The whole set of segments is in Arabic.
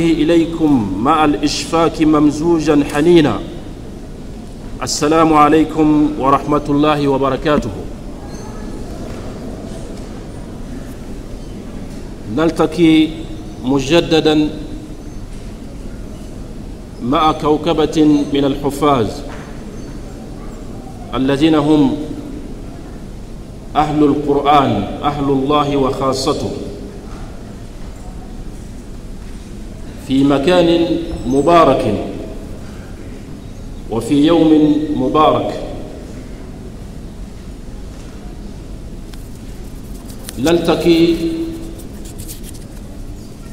به إليكم مع الإشفاك ممزوجا حنينا السلام عليكم ورحمة الله وبركاته نلتقي مجددا مع كوكبة من الحفاظ الذين هم أهل القرآن أهل الله وخاصته في مكان مبارك وفي يوم مبارك نلتقي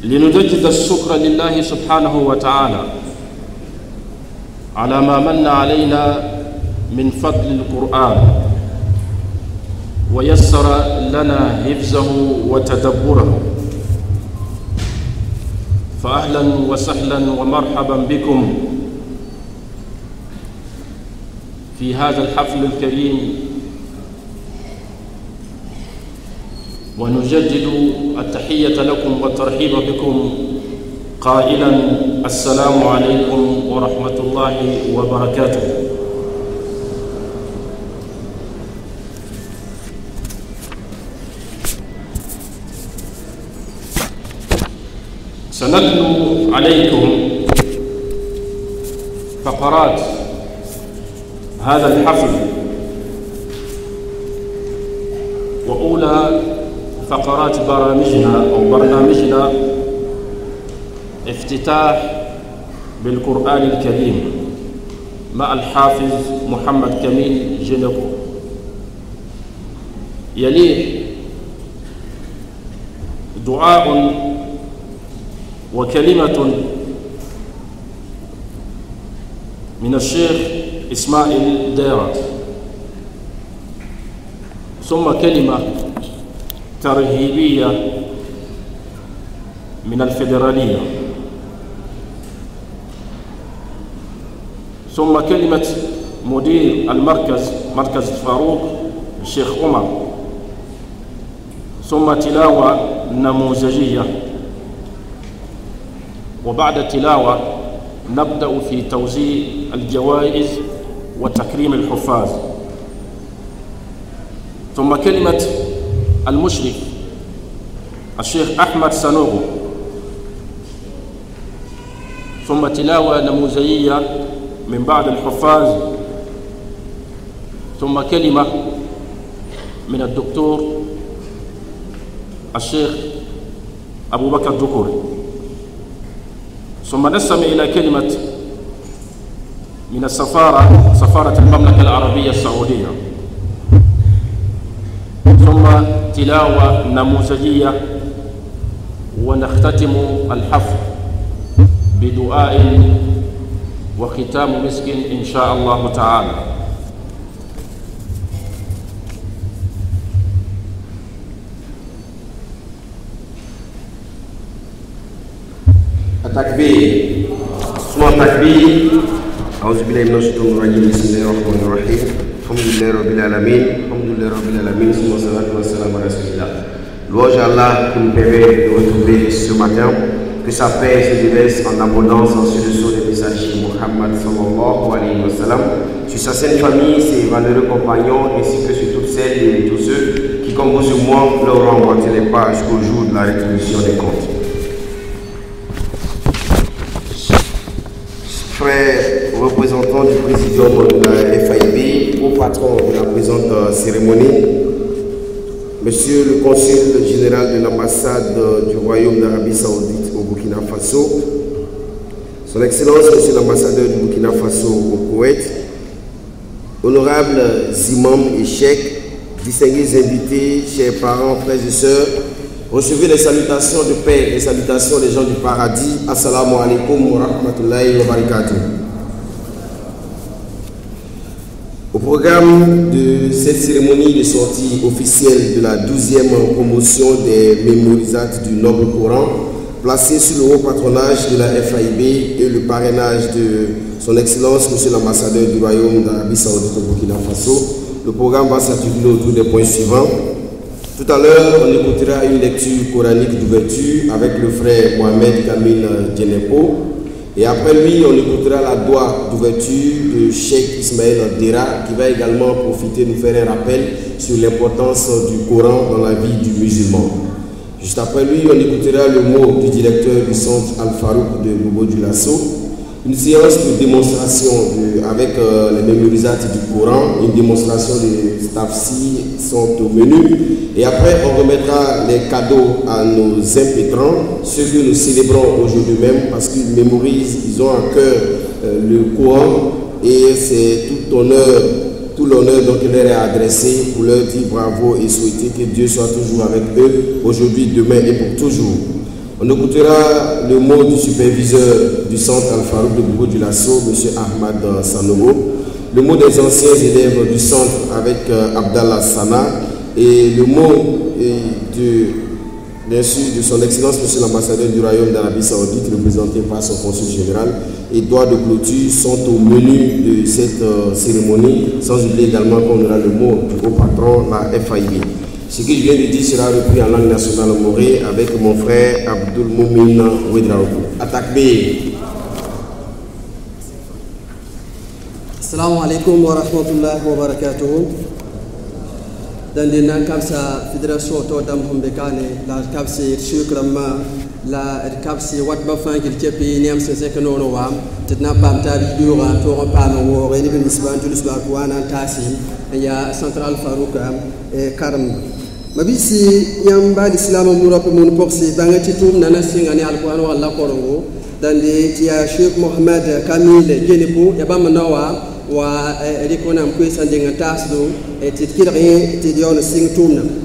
لنجدد الشكر لله سبحانه وتعالى على ما من علينا من فضل القرآن ويسر لنا حفظه وتدبره فأهلا وسهلا ومرحبا بكم في هذا الحفل الكريم ونجدد التحية لكم والترحيب بكم قائلا السلام عليكم ورحمة الله وبركاته سأتلو عليكم فقرات هذا الحفل وأولى فقرات برامجنا أو برنامجنا افتتاح بالقرآن الكريم مع الحافظ محمد كميل جنكو يليه دعاء وكلمة من الشيخ إسماعيل دارة ثم كلمة ترهيبية من الفيدرالية ثم كلمة مدير المركز مركز فاروق الشيخ عمر ثم تلاوة نموذجية وبعد التلاوة نبدأ في توزيع الجوائز وتكريم الحفاظ ثم كلمة المشرف الشيخ أحمد سنوغو ثم تلاوة نموذجية من بعض الحفاظ ثم كلمة من الدكتور الشيخ أبو بكر الدكوري ثم نسم إلى كلمة من السفارة سفارة المملكة العربية السعودية ثم تلاوة نموذجية ونختتم الحفل بدعاء وختام مسك إن شاء الله تعالى takbir suma takbir auzu billahi minash shaytani rajim bismillahir rahmani rahim alhamdulillahi rabbil alamin rabbil alamin Allah qui nous permet de retrouver ce matin que sa paix se déverse en abondance sur le sceau des messagers Muhammad sallallahu alayhi wa sallam, sur sa sainte famille, ses valeureux compagnons, ainsi que sur toutes celles et tous ceux qui, comme vous moi, leur ont les pages jusqu'au jour de la rétribution des comptes. frères représentants du président de la FIB, au patron de la présente euh, cérémonie, Monsieur le consul général de l'ambassade euh, du Royaume d'Arabie Saoudite au Burkina Faso, Son Excellence Monsieur l'ambassadeur du Burkina Faso au Koweït, Honorable Zimam Echek, distingués invités, chers parents, frères et sœurs, Recevez les salutations de paix, les salutations des gens du paradis. Assalamu alaikum wa rahmatullahi wa barakatuh. Au programme de cette cérémonie de sortie officielle de la 12e promotion des mémorisates du Noble Coran, placée sous le haut patronage de la FAIB et le parrainage de son Excellence, Monsieur l'ambassadeur du Royaume d'Arabie Saoudite au Burkina Faso, le programme va s'articuler autour des points suivants tout à l'heure, on écoutera une lecture coranique d'ouverture avec le frère Mohamed Kamil Djenepo. Et après lui, on écoutera la doigt d'ouverture de Sheikh Ismaël Dera, qui va également profiter de nous faire un rappel sur l'importance du Coran dans la vie du musulman. Juste après lui, on écoutera le mot du directeur du centre Al-Farouk de Bobo du Lasso, une séance de démonstration avec euh, les mémorisantes du Coran, une démonstration des tafsis sont au menu. Et après, on remettra les cadeaux à nos impétrants, ceux que nous célébrons aujourd'hui même parce qu'ils mémorisent, ils ont à cœur euh, le Coran et c'est tout honneur, tout l'honneur donc leur est adressé pour leur dire bravo et souhaiter que Dieu soit toujours avec eux aujourd'hui, demain et pour toujours. On écoutera le mot du superviseur du centre Al-Farouk de Boubou du Lasso, M. Ahmad Sanogo, le mot des anciens élèves du centre avec euh, Abdallah Sana et le mot de, bien de son Excellence M. l'ambassadeur du Royaume d'Arabie Saoudite, représenté par son conseil général, et doigts de clôture sont au menu de cette euh, cérémonie, sans oublier également qu'on aura le mot du haut patron, la FAIB. Ce que je viens de dire sera repris en langue nationale morée avec mon frère Abdul Moumin Ouedraogo. Attaque B. Assalamu alaikum wa rahmatullahi wa barakatuh. Dans le nom de la Fédération Autodam Hombekane, la CAPSE, Chukramma, la kabsi wat ba fan kil kepi nem wa se kano no wam tetna pam ta bi do ra to ron pam wo re ni bin sban tul sba ko anan tasi e ya central farouka e karam mabisi yamba islam mu rap mun porsi banga ti tum nana singani alquran wala korongo dande ci ya cheikh mohammed kamil jenebo ya bam no wa rikona e, e mkwesa ndenga tasdo titkira ti dion sing tumna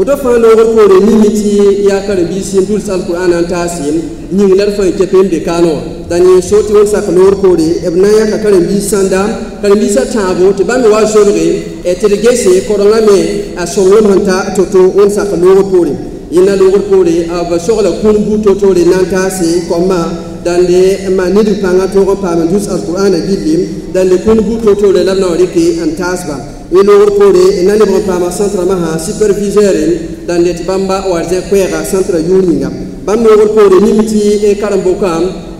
oto fãa loogr poore mimi tɩ yaaka rabiisin dulsa alqur'an n taa sɩɩm yĩng la d fãa e kepe be da yẽ e so tɩ wẽnsak loogr poore na n yãka karen sanda sãn daam karen-biisã tãabo tɩ bãmb wa zolge tɩ d gese e korengã me a sõnglem sẽn ta to-to wẽnsak loogr poore yẽnna loogr poore b sogla kũnbu to-toore na n taase kɔmã dãnde ma ned pãngã tog n paam dus to na winorkore enani bontama centre maha superviseur dan det bamba warje kwega centre yuninga bamnorkore nimiti e karambo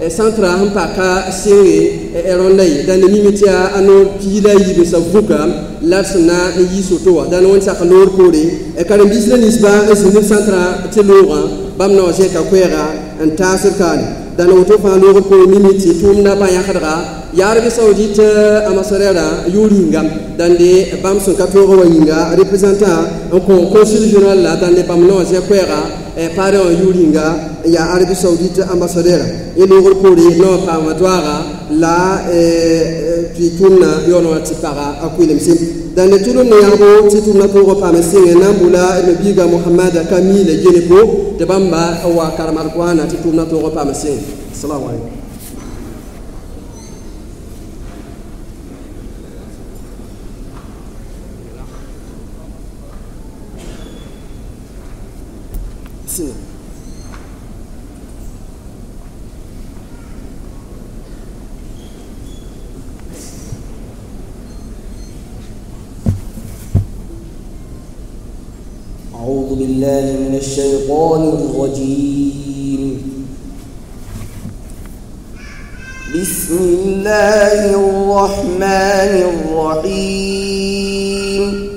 e centre hampaka singe e rondai dan nimiti ano pila yibe sa vuka larsna e yisotowa dan won saka norkore e karam bisna nisba e sinir centre telora bamno je ka hein, kwega an tasir kani danotofaano ko miniti tumna payakadra yarbi saoudite amasorera yuringam dans bam sun katoro représentant ko consul général la dande bam no je kwera e pare on yuringa ya arabie saoudite ambassadeur e le report no pamatwara la eh, pi tunna yɔnɔ ti paga a kuile msim dan ne tulu neyãgbo tɩ tʋmda pʋʋgɔ paame sɩngẽ nan bʋla d biiga mohamada ka miile gene po tɩ bãmba wa karemad goana tɩ tʋmda pʋʋgɔ paame sɩngẽ salamu aleykum الرحيم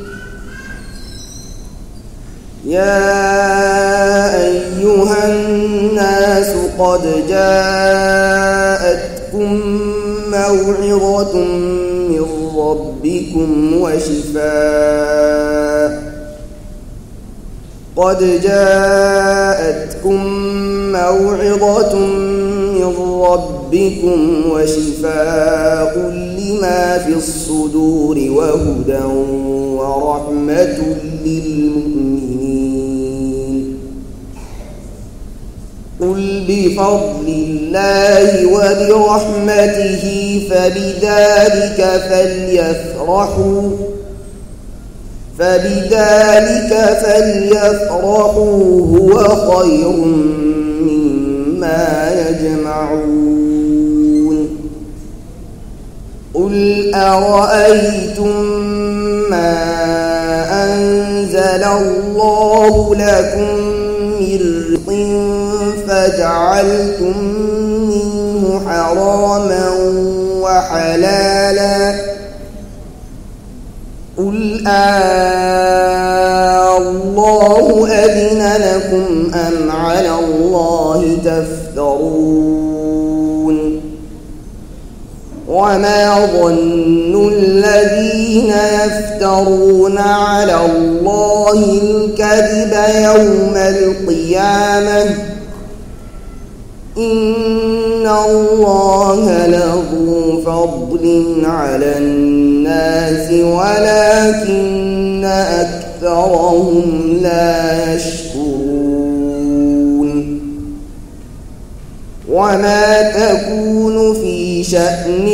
يا أيها الناس قد جاءتكم موعظة من ربكم وشفاء قد جاءتكم موعظة من ربكم وشفاء ما في الصدور وهدى ورحمة للمؤمنين قل بفضل الله وبرحمته فبذلك فليفرحوا فبذلك فليفرحوا هو خير مما يجمعون قل أرأيتم ما أنزل الله لكم من رزق فجعلتم منه حراما وحلالا قل الله أذن لكم أم على الله تفترون وما ظن الذين يفترون على الله الكذب يوم القيامة إن الله له فضل على الناس ولكن أكثرهم لا يشكرون وما تكون في شأن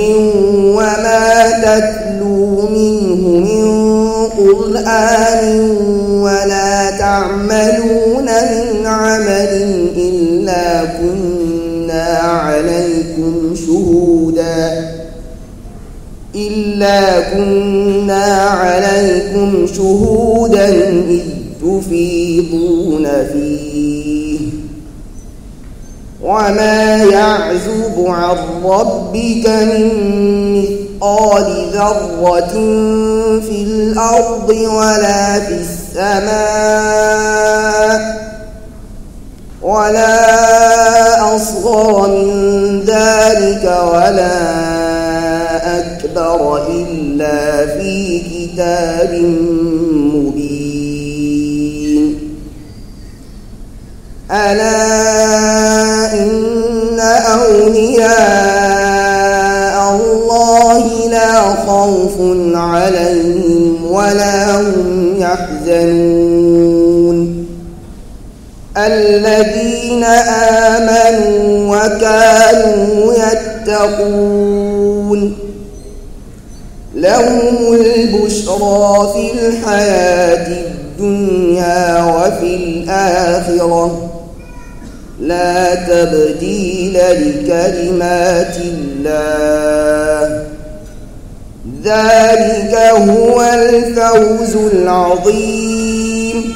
وما تتلو منه من قرآن ولا تعملون من عمل إلا كنا عليكم شهودا إلا كنا عليكم شهودا إذ تفيضون فيه وما يعزب عن ربك من مثقال ذرة في الأرض ولا في السماء ولا أصغر من ذلك ولا أكبر إلا في كتاب ألا إن أولياء الله لا خوف عليهم ولا هم يحزنون الذين آمنوا وكانوا يتقون لهم البشرى في الحياة الدنيا وفي الآخرة لا تبديل لكلمات الله ذلك هو الفوز العظيم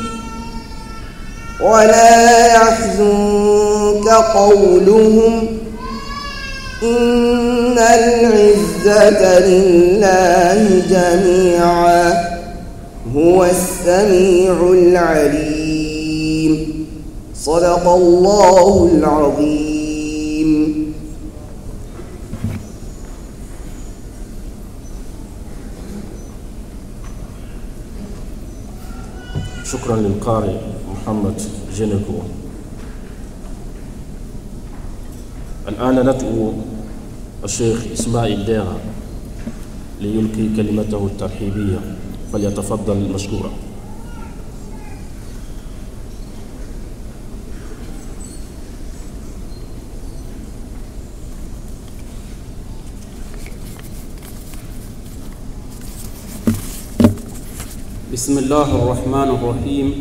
ولا يحزنك قولهم إن العزة لله جميعا هو السميع العليم صدق الله العظيم شكرا للقارئ محمد جنكو الآن ندعو الشيخ إسماعيل ديغا ليلقي كلمته الترحيبية فليتفضل مشكورا بسم الله الرحمن الرحيم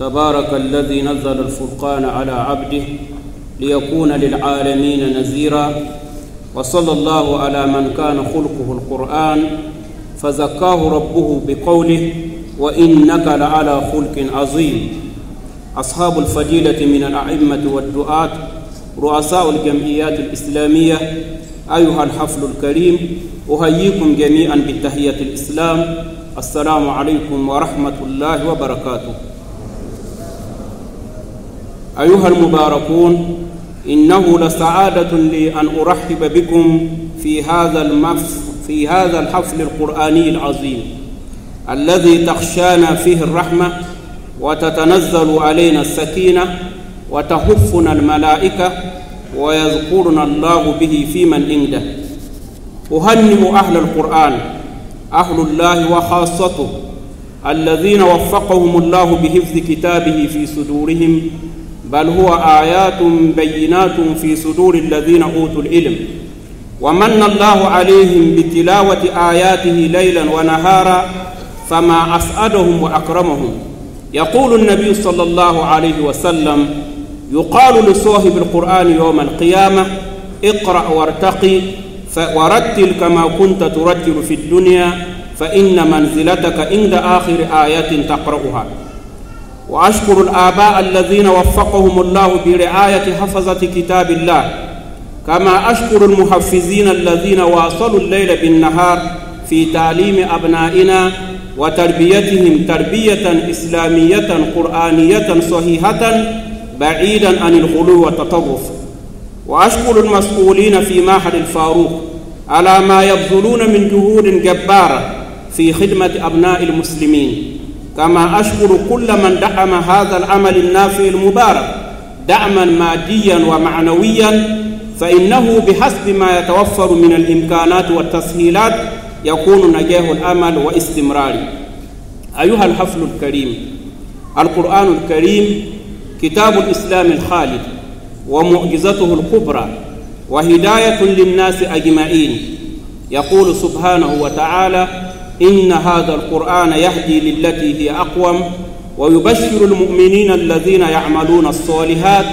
تبارك الذي نزل الفرقان على عبده ليكون للعالمين نذيرا وصلى الله على من كان خلقه القرآن فزكاه ربه بقوله وإنك لعلى خلق عظيم أصحاب الفضيلة من الأئمة والدعاة رؤساء الجمعيات الإسلامية أيها الحفل الكريم أحييكم جميعا بتحية الإسلام السلام عليكم ورحمة الله وبركاته أيها المباركون إنه لسعادة لي أن أرحب بكم في هذا المف في هذا الحفل القرآني العظيم الذي تخشانا فيه الرحمة وتتنزل علينا السكينة وتهفنا الملائكة ويذكرنا الله به في من عنده أهنئ أهل القرآن أهل الله وخاصته الذين وفقهم الله بحفظ كتابه في صدورهم بل هو آيات بينات في صدور الذين أوتوا العلم ومن الله عليهم بتلاوة آياته ليلا ونهارا فما أسعدهم وأكرمهم يقول النبي صلى الله عليه وسلم يقال لصاحب القرآن يوم القيامة اقرأ وارتقي ورتل كما كنت ترتل في الدنيا فإن منزلتك عند آخر آية تقرأها وأشكر الآباء الذين وفقهم الله برعاية حفظة كتاب الله كما أشكر المحفزين الذين واصلوا الليل بالنهار في تعليم أبنائنا وتربيتهم تربية إسلامية قرآنية صحيحة بعيدا عن الغلو والتطرف وأشكر المسؤولين في معهد الفاروق على ما يبذلون من جهود جبارة في خدمة أبناء المسلمين كما أشكر كل من دعم هذا العمل النافع المبارك دعما ماديا ومعنويا فإنه بحسب ما يتوفر من الإمكانات والتسهيلات يكون نجاح الأمل واستمراره أيها الحفل الكريم القرآن الكريم كتاب الإسلام الخالد ومعجزته الكبرى وهداية للناس أجمعين يقول سبحانه وتعالى إن هذا القرآن يهدي للتي هي أقوم ويبشر المؤمنين الذين يعملون الصالحات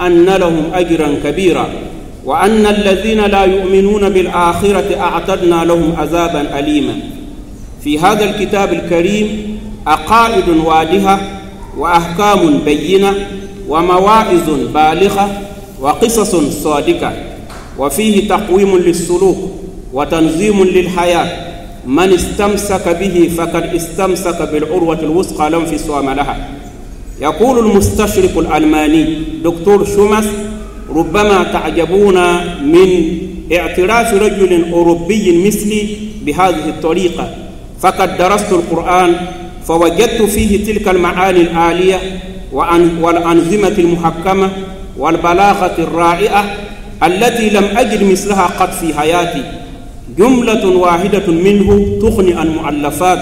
أن لهم أجرا كبيرا وأن الذين لا يؤمنون بالآخرة أعتدنا لهم عذابا أليما في هذا الكتاب الكريم عقائد واضحة وأحكام بينة ومواعظ بالغة وقصص صادقة وفيه تقويم للسلوك وتنظيم للحياة من استمسك به فقد استمسك بالعروة الوثقى لا انفصام لها يقول المستشرق الألماني دكتور شومس ربما تعجبون من اعتراف رجل أوروبي مثلي بهذه الطريقة فقد درست القرآن فوجدت فيه تلك المعاني العالية والأنظمة المحكمة والبلاغة الرائعة التي لم أجد مثلها قط في حياتي جملة واحدة منه تغني عن مؤلفات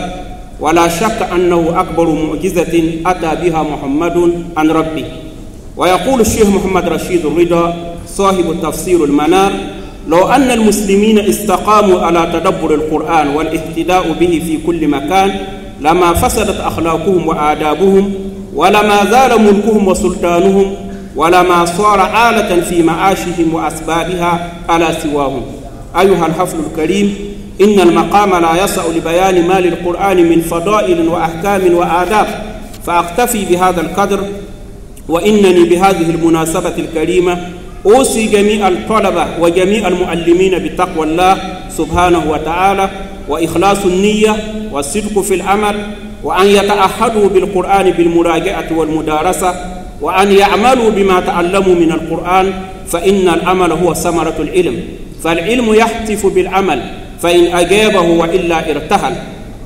ولا شك أنه أكبر معجزة أتى بها محمد عن ربه ويقول الشيخ محمد رشيد الرضا صاحب التفسير المنار لو أن المسلمين استقاموا على تدبر القرآن والاهتداء به في كل مكان لما فسدت أخلاقهم وآدابهم ولما زال ملكهم وسلطانهم ولما صار آلة في معاشهم وأسبابها على سواهم أيها الحفل الكريم إن المقام لا يسع لبيان ما للقرآن من فضائل وأحكام وآداب فأقتفي بهذا القدر وإنني بهذه المناسبة الكريمة أوصي جميع الطلبة وجميع المعلمين بتقوى الله سبحانه وتعالى وإخلاص النية والصدق في العمل وأن يتأهدوا بالقرآن بالمراجعة والمدارسة وأن يعملوا بما تعلموا من القرآن فإن العمل هو ثمرة العلم فالعلم يحتف بالعمل فإن أجابه وإلا ارتهل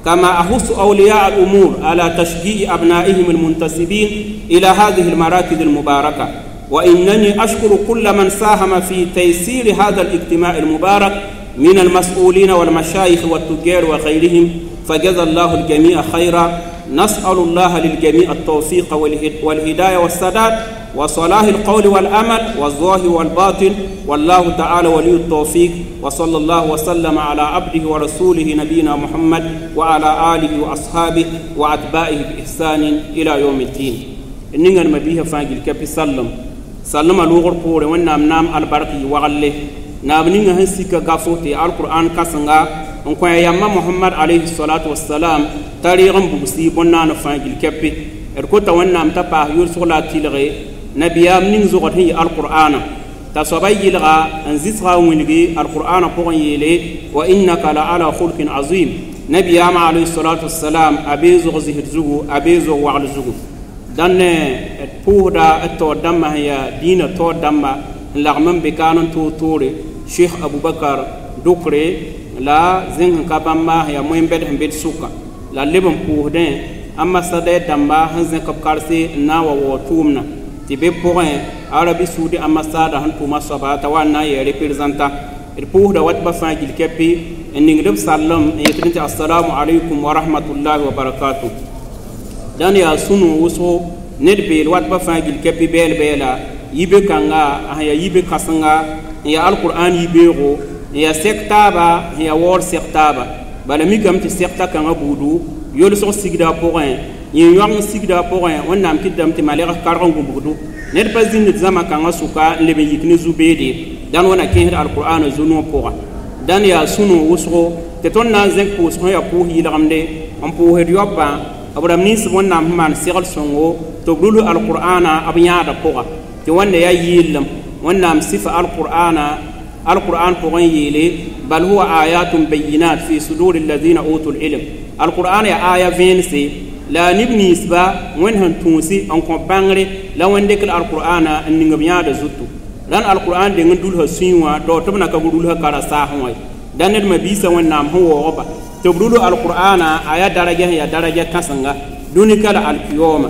كما أحث أولياء الأمور على تشجيع أبنائهم المنتسبين إلى هذه المراكز المباركة وإنني أشكر كل من ساهم في تيسير هذا الاجتماع المبارك من المسؤولين والمشايخ والتجار وغيرهم فجزى الله الجميع خيرا نسأل الله للجميع التوفيق والهداية والسداد وصلاح القول والأمل والظاهر والباطن والله تعالى ولي التوفيق وصلى الله وسلم على عبده ورسوله نبينا محمد وعلى آله وأصحابه وأتباعه بإحسان إلى يوم الدين إننا نبيه فانجل كبي سلم سلم الوغر بور ونام نام البرقي وغلي نام نينا هنسيك غفوتي القرآن كسنغا n kõ yamma mohamad alayhi salatu wasalam tarɩɩg n bugsi bõn-naan fãa gil kɛpɩ d kota wẽnnaam t'a paas yʋlsg la a tɩlge nabiyaam ning zogd sẽn yɩ alqur'ana t'a soaba yɩlga n zɩsga wilgi alqur'ana pʋgẽ yeele wa innaka la ala hulkin azim nabiyaam alayhi salatu wasalam a bee zog zĩsd zugu a bee zog wagl zugu dãnd ne d pʋʋsda d taood dãmbã sẽn yaa dĩinã taood dãmba n lagm n be kaan n toor toore sheikh abubakar dukre la zĩng sẽn ka bãmb maas yaa moẽ-bɛd sẽn be d sʋka la leb n pʋʋsdẽ a masada dãmba sẽn zẽk b karse n na n wa waoo tʋʋmdã tɩ be pʋgẽ arabi suudi ambassada sẽn tʋʋma soaba t'a wa n na n yɛɛ représenta d pʋʋsda wat bã fãa gil kɛpɩ n ningd b sallem n yetd tɩ assalamu alaykum wa rahmatullahi wa barakatu dãnd yaa sũ-nu wʋsgo ned beel wat bã fãa gil kɛpɩ bɛɛl-bɛɛla yibe kãnga sẽn yaa yibe kãsenga n yaa alkur'an yibeoogo n yaa sɛk taaba n yaa waoor sɛk taaba bala mikame tɩ sɛkta kãngã buudu yolsg sigda pʋgẽ yẽ yõg n sigda pʋgẽ wẽnnaam kɩtdame tɩ malg karg n gũbgdu ned pa zĩnd d zãma kãngã sʋka n leb n yik ne zu-beede dãn wẽna kẽesd alkʋraana zu-nuã pʋga dãn yaa sũ-nu wʋsgo tɩ tõnd na n zẽk pʋʋs sẽn yaa pʋʋs yɩlgemde n pʋʋsd yaoopã b rab nins wẽnnaam sẽn maan segl sõngo tɩ b rul alkʋraana b yãada pʋga tɩ wẽnda yaa yɩɩllem wẽnnaam sɩfa alkʋraana القرآن قوان يلي بل هو آيات بينات في صدور الذين أوتوا العلم القرآن آية فينسي لا نبني سبا وين هنتونسي أنكم بانغري لا وين ديك القرآن أن نغبيا دزوتو لأن القرآن دي ندولها سيوا دو تبنا كبولها كارساهم وي dan ned ma bisa wẽnnaam sẽn waooba tɩ b rulu alqur'ana a yaa daraga sẽn yaa daraga kãsenga dũni kala alkiyooma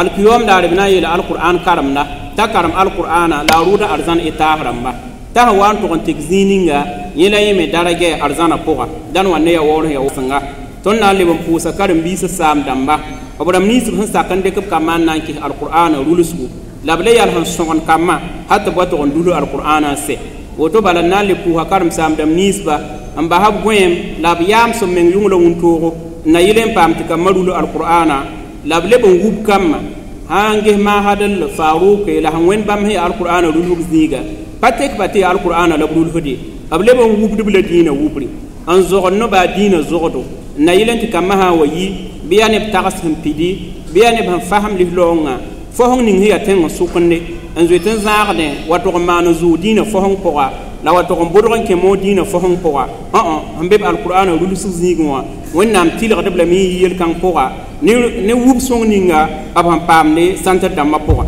alkiyoom daar b na n yeele alqur'an karemda t'a karem alqur'ana la a rʋʋda arzãn y taab rãmba ta ha wan tɔgɔn tɩg zĩininga yẽla yẽ me daragɛ arzãna pʋga dãn wa ne ya waoor ya wʋsenga tõnd na n leb n pʋʋsa karen-biisã dãmba b rãmb ninsb sẽn sak n dɩk b ka maan na n alqur'ana rulsgu la b le yal sẽn sõgn kambã ha dulu alqur'ana n se woto bala na n le pʋʋsa karem-saam dãmb ninsba n basa b goeem la b yaam sẽn meng yũngla wũntoogo n na yɩl n paam tɩ rulu alqur'ana la b leb n wub kambã sã n ges maasd l faaruke la alqur'ana rulg zĩiga pa tek pa alkurana la b rulsde b leb n wubdb la wubri n zogd noba a dĩinã zogdo n na yɩl n tɩ kambã sã n wa pidi bɩ yaa neb sẽn fasem lislaoongã fo sẽn ning sẽn yaa tẽng n sʋkende n zoet n zãagdẽ wa tog n fo sẽn pʋga la wa tog n kẽ moo dĩinã fo sẽn pʋga ãã n be b alkurana rulsg zĩigẽ wã wẽnnaam tɩlgdb lame n yɩ yel-kãng pʋga ne wub sõng ninga b sẽn paamde sãn tɩ dãmbã pʋga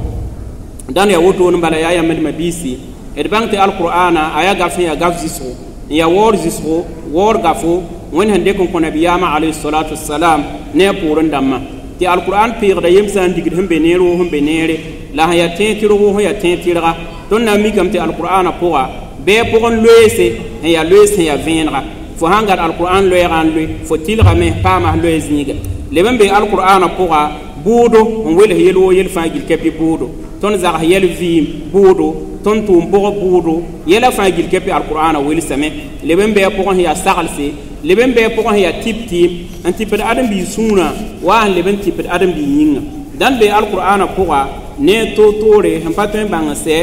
dãnd yaa bala yaa yãmbdmã biisi d bãng tɩ alqur'ana a yaa gaf sẽn yaa gaf zɩsgo n yaa waoor zɩsgo waoor gafo wẽnd sẽn dɩk n kõ nabiyaamã alayhi salatu wasalam ne a pʋʋr n dãmbã tɩ alqur'an peegda yem sã n digd sẽn be neer woo sẽn be neere la sẽn yaa tẽeg tɩrg woo sẽn yaa tẽeg tɩrga tõnd na n mikame tɩ alqur'ana pʋga bɩɛ pʋg n loeese sẽn yaa loees sẽn yaa vẽenega fo sãn gat alqur'an loɛɛgã n loe fo tɩlgame paama s loɛ zĩiga leb n be alqur'ana pʋga buudo n wels yel woo yel fãa gil kɛpɩ buudo tõnd zags yɛl vɩɩm buudo tõnd tʋʋm bʋg buudu yɛla fãa gil kɛ pɩ alkʋraana wilsame leb n bɩa pʋgẽ yaa saglse leb n bɩa pʋgẽ yaa tɩp tɩɩm n tɩpd adem-biig sũurã waa n leb n tɩpd adem-biig yĩnga dãn be alkʋraana pʋga ne a toor-toore sẽn pa tõe n bãngsɛ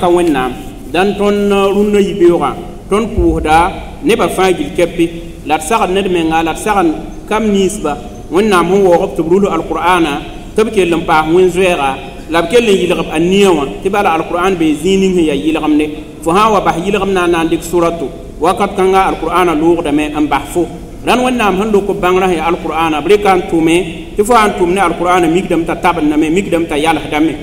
ka wẽnnaam dãn tõnd rũndã yi-beoogã tõnd pʋʋsda nebã fãa gil kɛpɩ la d sagd ned menga la d sagn kam niisba wẽnnaam sẽn waoog b tɩ b rul alkʋraana tɩ wẽn-zoɛɛga la b kell n yɩlgb a nia wã tɩ bala alqur'an bee zĩig ning sẽn yaa yɩlgemde fo sã n wa bas yɩlgem na n na n dɩk surato wakat kãnga alqur'ana loogdame n bas fo rãnd wẽnnaam sẽn lok b bãngrã sẽn yaa alqur'ana b rɩka n tʋme tɩ fo sã n tʋm ne alqur'ana mikdame t'a tabendame mikdame t'a yalsdame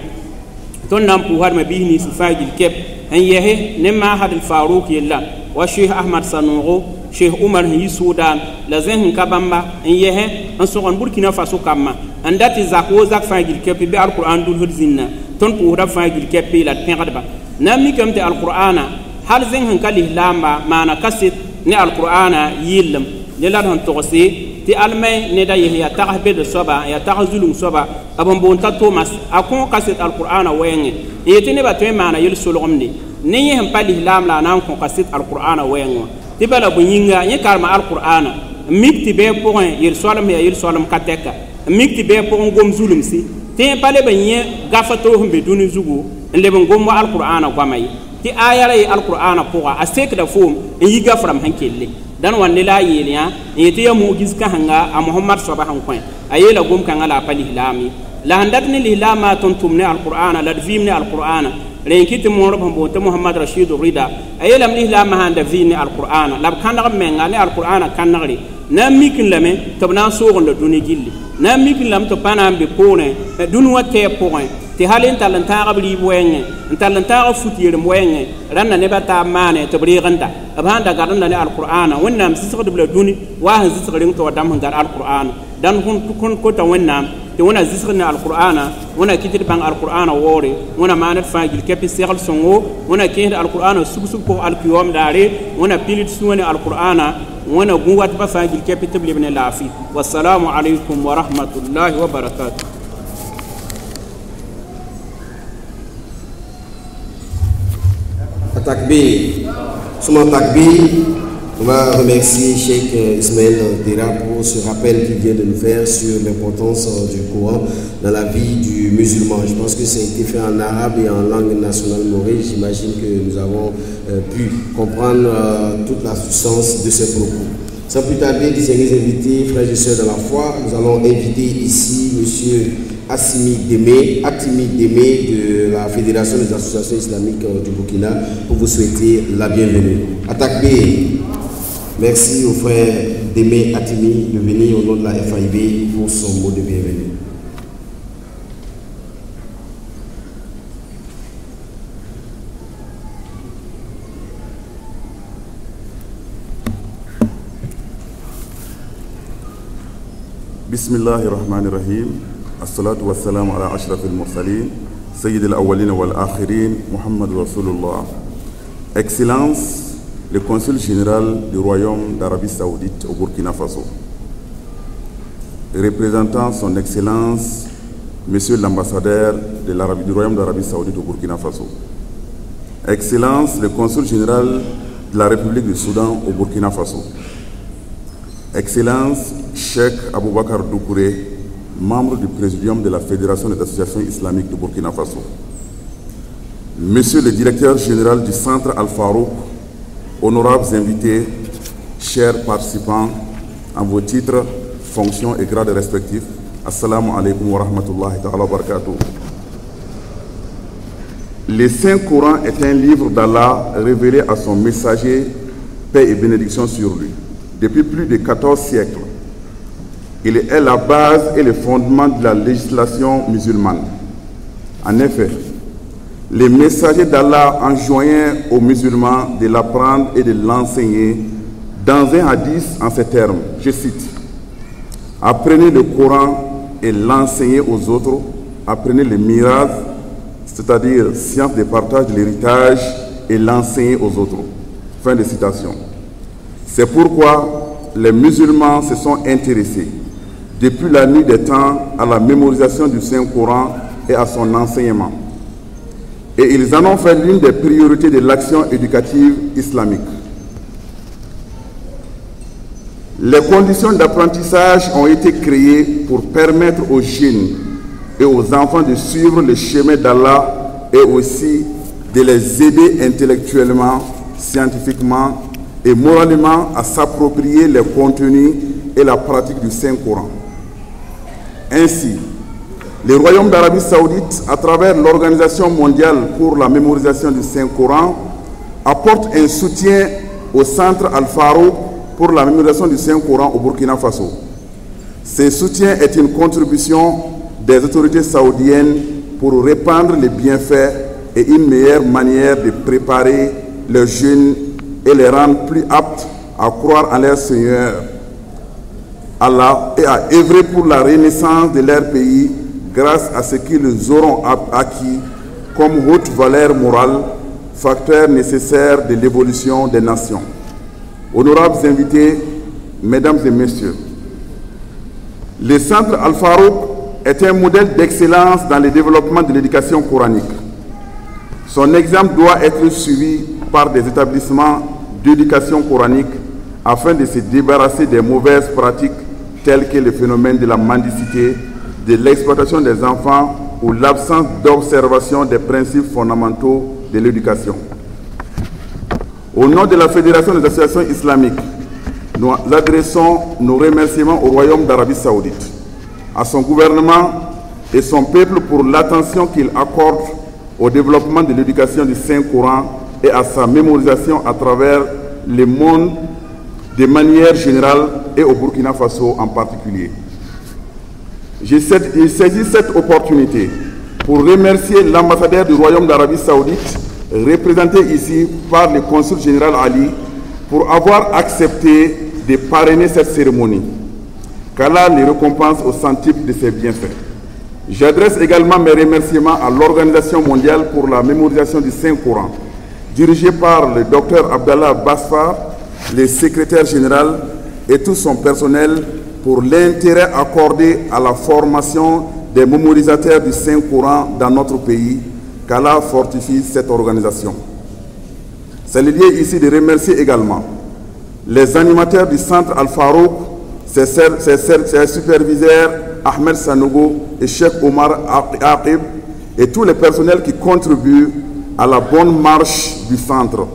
tõnd na n pʋʋsdma biis nins n fãa gil kɛp n yɛse ne maasad l faaruuk yella wa sheikh ahmad sanogo sheikh umar yi sudan la zẽs n ka bãmba n yɛsɛ burkina faso kambã n dat tɩ zak woo zak fãa gil kɛpɩ bɩ alkʋran dũlsd zĩnnã tõnd pʋʋsda fãa gil kɛpɩ la d pẽgdba na n mikame tɩ alkʋrana hal zẽng sẽn ka lislaamba maana kaset ne alkʋrana yɩllem ne la d sẽn togse tɩ almay ned a yes yaa tags bedd soaba yaa tags zulum soaba b n boon ta tʋʋmas a kõ kaset alkʋrana wɛɛngẽ n yetɩ nebã tõe n maana yel-solgemde ne yẽ sẽn tɩ bala bõe yĩnga yẽ karema alqur'ana n mik tɩ bɩ pʋgẽ yel-soalem yaa yel-soalem ka tɛka n mik tɩ bɩ pʋgẽ gom zulumsi tɩ yẽ pa leb n yẽ gafa toos n be dũni zugu n leb n gom wa alqur'ana goama ye tɩ aaya ra ye alqur'ana pʋga a sekda foom n yi gafrãm sẽn kelle dãn wa ne la a yeel yã n yetɩ yaa muugis kãsenga a mohamad soaba sẽn kõ a yeela gom-kãngã la a pa lislaam ye la sẽn dat ne lislaamã tõnd tʋm ne alqur'ana la d vɩɩm ne alqur'ana renkiti moor fo bote muhammad rashid rida ayelam islam ma handa vini alqur'ana lab kanag menga ne alqur'ana kanagri na mikin lame to na sogon da duni gilli na mikin lam to pana be pone dun wate pone ti halin talan taga bri boyenge talan taga futiyere moyenge ranna ne bata mane to bri ganda abanda garanda ne alqur'ana wannan sisgo dubla duni wa han sisgo ring to wadam han gar alqur'ana dan hun kun ko ta tɩ wẽna zʋsg ne alqur'ana wẽna kɩtd bãng alqur'ana waoore wẽna maaned fãa yil kɛpɩ segl sõngo wẽna kẽesd alqur'ana sug-sug pʋg alkiyoom daare wẽna pilit sũwã ne alqur'ana wẽna gũ wat pa fãa yil kɛpɩ tɩ b leb ne laafɩ wasalamu alaykum wa rahmatullahi wa barakatuh takbir semua takbir On va remercier Cheikh euh, Ismaël Dera pour ce rappel qu'il vient de nous faire sur l'importance euh, du Coran dans la vie du musulman. Je pense que ça a été fait en arabe et en langue nationale maurice. J'imagine que nous avons euh, pu comprendre toute la substance de ce propos. Sans plus tarder, distingués invités, frères et sœurs de la foi, nous allons inviter ici M. Assimi Deme, Atimi Deme de la Fédération des associations islamiques du Burkina pour vous souhaiter la bienvenue. Attaque B. Merci au frère Démé Atimi de venir au nom de la FIB pour son mot de bienvenue. Bismillahir Rahmanir Rahim. Assalatu wassalamu ala ashrafil mursalin, sayyidil awwalin wal akhirin, Muhammad Rasulullah. Excellence, le consul général du Royaume d'Arabie Saoudite au Burkina Faso, représentant son Excellence, Monsieur l'ambassadeur du Royaume d'Arabie Saoudite au Burkina Faso, Excellence, le consul général de la République du Soudan au Burkina Faso, Excellence, Cheikh Aboubakar Doukouré, membre du Présidium de la Fédération des associations islamiques du Burkina Faso, Monsieur le directeur général du Centre Al-Farouk Honorables invités, chers participants, en vos titres, fonctions et grades respectifs, Assalamu alaikum wa rahmatullahi wa barakatuh. Le Saint-Coran est un livre d'Allah révélé à son messager, paix et bénédiction sur lui, depuis plus de 14 siècles. Il est la base et le fondement de la législation musulmane. En effet, les messagers d'Allah enjoignaient aux musulmans de l'apprendre et de l'enseigner dans un hadith en ces termes. Je cite Apprenez le Coran et l'enseignez aux autres. Apprenez le mirage, c'est-à-dire science de partage de l'héritage, et l'enseignez aux autres. Fin de citation. C'est pourquoi les musulmans se sont intéressés depuis la nuit des temps à la mémorisation du Saint-Coran et à son enseignement et ils en ont fait l'une des priorités de l'action éducative islamique. Les conditions d'apprentissage ont été créées pour permettre aux jeunes et aux enfants de suivre le chemin d'Allah et aussi de les aider intellectuellement, scientifiquement et moralement à s'approprier les contenus et la pratique du Saint-Coran. Ainsi, le Royaume d'Arabie saoudite, à travers l'Organisation mondiale pour la mémorisation du Saint-Coran, apporte un soutien au centre Al-Faro pour la mémorisation du Saint-Coran au Burkina Faso. Ce soutien est une contribution des autorités saoudiennes pour répandre les bienfaits et une meilleure manière de préparer les jeunes et les rendre plus aptes à croire en leur Seigneur, Allah, et à œuvrer pour la renaissance de leur pays grâce à ce qu'ils auront acquis comme haute valeur morale, facteur nécessaire de l'évolution des nations. Honorables invités, Mesdames et Messieurs, le Centre Al-Farouk est un modèle d'excellence dans le développement de l'éducation coranique. Son exemple doit être suivi par des établissements d'éducation coranique afin de se débarrasser des mauvaises pratiques telles que le phénomène de la mendicité de l'exploitation des enfants ou l'absence d'observation des principes fondamentaux de l'éducation. Au nom de la Fédération des associations islamiques, nous adressons nos remerciements au Royaume d'Arabie saoudite, à son gouvernement et son peuple pour l'attention qu'il accorde au développement de l'éducation du Saint-Coran et à sa mémorisation à travers le monde de manière générale et au Burkina Faso en particulier. Je saisis cette opportunité pour remercier l'ambassadeur du Royaume d'Arabie Saoudite, représenté ici par le consul général Ali, pour avoir accepté de parrainer cette cérémonie. Qu'Allah les récompense au centuple de ses bienfaits. J'adresse également mes remerciements à l'Organisation mondiale pour la mémorisation du Saint-Coran, dirigée par le docteur Abdallah Basfar, le secrétaire général et tout son personnel pour l'intérêt accordé à la formation des mémorisateurs du saint courant dans notre pays, qu'Allah fortifie cette organisation. C'est le ici de remercier également les animateurs du centre Al-Farouk, ses, superviseurs Ahmed Sanogo et Chef Omar Aqib, et tous les personnels qui contribuent à la bonne marche du centre.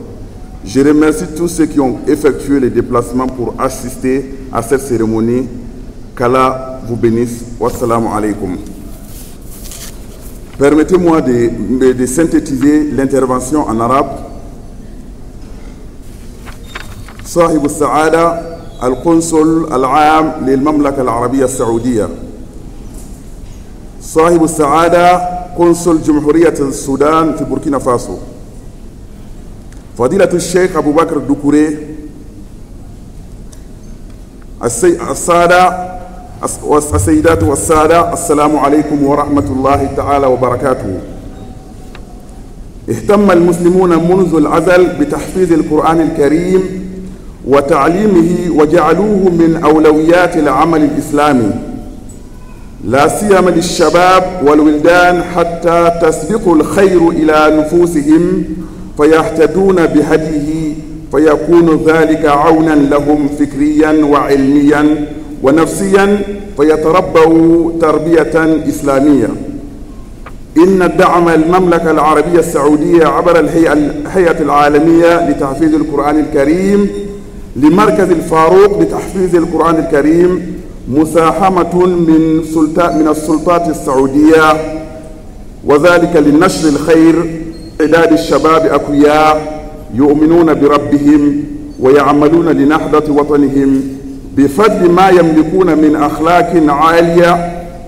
Je remercie tous ceux qui ont effectué les déplacements pour assister à cette cérémonie. Qu'Allah vous bénisse. Wassalamu alaikum. Permettez-moi de, synthétiser l'intervention en arabe. صاحب السعادة القنصل العام للمملكة العربية السعودية صاحب السعادة قنصل جمهورية السودان في Burkina Faso. فضيلة الشيخ أبو بكر الدكوري السادة السيدات والسادة السلام عليكم ورحمة الله تعالى وبركاته اهتم المسلمون منذ العزل بتحفيظ القرآن الكريم وتعليمه وجعلوه من أولويات العمل الإسلامي لا سيما للشباب والولدان حتى تسبق الخير إلى نفوسهم فيهتدون بهديه فيكون ذلك عونا لهم فكريا وعلميا ونفسيا فيتربوا تربية إسلامية إن دعم المملكة العربية السعودية عبر الهيئة العالمية لتحفيظ القرآن الكريم لمركز الفاروق لتحفيظ القرآن الكريم مساهمة من سلطات من السلطات السعودية وذلك لنشر الخير عداد الشباب أقوياء يؤمنون بربهم ويعملون لنهضة وطنهم بفضل ما يملكون من أخلاق عالية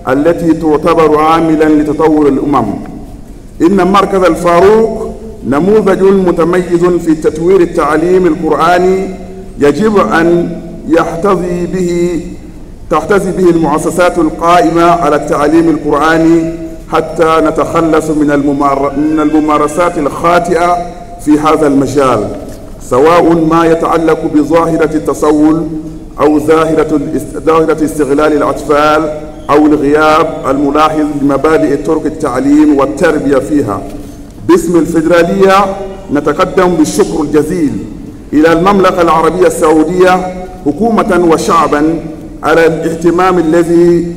التي تعتبر عاملا لتطور الأمم إن مركز الفاروق نموذج متميز في تطوير التعليم القرآني يجب أن يحتذي به تحتذي به المؤسسات القائمة على التعليم القرآني حتى نتخلص من من الممارسات الخاطئة في هذا المجال سواء ما يتعلق بظاهرة التسول أو ظاهرة استغلال الأطفال أو الغياب الملاحظ لمبادئ طرق التعليم والتربية فيها باسم الفيدرالية نتقدم بالشكر الجزيل إلى المملكة العربية السعودية حكومة وشعبا على الاهتمام الذي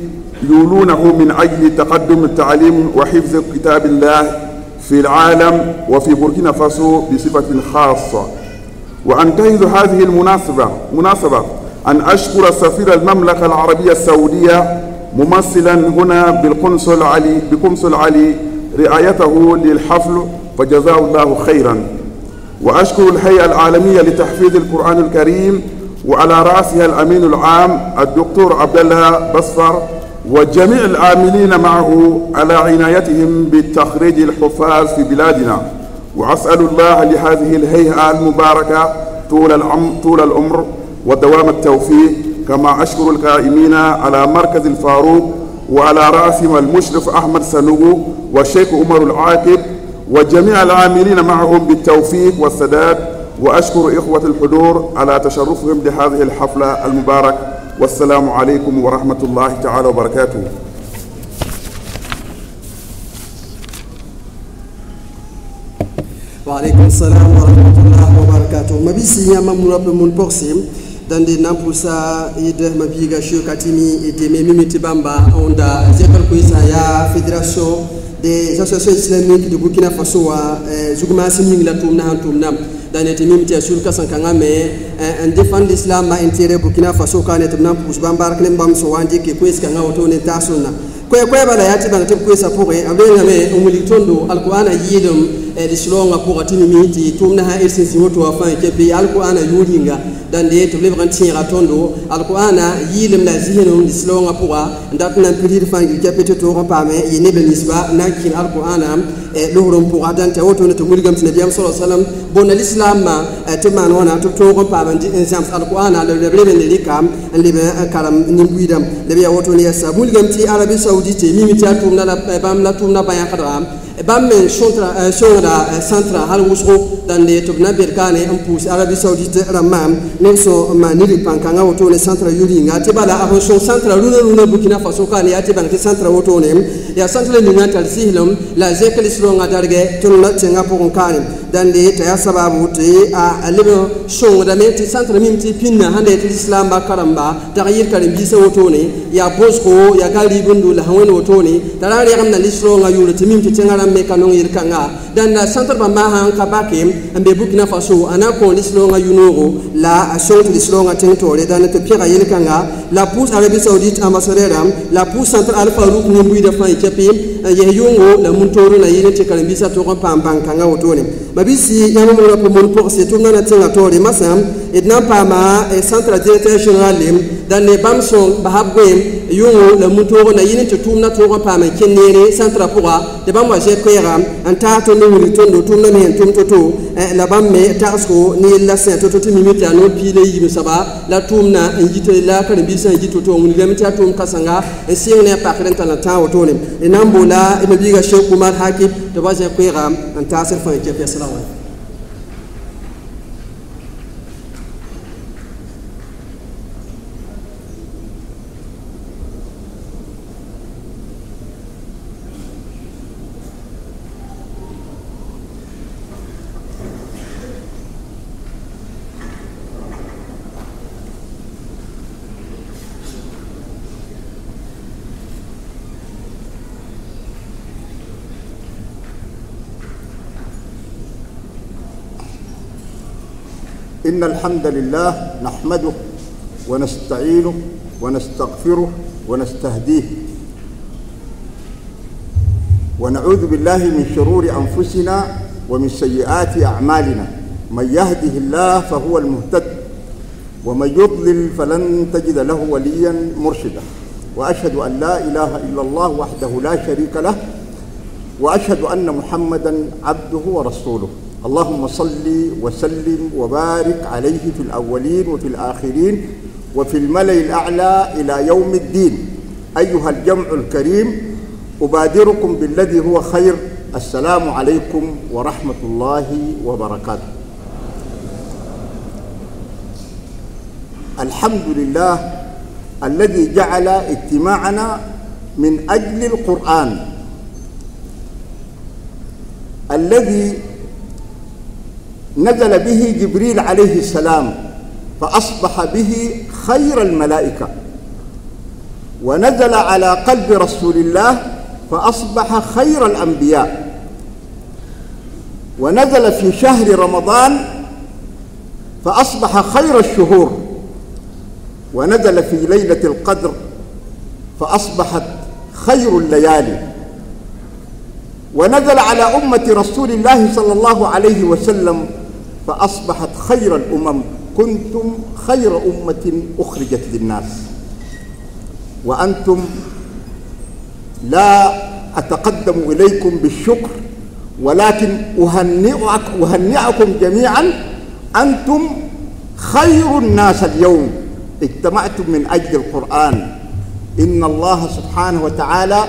يولونه من أجل تقدم التعليم وحفظ كتاب الله في العالم وفي بوركينا فاسو بصفة خاصة وأنتهز هذه المناسبة مناسبة أن أشكر سفير المملكة العربية السعودية ممثلا هنا بالقنصل علي بقنصل علي رعايته للحفل فجزاه الله خيرا وأشكر الهيئة العالمية لتحفيظ القرآن الكريم وعلى رأسها الأمين العام الدكتور عبد الله بصفر وجميع العاملين معه على عنايتهم بتخريج الحفاظ في بلادنا وأسأل الله لهذه الهيئة المباركة طول العمر, طول العمر ودوام التوفيق كما أشكر القائمين على مركز الفاروق وعلى رأسهم المشرف أحمد سنوغو والشيخ عمر العاقب وجميع العاملين معهم بالتوفيق والسداد وأشكر إخوة الحضور على تشرفهم لهذه الحفلة المباركة والسلام عليكم ورحمة الله تعالى وبركاته وعليكم السلام ورحمة الله وبركاته ما بيسي يا ممرب من بوكسيم dande nampusa yidde mabiga sho katimi iteme mimiti bamba onda jekal kuisa ya federation des associations islamiques de burkina faso wa eh, zugma simning la tumna hantum nam daneti mim tɩ ya sulka sẽn kãngã me n defãnd islaambã n burkina faso ka ne tɩ b na bark ne bãmb sẽn wa n dɩke koes kãngã woto ne n taag sũnna koɛ bala yaa tɩ bãng tɩ b koesã pʋgẽ b reengame n wilg tõndo alkurana yɩɩdem d slɔongã pʋgã tɩ mimi tɩ tʋʋmdã sã sẽn sɩ woto wã fãa kɛ bɩ alkurana yʋʋr yĩnga dãnde tɩ b lebg n tẽega tõndo alkurana yɩɩlem la zɩsẽnem d slɔongã pʋga n dat n na n pirir fãa yik kɛ pɩ tɩ toog n paame yɩ nebl luhrum pʋga dãn tɩ ya woto ne tɩ wilgame tɩ nabiyam sa salam boonda lislaamã tɩ maan wãna tɩ b tõog n paam n zãms alkoana la eh, b leb ne rɩkam n leb karem nin la b ya woto ne yasa wilgame tɩ arabi saudi tɩ mimi tɩ a tʋʋmda la bãmb la tʋʋmda bãyãkdga E bam men shontra e, shongra santra e, hal wusro dan de tobna berkane en pousse arabie saoudite ramam men so maniri pankanga woto ne santra yulinga te bala ahon shon santra runa runa burkina faso kane ya te ban ke santra woto ne ya santra linga tal sihlum la jekel sronga darge tunna tenga pogon kane dande ta ya sababu te a alibin shong da me ti santra mim ti pinna hande ti islam ba karamba ta yir karim bi sa woto ne ya posko ya kali bundu la hawen woto ne tarare ya kamna lisro nga yuru ti mim ti tengara me kanong yir kanga dan na santra ba ma han ka bakim ambe bukina faso ana ko lisro nga yunoro la a shong ti lisro nga tengtore dan ta pira yir kanga la pousse arabie saoudite ambassadeur am la pousse centre alpha rouk ni buida fa ikepi yeh yungo la muntoro na yir ti karim bi sa to ko pam bankanga woto ne Babisi ya mumu na pumun pour se tourna na tinga tori masam idna pama e eh, centre directeur général lim dan ne bamson bahabwem yũngo eh, la mun-toog na yɩ ne tɩ tʋʋmdã tʋʋg n paam n kẽ neere sẽn tɩ ra pʋga tɩ bãmb wa zɛ koɛɛgam n taag tõnd wilg tʋʋmdã me tʋm to-to la bãmb me tagsgo ne yell la sẽn to-to tɩ yaa no piile yiib la tʋʋmdã n yit la karen-biig sã n yit to-to n wilgame tɩ yaa tʋʋm kãsenga n sɩng ne a pakd n tar n tãag wotone d boola ma n taag sẽn fãa إن الحمد لله نحمده ونستعينه ونستغفره ونستهديه ونعوذ بالله من شرور أنفسنا ومن سيئات أعمالنا من يهده الله فهو المهتد ومن يضلل فلن تجد له وليا مرشدا وأشهد أن لا إله إلا الله وحده لا شريك له وأشهد أن محمدا عبده ورسوله اللهم صل وسلم وبارك عليه في الأولين وفي الآخرين وفي الملأ الأعلى إلى يوم الدين أيها الجمع الكريم أبادركم بالذي هو خير السلام عليكم ورحمة الله وبركاته الحمد لله الذي جعل اجتماعنا من أجل القرآن الذي نزل به جبريل عليه السلام فأصبح به خير الملائكة ونزل على قلب رسول الله فأصبح خير الأنبياء ونزل في شهر رمضان فأصبح خير الشهور ونزل في ليلة القدر فأصبحت خير الليالي ونزل على أمة رسول الله صلى الله عليه وسلم فأصبحت خير الأمم كنتم خير أمة أخرجت للناس وأنتم لا أتقدم إليكم بالشكر ولكن أهنئك أهنئكم جميعا أنتم خير الناس اليوم اجتمعتم من أجل القرآن إن الله سبحانه وتعالى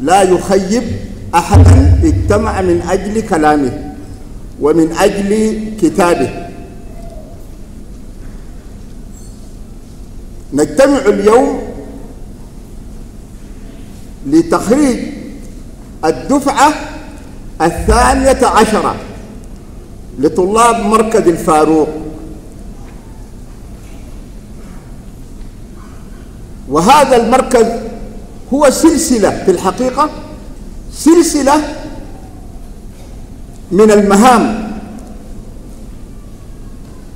لا يخيب أحدا اجتمع من أجل كلامه ومن أجل كتابه نجتمع اليوم لتخريج الدفعة الثانية عشرة لطلاب مركز الفاروق وهذا المركز هو سلسلة في الحقيقة سلسلة من المهام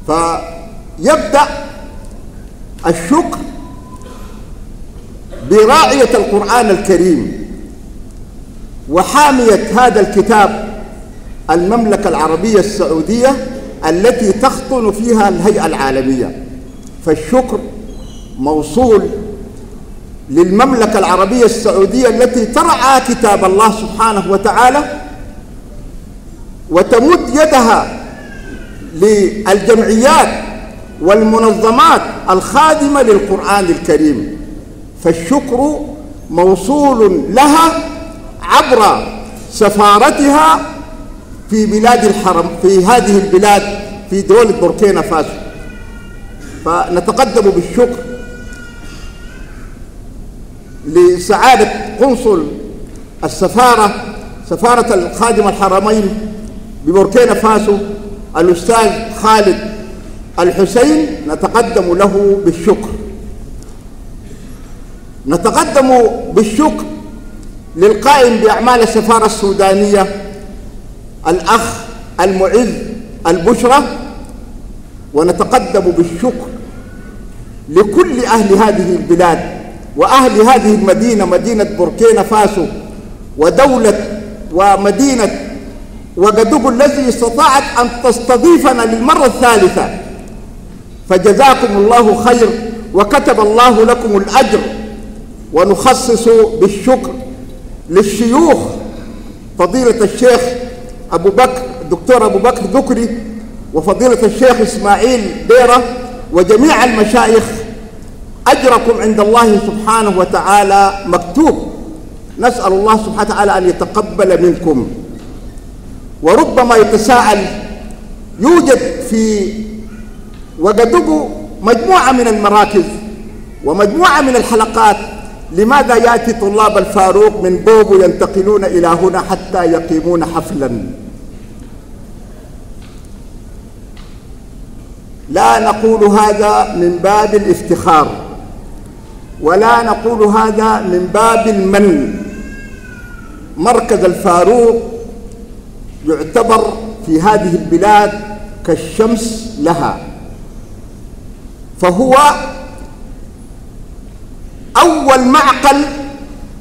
فيبدأ الشكر براعية القرآن الكريم وحامية هذا الكتاب المملكة العربية السعودية التي تخطن فيها الهيئة العالمية فالشكر موصول للمملكة العربية السعودية التي ترعى كتاب الله سبحانه وتعالى وتمد يدها للجمعيات والمنظمات الخادمة للقرآن الكريم فالشكر موصول لها عبر سفارتها في بلاد الحرم في هذه البلاد في دولة بوركينا فاسو فنتقدم بالشكر لسعادة قنصل السفارة سفارة الخادمة الحرمين ببوركينا فاسو الأستاذ خالد الحسين نتقدم له بالشكر نتقدم بالشكر للقائم بأعمال السفارة السودانية الأخ المعز البشرة ونتقدم بالشكر لكل أهل هذه البلاد وأهل هذه المدينة مدينة بوركينا فاسو ودولة ومدينة وقدوك الذي استطاعت أن تستضيفنا للمرة الثالثة فجزاكم الله خير وكتب الله لكم الأجر ونخصص بالشكر للشيوخ فضيلة الشيخ أبو بكر دكتور أبو بكر ذكري وفضيلة الشيخ إسماعيل ديرة وجميع المشايخ أجركم عند الله سبحانه وتعالى مكتوب نسأل الله سبحانه وتعالى أن يتقبل منكم وربما يتساءل يوجد في وقدوغو مجموعة من المراكز ومجموعة من الحلقات لماذا يأتي طلاب الفاروق من بوغو ينتقلون إلى هنا حتى يقيمون حفلا لا نقول هذا من باب الافتخار ولا نقول هذا من باب المن مركز الفاروق يعتبر في هذه البلاد كالشمس لها فهو أول معقل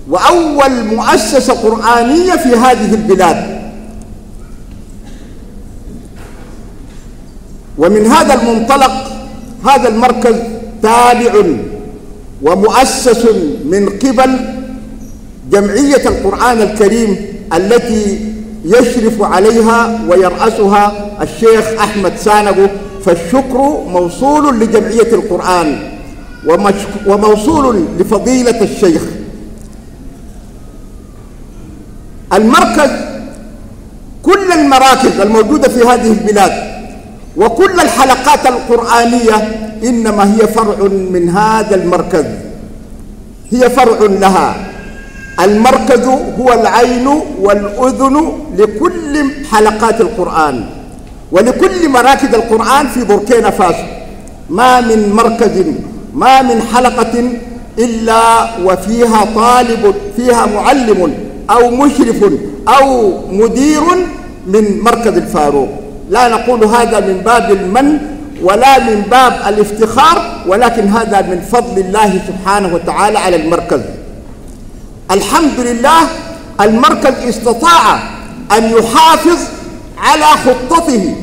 وأول مؤسسة قرآنية في هذه البلاد ومن هذا المنطلق هذا المركز تابع ومؤسس من قبل جمعية القرآن الكريم التي يشرف عليها ويرأسها الشيخ أحمد سانقو فالشكر موصول لجمعية القرآن وموصول لفضيلة الشيخ المركز كل المراكز الموجودة في هذه البلاد وكل الحلقات القرآنية إنما هي فرع من هذا المركز هي فرع لها المركز هو العين والأذن لكل حلقات القرآن ولكل مراكز القرآن في بوركينا فاسو ما من مركز ما من حلقة إلا وفيها طالب فيها معلم أو مشرف أو مدير من مركز الفاروق لا نقول هذا من باب المن ولا من باب الافتخار ولكن هذا من فضل الله سبحانه وتعالى على المركز الحمد لله المركز استطاع أن يحافظ على خطته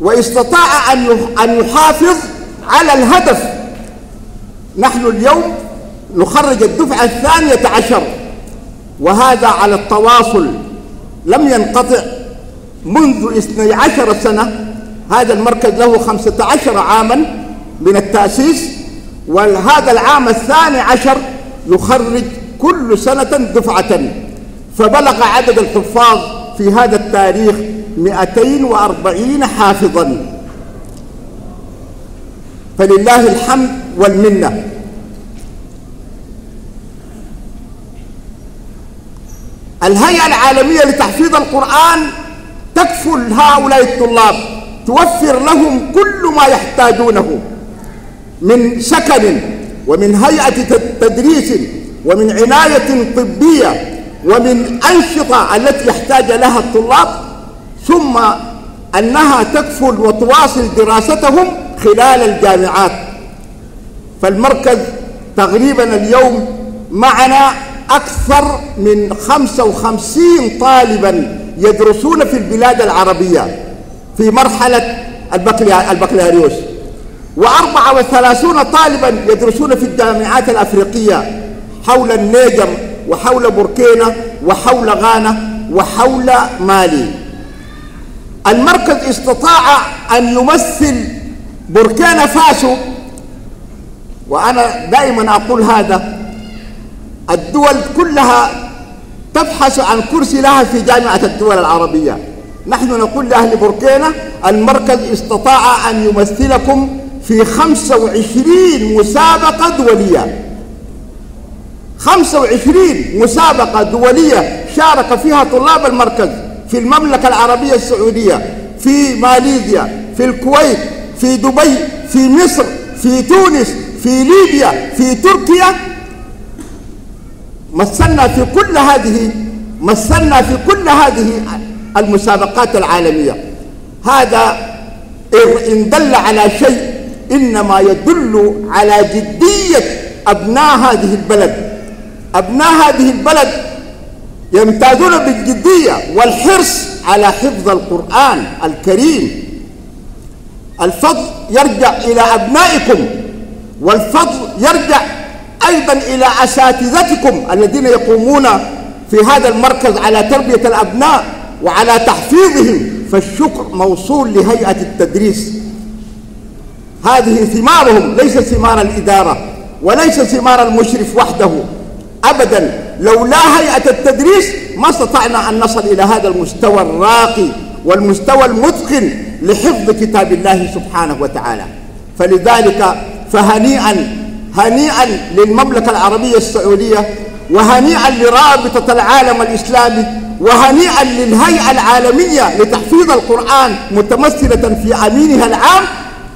واستطاع أن يحافظ على الهدف نحن اليوم نخرج الدفعة الثانية عشر وهذا على التواصل لم ينقطع منذ 12 سنة هذا المركز له 15 عاما من التأسيس وهذا العام الثاني عشر يخرج كل سنة دفعة فبلغ عدد الحفاظ في هذا التاريخ 240 حافظا فلله الحمد والمنة الهيئة العالمية لتحفيظ القرآن تكفل هؤلاء الطلاب توفر لهم كل ما يحتاجونه من سكن ومن هيئة تدريس ومن عناية طبية ومن أنشطة التي يحتاج لها الطلاب ثم أنها تكفل وتواصل دراستهم خلال الجامعات فالمركز تقريبا اليوم معنا أكثر من 55 طالبا يدرسون في البلاد العربية في مرحلة البكالوريوس و34 طالبا يدرسون في الجامعات الأفريقية حول النيجر وحول بوركينا وحول غانا وحول مالي المركز استطاع أن يمثل بوركينا فاسو وأنا دائما أقول هذا الدول كلها تبحث عن كرسي لها في جامعة الدول العربية نحن نقول لأهل بوركينا المركز استطاع أن يمثلكم في 25 مسابقة دولية 25 مسابقة دولية شارك فيها طلاب المركز في المملكة العربية السعودية في ماليزيا في الكويت في دبي في مصر في تونس في ليبيا في تركيا مثلنا في كل هذه مثلنا في كل هذه المسابقات العالمية هذا إن دل على شيء إنما يدل على جدية أبناء هذه البلد أبناء هذه البلد يمتازون بالجدية والحرص على حفظ القرآن الكريم الفضل يرجع إلى أبنائكم والفضل يرجع أيضا إلى أساتذتكم الذين يقومون في هذا المركز على تربية الأبناء وعلى تحفيظهم فالشكر موصول لهيئة التدريس هذه ثمارهم ليست ثمار الإدارة وليس ثمار المشرف وحده أبدا لولا هيئة التدريس ما استطعنا أن نصل إلى هذا المستوى الراقي والمستوى المتقن لحفظ كتاب الله سبحانه وتعالى فلذلك فهنيئا هنيئا للمملكة العربية السعودية وهنيئا لرابطة العالم الإسلامي وهنيئا للهيئة العالمية لتحفيظ القرآن متمثلة في أمينها العام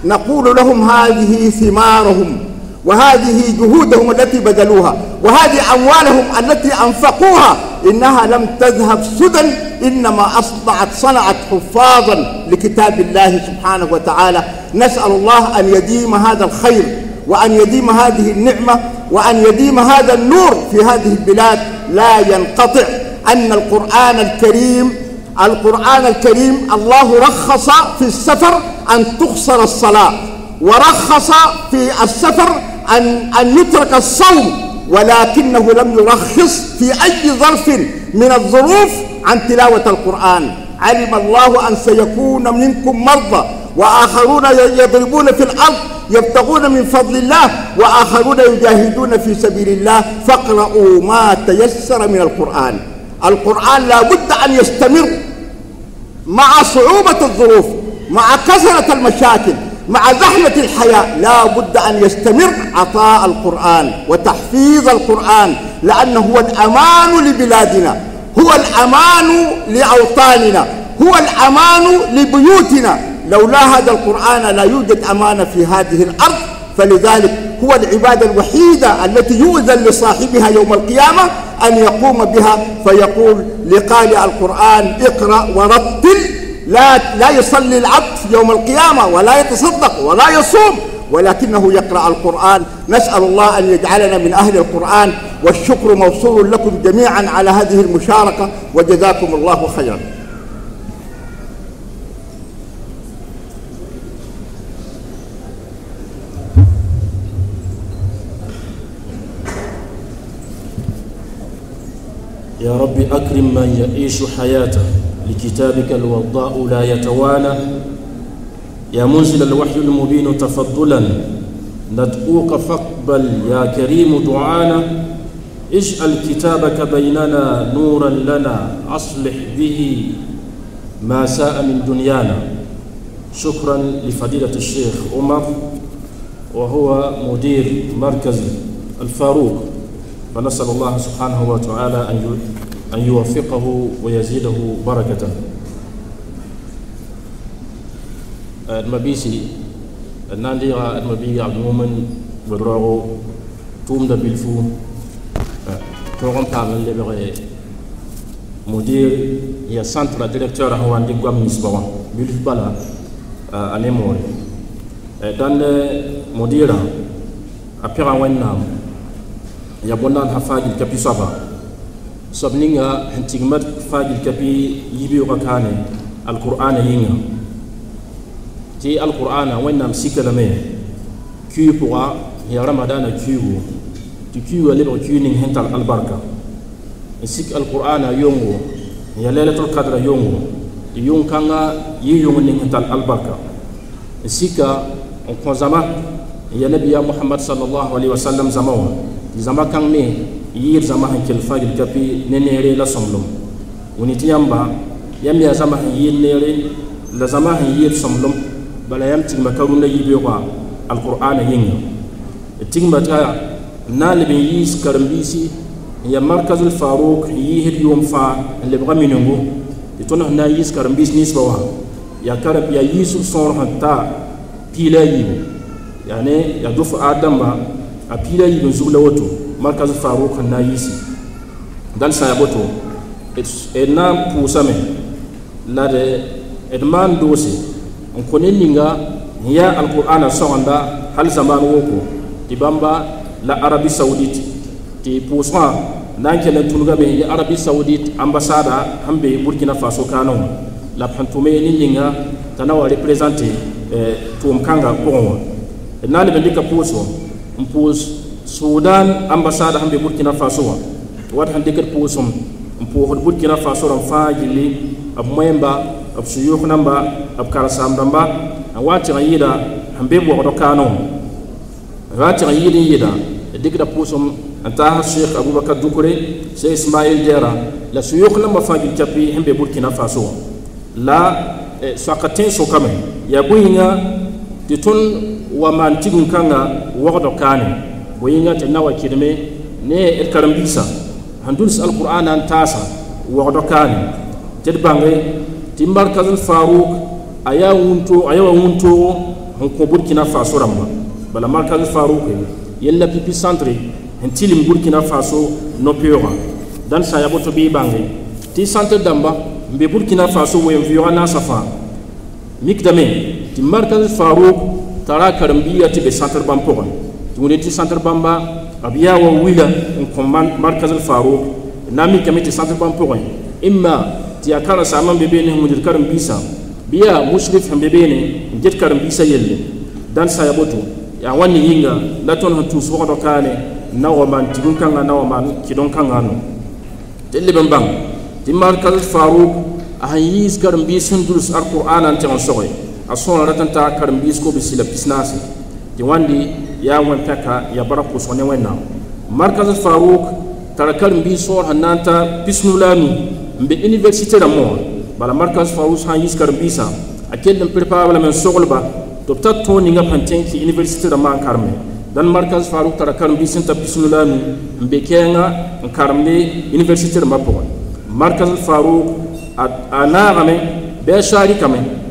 نقول لهم هذه ثمارهم وهذه جهودهم التي بذلوها وهذه أموالهم التي أنفقوها إنها لم تذهب سدى إنما أصنعت صنعت حفاظا لكتاب الله سبحانه وتعالى نسأل الله أن يديم هذا الخير وأن يديم هذه النعمة وأن يديم هذا النور في هذه البلاد لا ينقطع أن القرآن الكريم القرآن الكريم الله رخص في السفر أن تقصر الصلاة ورخص في السفر أن, أن يترك الصوم ولكنه لم يرخص في أي ظرف من الظروف عن تلاوة القرآن علم الله أن سيكون منكم مرضى وآخرون يضربون في الأرض يبتغون من فضل الله وآخرون يجاهدون في سبيل الله فاقرؤوا ما تيسر من القرآن القرآن لا بد أن يستمر مع صعوبة الظروف مع كثرة المشاكل مع زحمة الحياة لا بد أن يستمر عطاء القرآن وتحفيظ القرآن لأنه هو الأمان لبلادنا هو الأمان لأوطاننا هو الأمان لبيوتنا لولا هذا القرآن لا يوجد أمان في هذه الأرض فلذلك هو العبادة الوحيدة التي يؤذن لصاحبها يوم القيامة أن يقوم بها فيقول لقارئ القرآن اقرأ ورتل لا لا يصلي العبد يوم القيامة ولا يتصدق ولا يصوم ولكنه يقرأ القرآن نسأل الله أن يجعلنا من أهل القرآن والشكر موصول لكم جميعا على هذه المشاركة وجزاكم الله خيرا يا رب أكرم من يعيش حياته لكتابك الوضاء لا يتوالى يا منزل الوحي المبين تفضلا ندعوك فاقبل يا كريم دعانا اجعل كتابك بيننا نورا لنا أصلح به ما ساء من دنيانا شكرا لفضيلة الشيخ عمر وهو مدير مركز الفاروق فنسأل الله سبحانه وتعالى أن يوفقه ويزيده بركة المبيسي أه، النانديرا المبي عبد المؤمن بدراغو توم دبيلفو أه، توغم تعمل لبغي مدير يا سانترا ديريكتور هو عندي قام نسبوا بيلف بالا أه، أنيموري دان مديرا أبيرا وين نام يا بندان هفاجل كبي صبا صبنيا هنتيمت فاجل كبي يبي وكانه القرآن ينعم تي القرآن وين نام سكلمه كي بوا يا رمضان كيو تي كيو اللي بقى كيو نين هنتال البركة نسيك القرآن يومو يا ليلة القدر يومو يوم كانا يوم نين هنتال البركة نسيك أنكم زمان يا نبي يا محمد صلى الله عليه وسلم زمان zãmba kãng me yɩɩd zãma sẽn kell fagr kapɩ ne neere la sõmlem wẽni tɩ yãmba yãmb yaa zãma sẽn yɩɩd neere la zãma sẽn yɩɩd sõmlem bala yãmb tigma ka rũndã yɩ-beoogã alqur'ana yĩnga d tigma na n leb n yɩɩs karen-biisi n yaa markazl farook n yɩɩsd yʋʋm fãa n lebga minengo tɩ tõnd sẽn na n yɩɩs karen-biis ninsbã wã yaa yaa yɩɩsb sõor sẽn ta piila a a piila yib n zug la woto markaz faruk n na n yiisi dal sã ya boto d na n pʋʋsame la d d maan doose n kõ ne ninga n yaa alkur'ana sõgenda hal zamaan woko tɩ bãmba la arabi saudit tɩ pʋʋsgã na n kell n me ne arabi saudit ambasada sẽn be burkina faso kaanẽ wã la b sẽn tʋme ne ninga t'a eh, na wa représente tʋʋm kãnga pʋgẽ wã d na n leb n dɩka pʋʋsg mpuus sudan ambassade hambe burkina faso wa wat han dikir puusum mpuus burkina faso ram fa jilli ab moyemba ab suyuk namba ab karasam damba an wati yida hambe bo do kano wati yida yida dikira puusum anta sheikh abubakar dukure sheikh ismail jera la suyuk namba fa jilli chapi hambe burkina faso la sakatin sokame ya buinga titun wa man tigun kanga waqdo kane bo yinga te nawa kirme ne et karam bisa handun sal qur'an an tasa waqdo kane ted bange timbar kazal faruq aya wunto aya wunto hon ko burkina faso ramba bala markazal faruq yella pipi centre en tilim burkina faso no peura dan sa yaboto bi bange ti centre damba mbe burkina faso wo en viora na safa mikdame ti markazal faruq tara biya tɩ be santar bãmb pʋgẽ tɩ tɩ centre bãmba b yaa wa wila n kõ markaz farouk na n mikame tɩ centre bãmb pʋgẽ imma tɩ yaa kãrensaam n be beene n wingd karen-biisã bɩ yaa muslif sẽn be beene n get karen-biisã yelle dãn sã ya boto yaa wa ne yĩnga la tõnd sẽn tʋʋs wogdo kaane na wa maan tigum-kãngã na wa maan kɩdem-kãngã no tɩ leb n bãng tɩ markaz farouk a sẽn yiis karen-biis sẽn dʋls alkur'ana n tẽg n soge a sõor ratanta karen-biis kobsi la pisnaase tɩ wãnde yaa wẽn-pɛka ya bara kʋsg ne wẽnnaam markaz faruk tara karen-biis sõor sẽn na n ta pisnu la a nu n be université rãmbẽ wã bala markaz faruk sã n yis karen-biisã a kell n pir paaba lame n soglba tɩ b tar tõog ninga sẽn tẽng tɩ université rãmbã n karme dan markaz faruk tara karin biis sẽn ta pisnu la a nu n be kɛɛngã n karemde université rãmbã pʋgẽ markaz faruk a naagame bɩ a saarikame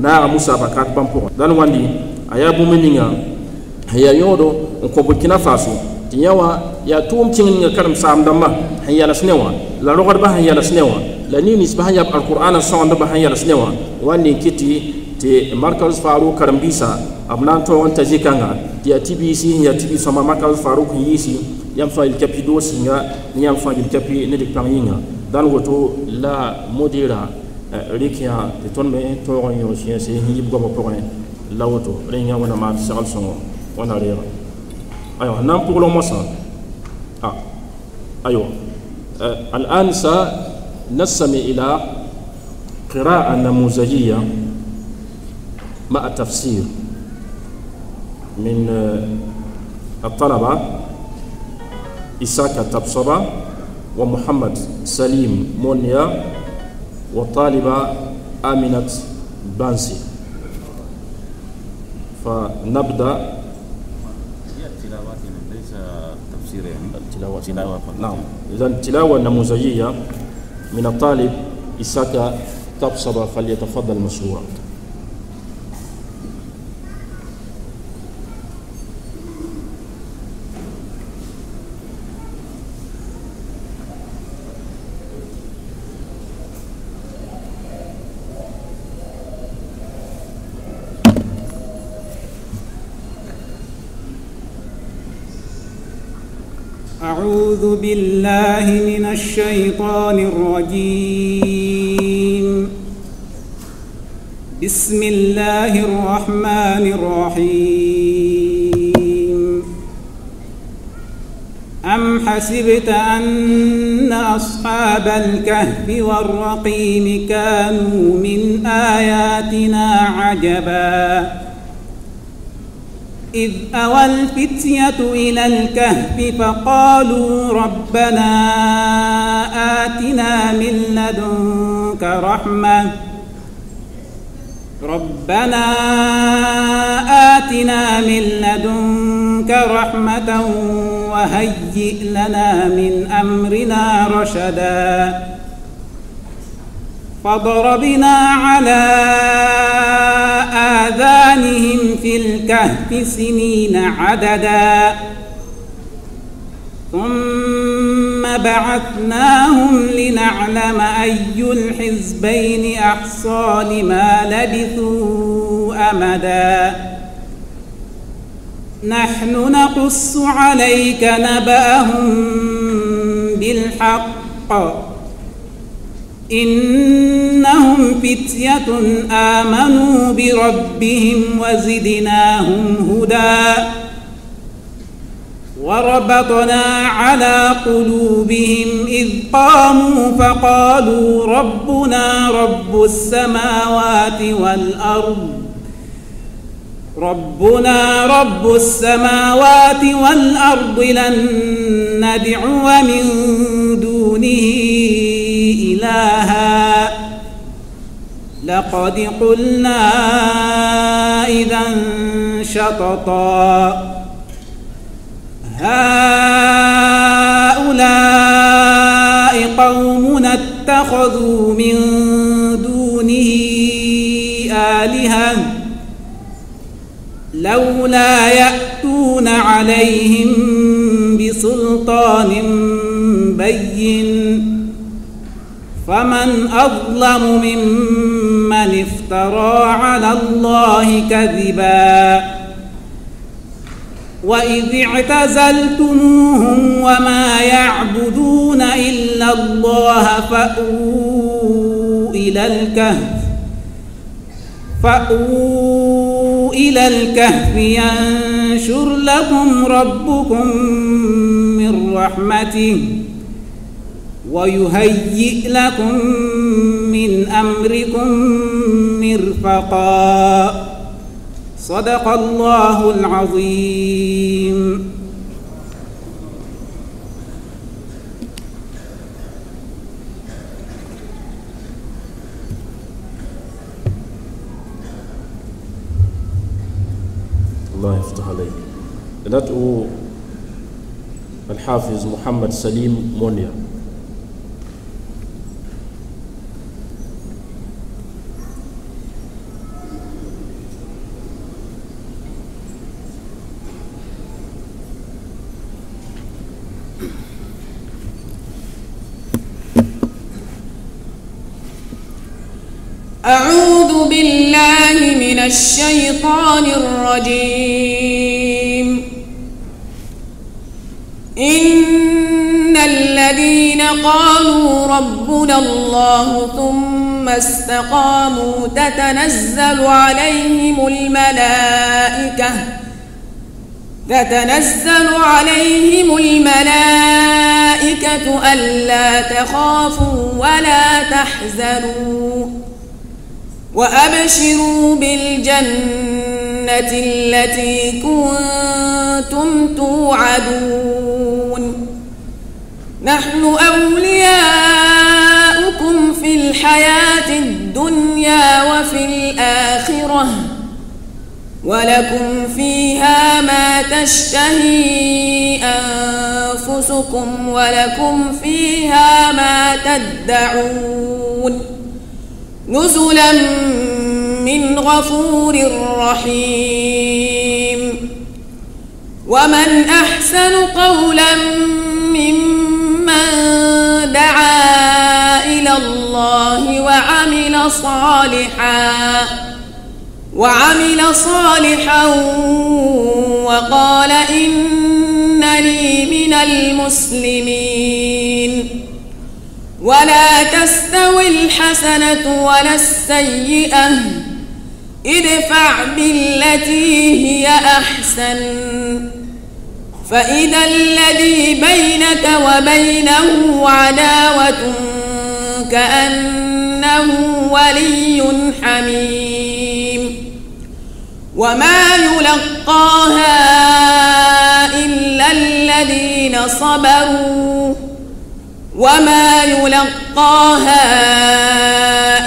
naaga musa bakat bãmb pʋgẽ dãn wãnde a yaa bũmb ninga n yaa kõ burkina faso tɩ yã wã yaa tʋʋm tẽng ninga karem dãmbã sẽn yɛls ne la rogdbã sẽn yɛls ne wã la nii ninsbã sẽn yaa alqurana sõgendbã sẽn yɛls ne wã wãn ne n kɩ tɩ tɩ markas faarʋg karen-biisã b na n tõog n ta zĩ-kãnga tɩ yaa tibiisi sẽn yaa tibi sõma markas yel-kapi doos yĩnga ne yãmb yel-kapi ne dɩk pãng dãn woto la modira rɩkya tɩ tõnd me toog n yõos yẽse sẽn yib goabã pʋgẽ la woto rẽ yã wẽna maan tɩ segl sõngo wẽna reega aywa na n pʋglg mosã aywa الآن سنستمع إلى قراءة نموذجية مع تفسير من الطلبة إساك تبصرة ومحمد سليم مونيا والطالبة آمنة بانسي فنبدأ التلاوات يعني ليس تفسير يعني التلاوة تلاوة نعم, نعم. إذا تلاوة النموذجية من الطالب إساك تبصر فليتفضل مشهورا أعوذ بالله من الشيطان الرجيم بسم الله الرحمن الرحيم أم حسبت أن أصحاب الكهف والرقيم كانوا من آياتنا عجباً إذ أوى الفتية إلى الكهف فقالوا ربنا آتنا من لدنك رحمة ربنا آتنا من لدنك رحمة وهيئ لنا من أمرنا رشداً فضربنا على آذانهم في الكهف سنين عددا ثم بعثناهم لنعلم أي الحزبين أحصى لما لبثوا أمدا نحن نقص عليك نبأهم بالحق إنهم فتية آمنوا بربهم وزدناهم هدى وربطنا على قلوبهم إذ قاموا فقالوا ربنا رب السماوات والأرض ربنا رب السماوات والأرض لن ندعو من دونه إلها لقد قلنا إذا شططا هؤلاء قومنا اتخذوا من دونه آلهة لولا يأتون عليهم بسلطان بين فمن أظلم ممن افترى على الله كذبا وإذ اعتزلتموهم وما يعبدون إلا الله فأووا إلى الكهف فأووا إلى الكهف ينشر لكم ربكم من رحمته ويهيئ لكم من امركم مرفقا صدق الله العظيم الله يفتح عليك ندعو الحافظ محمد سليم مونيا الشيطان الرجيم إن الذين قالوا ربنا الله ثم استقاموا تتنزل عليهم الملائكة تتنزل عليهم الملائكة ألا تخافوا ولا تحزنوا وأبشروا بالجنة التي كنتم توعدون نحن أولياؤكم في الحياة الدنيا وفي الآخرة ولكم فيها ما تشتهي أنفسكم ولكم فيها ما تدعون نزلا من غفور رحيم ومن أحسن قولا ممن دعا إلى الله وعمل صالحا وعمل صالحا وقال إنني من المسلمين ولا تستوي الحسنة ولا السيئة ادفع بالتي هي أحسن فإذا الذي بينك وبينه عداوة كأنه ولي حميم وما يلقاها إلا الذين صبروا وما يلقاها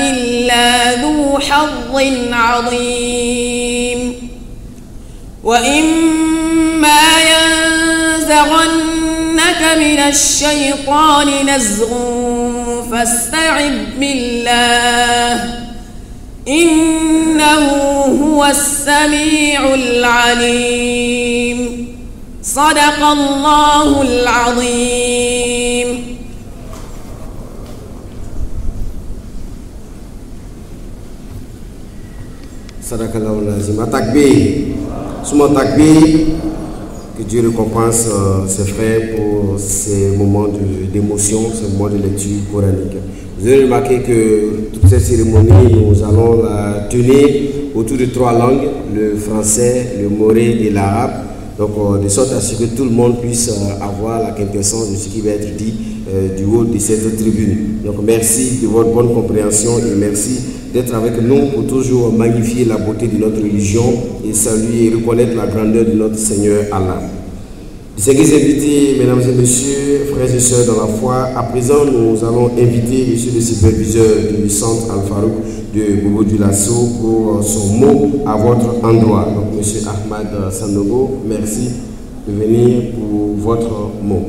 إلا ذو حظ عظيم وإما ينزغنك من الشيطان نزغ فاستعذ بالله إنه هو السميع العليم صدق الله العظيم Sarah la que Dieu récompense euh, ses frères pour ces moments d'émotion, ces moments de lecture coranique. Vous avez remarqué que toute cette cérémonie, nous allons la tenir autour de trois langues, le français, le moré et l'arabe. Donc, euh, de sorte à ce que tout le monde puisse euh, avoir la quintessence de ce qui va être dit du haut de cette tribune. Donc, merci de votre bonne compréhension et merci d'être avec nous pour toujours magnifier la beauté de notre religion et saluer et reconnaître la grandeur de notre Seigneur Allah. mesdames et messieurs, frères et sœurs dans la foi, à présent nous allons inviter monsieur le superviseur du centre Al-Farouk de Bobo du Lasso pour son mot à votre endroit. Donc monsieur Ahmad Sandogo, merci de venir pour votre mot.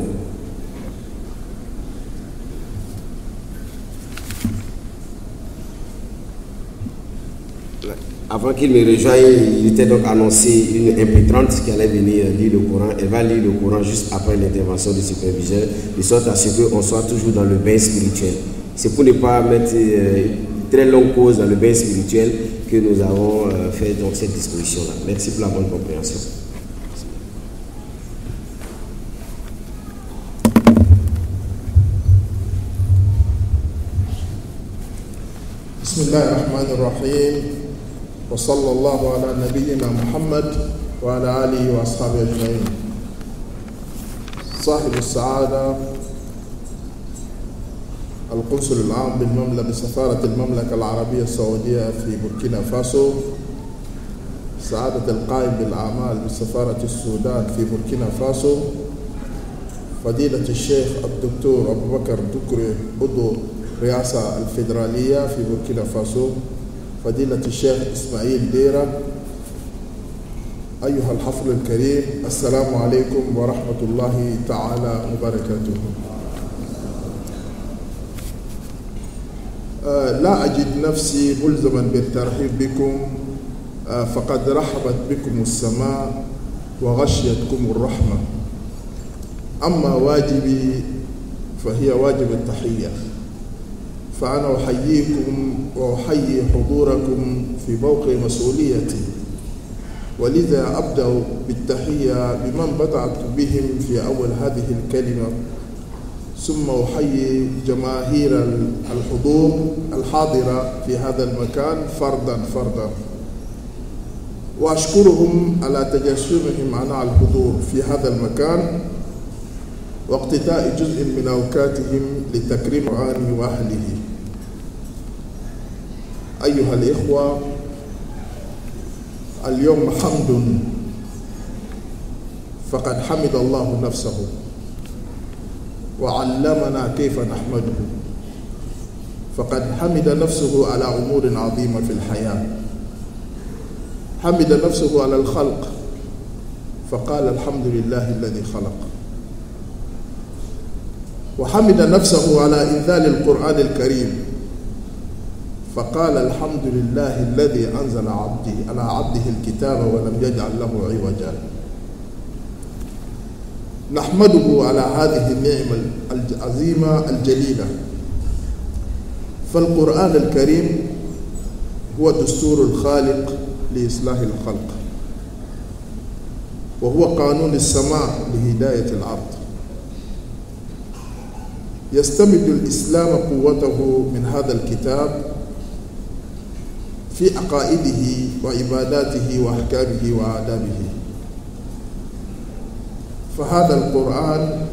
Avant qu'il me rejoigne, il était donc annoncé une impétrante qui allait venir lire le Coran. Elle va lire le Coran juste après l'intervention du superviseur, de sorte à ce qu'on soit toujours dans le bain spirituel. C'est pour ne pas mettre une euh, très longue pause dans le bain spirituel que nous avons euh, fait donc cette disposition-là. Merci pour la bonne compréhension. وصلى الله على نبينا محمد وعلى آله وأصحابه أجمعين صاحب السعادة القنصل العام بالمملكة بسفارة المملكة العربية السعودية في بوركينا فاسو سعادة القائم بالأعمال بسفارة السودان في بوركينا فاسو فضيلة الشيخ الدكتور أبو بكر دكري عضو رئاسة الفيدرالية في بوركينا فاسو فضيلة الشيخ إسماعيل ديرة أيها الحفل الكريم السلام عليكم ورحمة الله تعالى وبركاته آه، لا أجد نفسي ملزما بالترحيب بكم آه، فقد رحبت بكم السماء وغشيتكم الرحمة أما واجبي فهي واجب التحية فأنا أحييكم وأحيي حضوركم في موقع مسؤوليتي ولذا أبدأ بالتحية بمن بدأت بهم في أول هذه الكلمة ثم أحيي جماهير الحضور الحاضرة في هذا المكان فردا فردا وأشكرهم على تجسمهم عناء الحضور في هذا المكان واقتداء جزء من أوقاتهم لتكريم عاني وأهله أيها الإخوة اليوم حمد فقد حمد الله نفسه وعلمنا كيف نحمده فقد حمد نفسه على أمور عظيمة في الحياة حمد نفسه على الخلق فقال الحمد لله الذي خلق وحمد نفسه على إنزال القرآن الكريم فقال الحمد لله الذي أنزل عبده على عبده الكتاب ولم يجعل له عوجا نحمده على هذه النعمة العظيمة الجليلة فالقرآن الكريم هو دستور الخالق لإصلاح الخلق وهو قانون السماء لهداية الأرض يستمد الإسلام قوته من هذا الكتاب في عقائده وعباداته وأحكامه وآدابه فهذا القرآن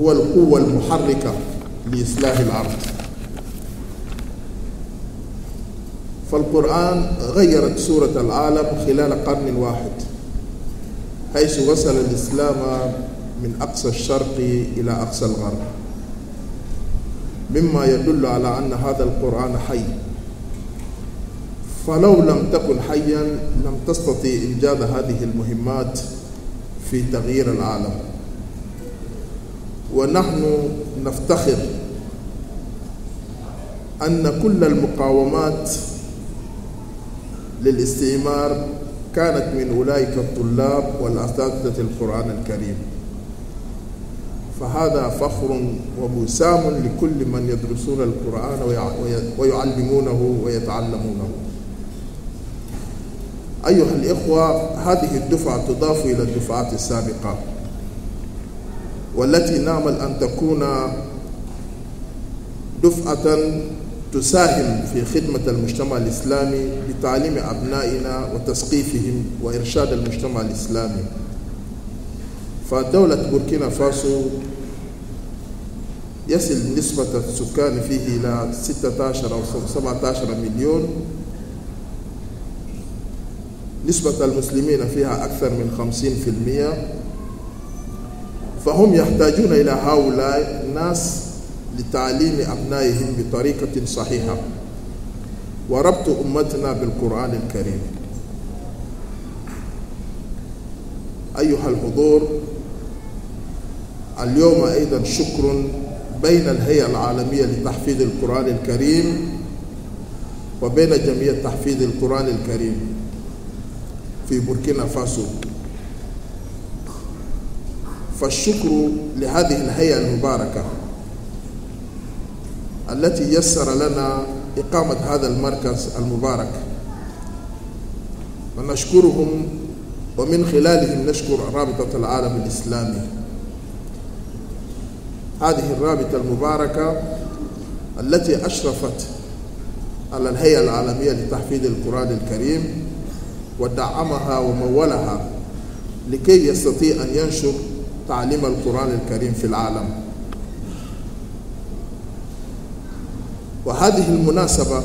هو القوة المحركة لإصلاح الأرض فالقرآن غيرت سوره العالم خلال قرن واحد حيث وصل الإسلام من أقصى الشرق إلى أقصى الغرب مما يدل على أن هذا القرآن حي فلو لم تكن حيا لم تستطع إنجاز هذه المهمات في تغيير العالم ونحن نفتخر أن كل المقاومات للاستعمار كانت من أولئك الطلاب والأساتذة القرآن الكريم فهذا فخر وبسام لكل من يدرسون القرآن ويعلمونه ويتعلمونه أيها الإخوة هذه الدفعة تضاف إلى الدفعات السابقة والتي نامل أن تكون دفعة تساهم في خدمة المجتمع الإسلامي بتعليم أبنائنا وتثقيفهم وإرشاد المجتمع الإسلامي فدولة بوركينا فاسو يصل نسبة السكان فيه إلى 16 أو 17 مليون نسبة المسلمين فيها أكثر من 50% فهم يحتاجون إلى هؤلاء الناس لتعليم أبنائهم بطريقة صحيحة وربط أمتنا بالقرآن الكريم أيها الحضور اليوم أيضا شكر بين الهيئة العالمية لتحفيظ القرآن الكريم وبين جمعية تحفيظ القرآن الكريم في بوركينا فاسو فالشكر لهذه الهيئة المباركة التي يسر لنا إقامة هذا المركز المبارك ونشكرهم ومن خلالهم نشكر رابطة العالم الإسلامي هذه الرابطة المباركة التي أشرفت على الهيئة العالمية لتحفيظ القرآن الكريم ودعمها ومولها لكي يستطيع أن ينشر تعليم القرآن الكريم في العالم وهذه المناسبة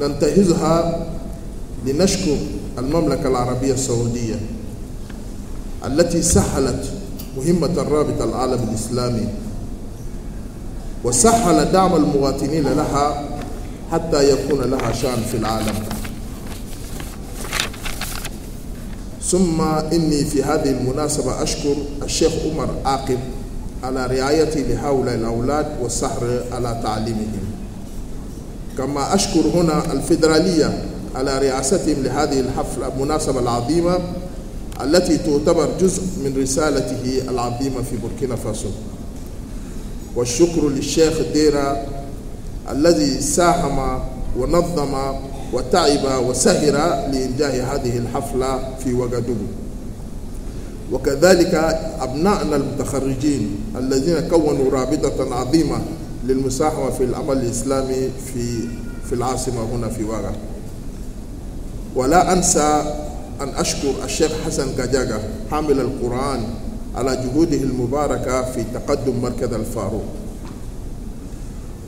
ننتهزها لنشكر المملكة العربية السعودية التي سهلت مهمة الرابط العالم الإسلامي وسهل دعم المواطنين لها حتى يكون لها شأن في العالم ثم إني في هذه المناسبة أشكر الشيخ عمر عاقب على رعايتي لهؤلاء الأولاد والسحر على تعليمهم كما أشكر هنا الفيدرالية على رئاستهم لهذه الحفلة المناسبة العظيمة التي تعتبر جزء من رسالته العظيمة في بوركينا فاسو والشكر للشيخ ديرا الذي ساهم ونظم وتعب وسهر لإنجاح هذه الحفلة في وغادوغو وكذلك أبناءنا المتخرجين الذين كونوا رابطة عظيمة للمساهمة في العمل الإسلامي في في العاصمة هنا في واغا ولا أنسى أن أشكر الشيخ حسن كجاجا حامل القرآن على جهوده المباركة في تقدم مركز الفاروق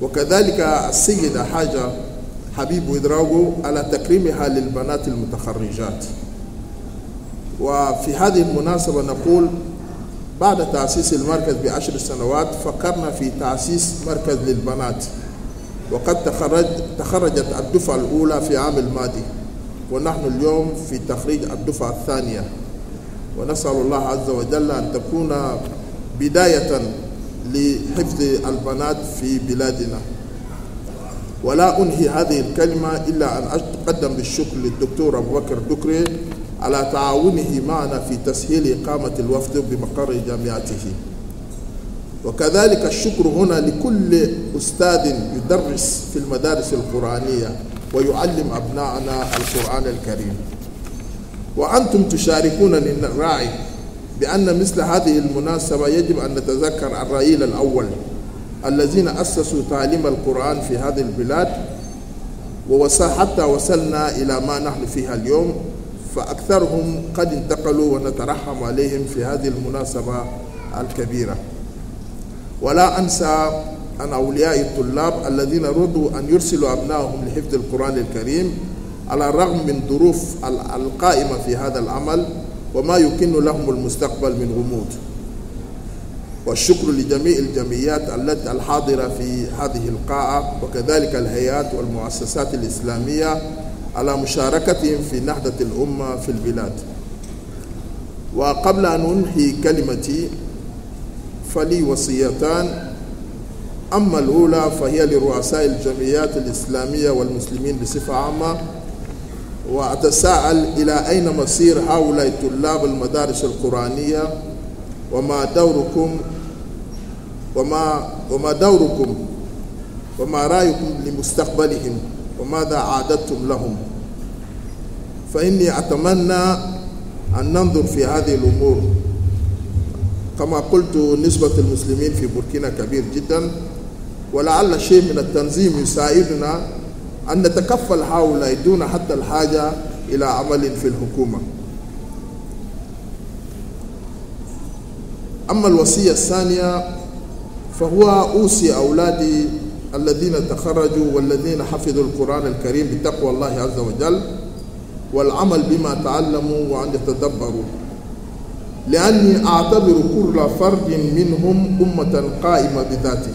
وكذلك السيدة حاجة حبيب ودراغو على تكريمها للبنات المتخرجات وفي هذه المناسبة نقول بعد تأسيس المركز بعشر سنوات فكرنا في تأسيس مركز للبنات وقد تخرج تخرجت الدفعة الأولى في عام الماضي ونحن اليوم في تخريج الدفعة الثانية ونسأل الله عز وجل أن تكون بداية لحفظ البنات في بلادنا ولا أنهي هذه الكلمة إلا أن أتقدم بالشكر للدكتور أبو بكر دكري على تعاونه معنا في تسهيل إقامة الوفد بمقر جامعته وكذلك الشكر هنا لكل أستاذ يدرس في المدارس القرآنية ويعلم أبناءنا القرآن الكريم وأنتم تشاركون للراعي بأن مثل هذه المناسبة يجب أن نتذكر الرأيل الأول الذين أسسوا تعليم القرآن في هذه البلاد وحتى وصلنا إلى ما نحن فيها اليوم فأكثرهم قد انتقلوا ونترحم عليهم في هذه المناسبة الكبيرة ولا أنسى أن أولياء الطلاب الذين رضوا أن يرسلوا أبنائهم لحفظ القرآن الكريم على الرغم من ظروف القائمة في هذا العمل وما يكن لهم المستقبل من غموض والشكر لجميع الجمعيات التي الحاضرة في هذه القاعة وكذلك الهيئات والمؤسسات الإسلامية على مشاركتهم في نهضة الأمة في البلاد وقبل أن أنهي كلمتي فلي وصيتان أما الأولى فهي لرؤساء الجمعيات الإسلامية والمسلمين بصفة عامة وأتساءل إلى أين مصير هؤلاء طلاب المدارس القرآنية وما دوركم وما وما دوركم وما رأيكم لمستقبلهم وماذا عادتم لهم فإني أتمنى أن ننظر في هذه الأمور كما قلت نسبة المسلمين في بوركينا كبير جدا ولعل شيء من التنظيم يساعدنا أن نتكفل هؤلاء دون حتى الحاجة إلى عمل في الحكومة أما الوصية الثانية فهو أوصي أولادي الذين تخرجوا والذين حفظوا القرآن الكريم بتقوى الله عز وجل والعمل بما تعلموا وأن يتدبروا لأني أعتبر كل فرد منهم أمة قائمة بذاته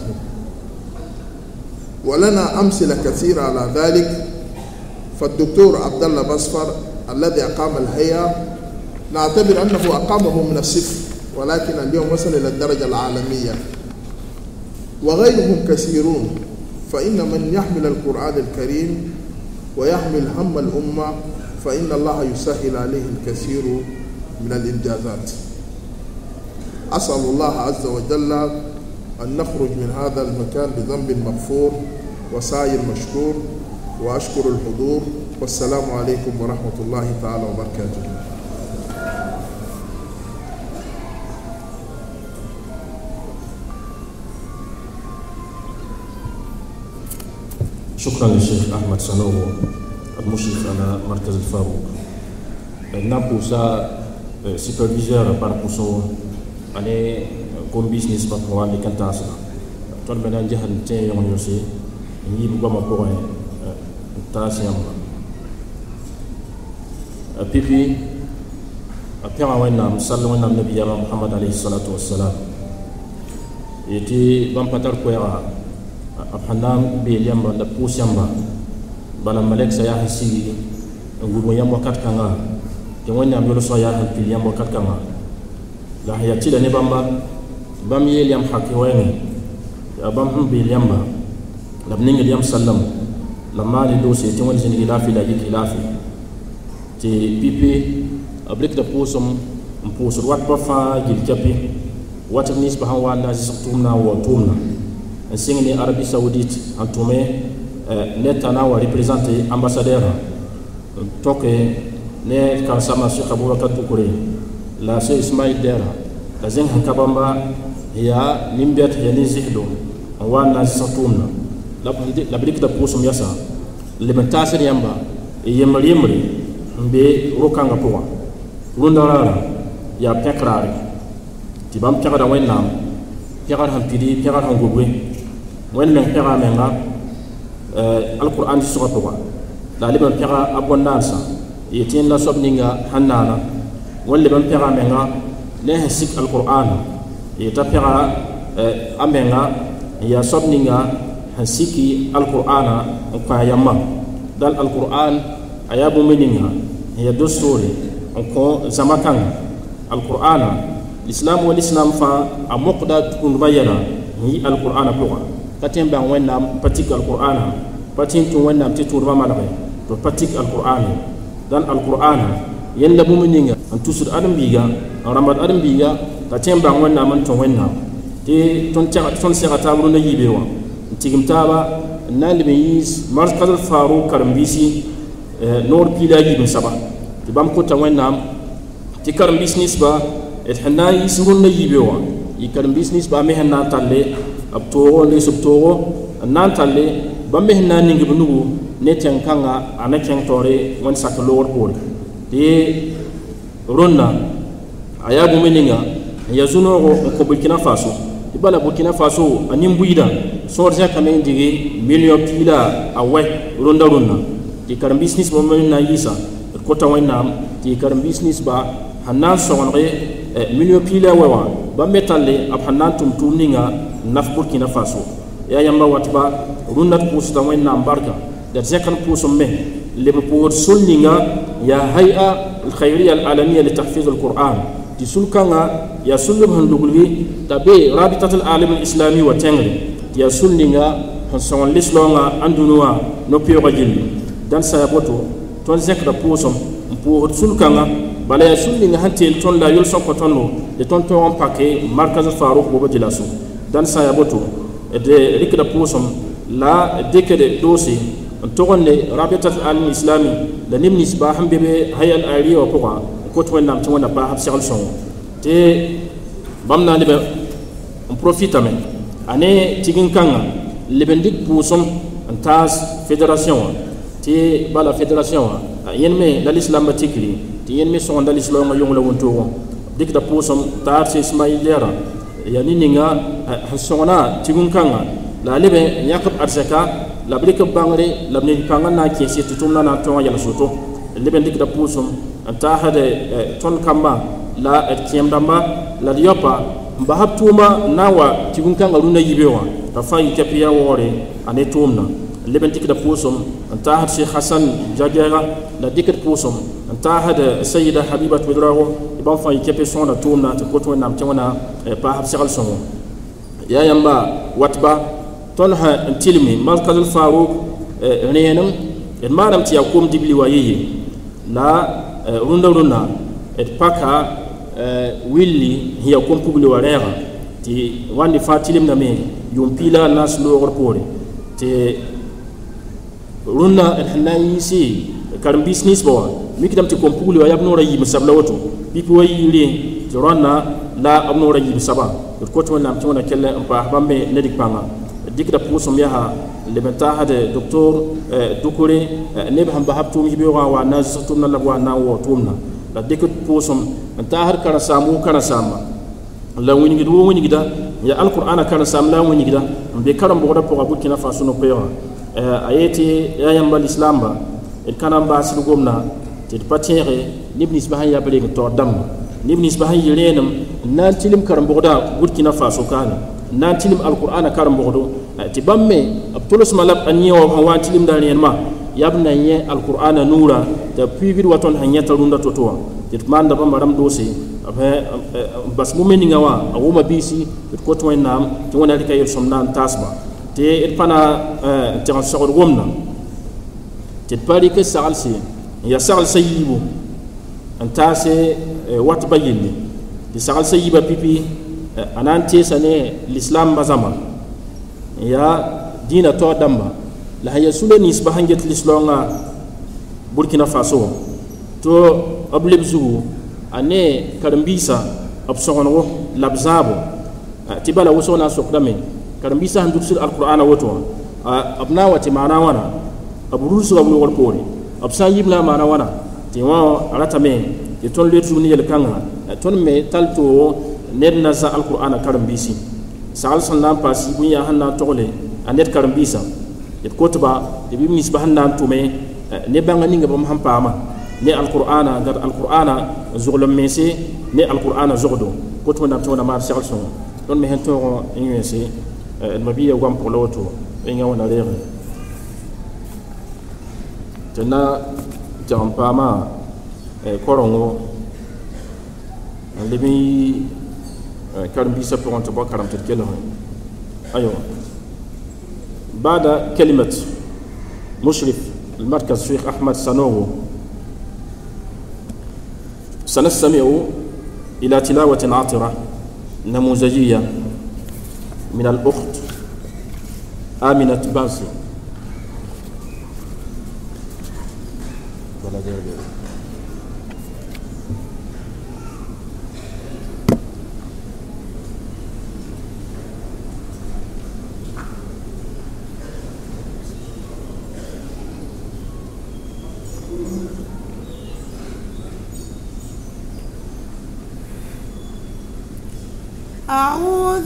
ولنا أمثلة كثيرة على ذلك فالدكتور عبد الله بصفر الذي أقام الهيئة نعتبر أنه أقامه من الصفر ولكن اليوم وصل إلى الدرجة العالمية وغيرهم كثيرون فإن من يحمل القرآن الكريم ويحمل هم الأمة فإن الله يسهل عليه الكثير من الإنجازات أسأل الله عز وجل أن نخرج من هذا المكان بذنب مغفور وسعي مشكور وأشكر الحضور والسلام عليكم ورحمة الله تعالى وبركاته شكرا للشيخ أحمد سنو المشرف على مركز الفاروق نابوسا سوبرفيزور باركوسو اني كون بيزنس كانتا سا تون بنان نجهل تي يون يوسي نجيب قوام قوين تاسي يمنا بيبي أبيع وينام نعم، صلى وينام نعم، نبينا محمد عليه الصلاة والسلام يتي بامباتر كويرا aphandam beel yamba da pʋʋs yãmba bana malek sa sẽn sigi mo yamba yãmb wakat kãngã tɩ wẽnnaam yʋlsg yaa sẽn pil yamba wakat kãngã la ya ti da ne bãmba bãmb yeel yãmb hakki wɛɛngẽ ya bam hum beel yamba la b ningd yãmb sallam la maale doose tɩ wẽnd zĩnd yɩlaafɩ la yik yɩlaafɩ tɩ pipe b rɩkda pʋʋsem n pʋʋsd wat pa fãa gil kapɩ wat b ninsbã sẽn waan na a zɩsg tʋʋmdã n signe ni Arabie Saoudite antume euh, ne tana wa représente ambassadeur toke ne kansama kabura ka Tukure la Sheikh Ismail Dera la zeng hankabamba ya nimbet ya ni nizihdo wa na satumna la bidik da kusum yasa limentasir yamba yemri yemri mbe rokanga poa lundarara ya pekrari tibam pekra wenam pekra hampidi pekra hangubwe وين لين حقا من غا آه القرآن في سقطوا لا لي بن حقا أبو النارسا يتين لا صب نينغا هنانا وين لي بن حقا من غا لين هسيك القرآن يتا حقا آه أمينغا يا صب نينغا هسيكي القرآن وقايا يما دال القرآن أياب منينغا هي دستور وكو زمكان القرآن الإسلام والإسلام فا أمقدا تكون بيانا هي القرآن بلغة patin ban wẽnnaam pa tik alqur'ana pa tɩ tũ wẽnnaam tɩ tʋʋdmã malge tɩ pa tik alqur'ana dãn alqur'ana yẽl la bũmb ninga an tusur adam biga ramad adam biga adem-biiga t'a tẽ n bãng wẽnnaam n tõ wẽnnaam tɩ tõnd sɛga taab rũndã yiibe wã n tigim ta ba na n leb n yiis markaz faarug karen-biisi noor piila a yiib n saba tɩ bãmb kota wẽnnaam tɩ karen-biis ninsba d sẽn na n yiis rũndã yiibe wã y karen-biis ninsba me hanna talle b toogo liis b toogo n na n talle bãmb me sẽn na n ning nugu ne tẽng kãnga a na kẽng taoore wẽnd sak loogr poore tɩ yee rõnna a yaa bũmb ninga n ya zu-noogo n kõ burkina faso tɩ bala burkina faso a nin-buiidã sõor zẽkame n dɩge million piila a wɛ rõnda rõnna tɩ karen-biis nins bãmb me na n yɩɩsa d kota wẽnnaam tɩ karen-biis ninsba sẽn na n sõgenege milieu pila wewa bambe talle ab tum tuninga naf burkina faso ya yamba watba runnat pusta wen na barka da zekan pusum me le pour sunninga ya hay'a al khayriya al alamiya li tahfiz al qur'an ti sulkanga ya sullum han dugulwi tabe rabitat al alam al islami wa tengri ya sunninga han lislonga andunwa no piyo gajil dan sa boto ton zekra pusum pour sulkanga bala ya sũur ning sẽn teel tõnd la yʋl-sõkã tõndo tɩ tõnd tõog n pake markaz faarʋk boba dɩ la sʋm dãnd sã n yaa boto d rɩkda pʋʋsem la dɩkd doose n togende rabitat alim islami la neb ninsba sẽn be be hayal aria wã pʋga n kot wẽnnaam tɩ wẽnna paasb segl sõngo tɩ bãmb na n leb n profitame a ne tig n kãngã leb n dɩk pʋʋsem n taas fédération wã tɩ bala fédération wã yẽnd me la lislamba tikri tɩ yẽnd me sõgenda lislaoongã yʋngla wʋntoogo dɩkda pʋʋsem taab sẽn sẽma yɩlɛɛrã yaa ne ninga sẽn sõgna tig-n-kãngã la a leb n yãk b arzɛka la b rɩk b bãngre la b ning pãngã na n kẽes yetɩ tʋmdã na n tõog n yɛl soto leb n dɩkda pʋʋsem n taasd tõnd kambã la d kẽem dãmba la d yaopa n basa b tʋʋma n na n wa tig-n-kãngã rũnã yibe wã t'a fãa yikã pɩ yaa waoore a ne tʋʋmdã leben dikda pusum n taasd sheikh hasan jagɛɛga la dikd pusum n taasd sayida habibat wedrago y bãmb fãa yikepe sõona tʋʋmda tɩ kot wẽnnaam tɩ wẽna paasb segl sõngo yaa yãmba watba tõnd sã n tilmi malkaz lfaruk rẽenem d maanam tɩ yaa kom dibli wa yeye la rũndã rũndã d paka willi sẽn yaa kom pugli wa rẽega tɩ wãnde fãa tilimdame yʋʋm piila na sẽn loogr poore tɩ runa d sẽn karim business yɩɩse karen-biis ninsbã wã mikdame tɩ kom-pugli bipu yaa b la woto pipi wã yɩɩ rẽ tɩ rõnna la b noorã yiib saba d kot wẽnnaam tɩ wẽna kell n paas ne pãnga dɩkda pʋʋsem yaa leb n taasd doctor dukre neb sẽn basb tʋʋm yibeoogã wa na la b wa tumna la dɩkd pʋʋsem n taasd karen-saam wʋ karen la wingd wʋ wingda gida ya alqur'ana karen-saam la n gida n be karen-bʋgda pʋga burkina faso no Eh, a yeti ya yãmba lislamba d ka na n baasd gomda tɩ d pa tẽege ya ninsbã sãn yaa b reng taoor dãmba neb ninsbã sãn yɩ rẽenem n na faso kaane nan na n tɩlm alkurana karen-bʋgdo tɩ bãmb me b tolsmã la a yẽ wã sãn wa n tɩlmda rẽenemã yaa b na n yẽ alkurana nuurã tɩ b piigd wa tõnd sãn yẽta rũndã to-to wã tɩ d maanda bãmba rãmb bas mume ninga wã a wʋma biisi tɩ d kot wẽnnaam tɩ wẽna rɩka yel-sõm na n tɩ d pa na tɩg n sõgd wʋmna tɩ d pa rɩk saglse n yaa saglsã yiibu wat pa yelle tɩ saglsã pipi a na n teesa ne lislaambã zãma n dãmba la sã yaa sula nins ba burkina faso to oblibzu ane leb zugu a ne karen-biisã kan bisa handuk sir alqur'ana wato ah, abna wati mana wana aburu su abu wal pore absan yibla mana wana ti wa arata me ti ton le tuni yel kanga ton me talto ned na sa alqur'ana karam bisi sal san nan pasi ya hanna tole anet ah, karam bisa yet kotba de bi misbah nan tume ne banga ninga bam ham pama ne alqur'ana gar alqur'ana zuglum mesi ne alqur'ana zugdo kotma na tona mar sal son don me hen to en المبيه وام بولوتو إن يوم نريه تنا جام باما كورونو لمي كرم بيسا بورن تبوا كرم تتكلم أيوة بعد كلمة مشرف المركز الشيخ أحمد سانوغو سنستمع إلى تلاوة عاطرة نموذجية من الأخت آمنة باسي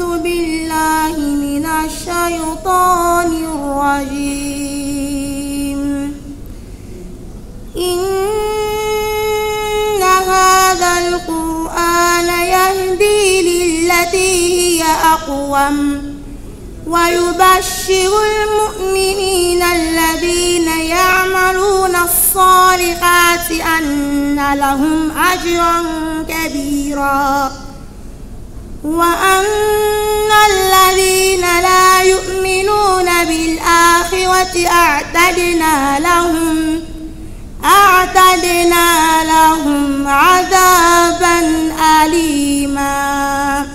أعوذ بالله من الشيطان الرجيم إن هذا القرآن يهدي للتي هي أقوم ويبشر المؤمنين الذين يعملون الصالحات أن لهم أجرا كبيرا وأن الذين لا يؤمنون بالآخرة أعتدنا لهم أعتدنا لهم عذابا أليما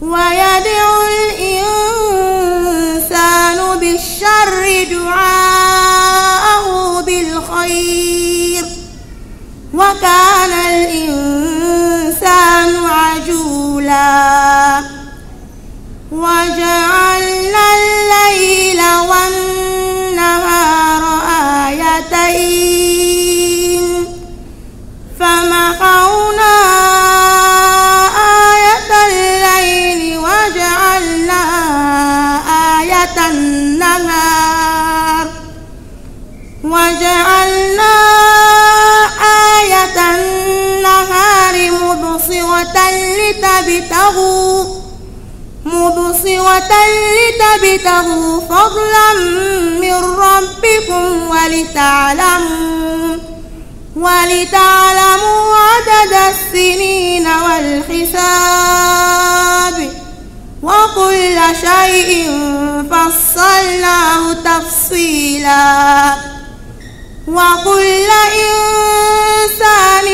ويدعو الإنسان بالشر دعاءه بالخير وكان الإنسان وجعلنا الليل والنهار حلوة لتبتغوا فضلا من ربكم ولتعلموا ولتعلموا عدد السنين والحساب وكل شيء فصلناه تفصيلا وكل إنسان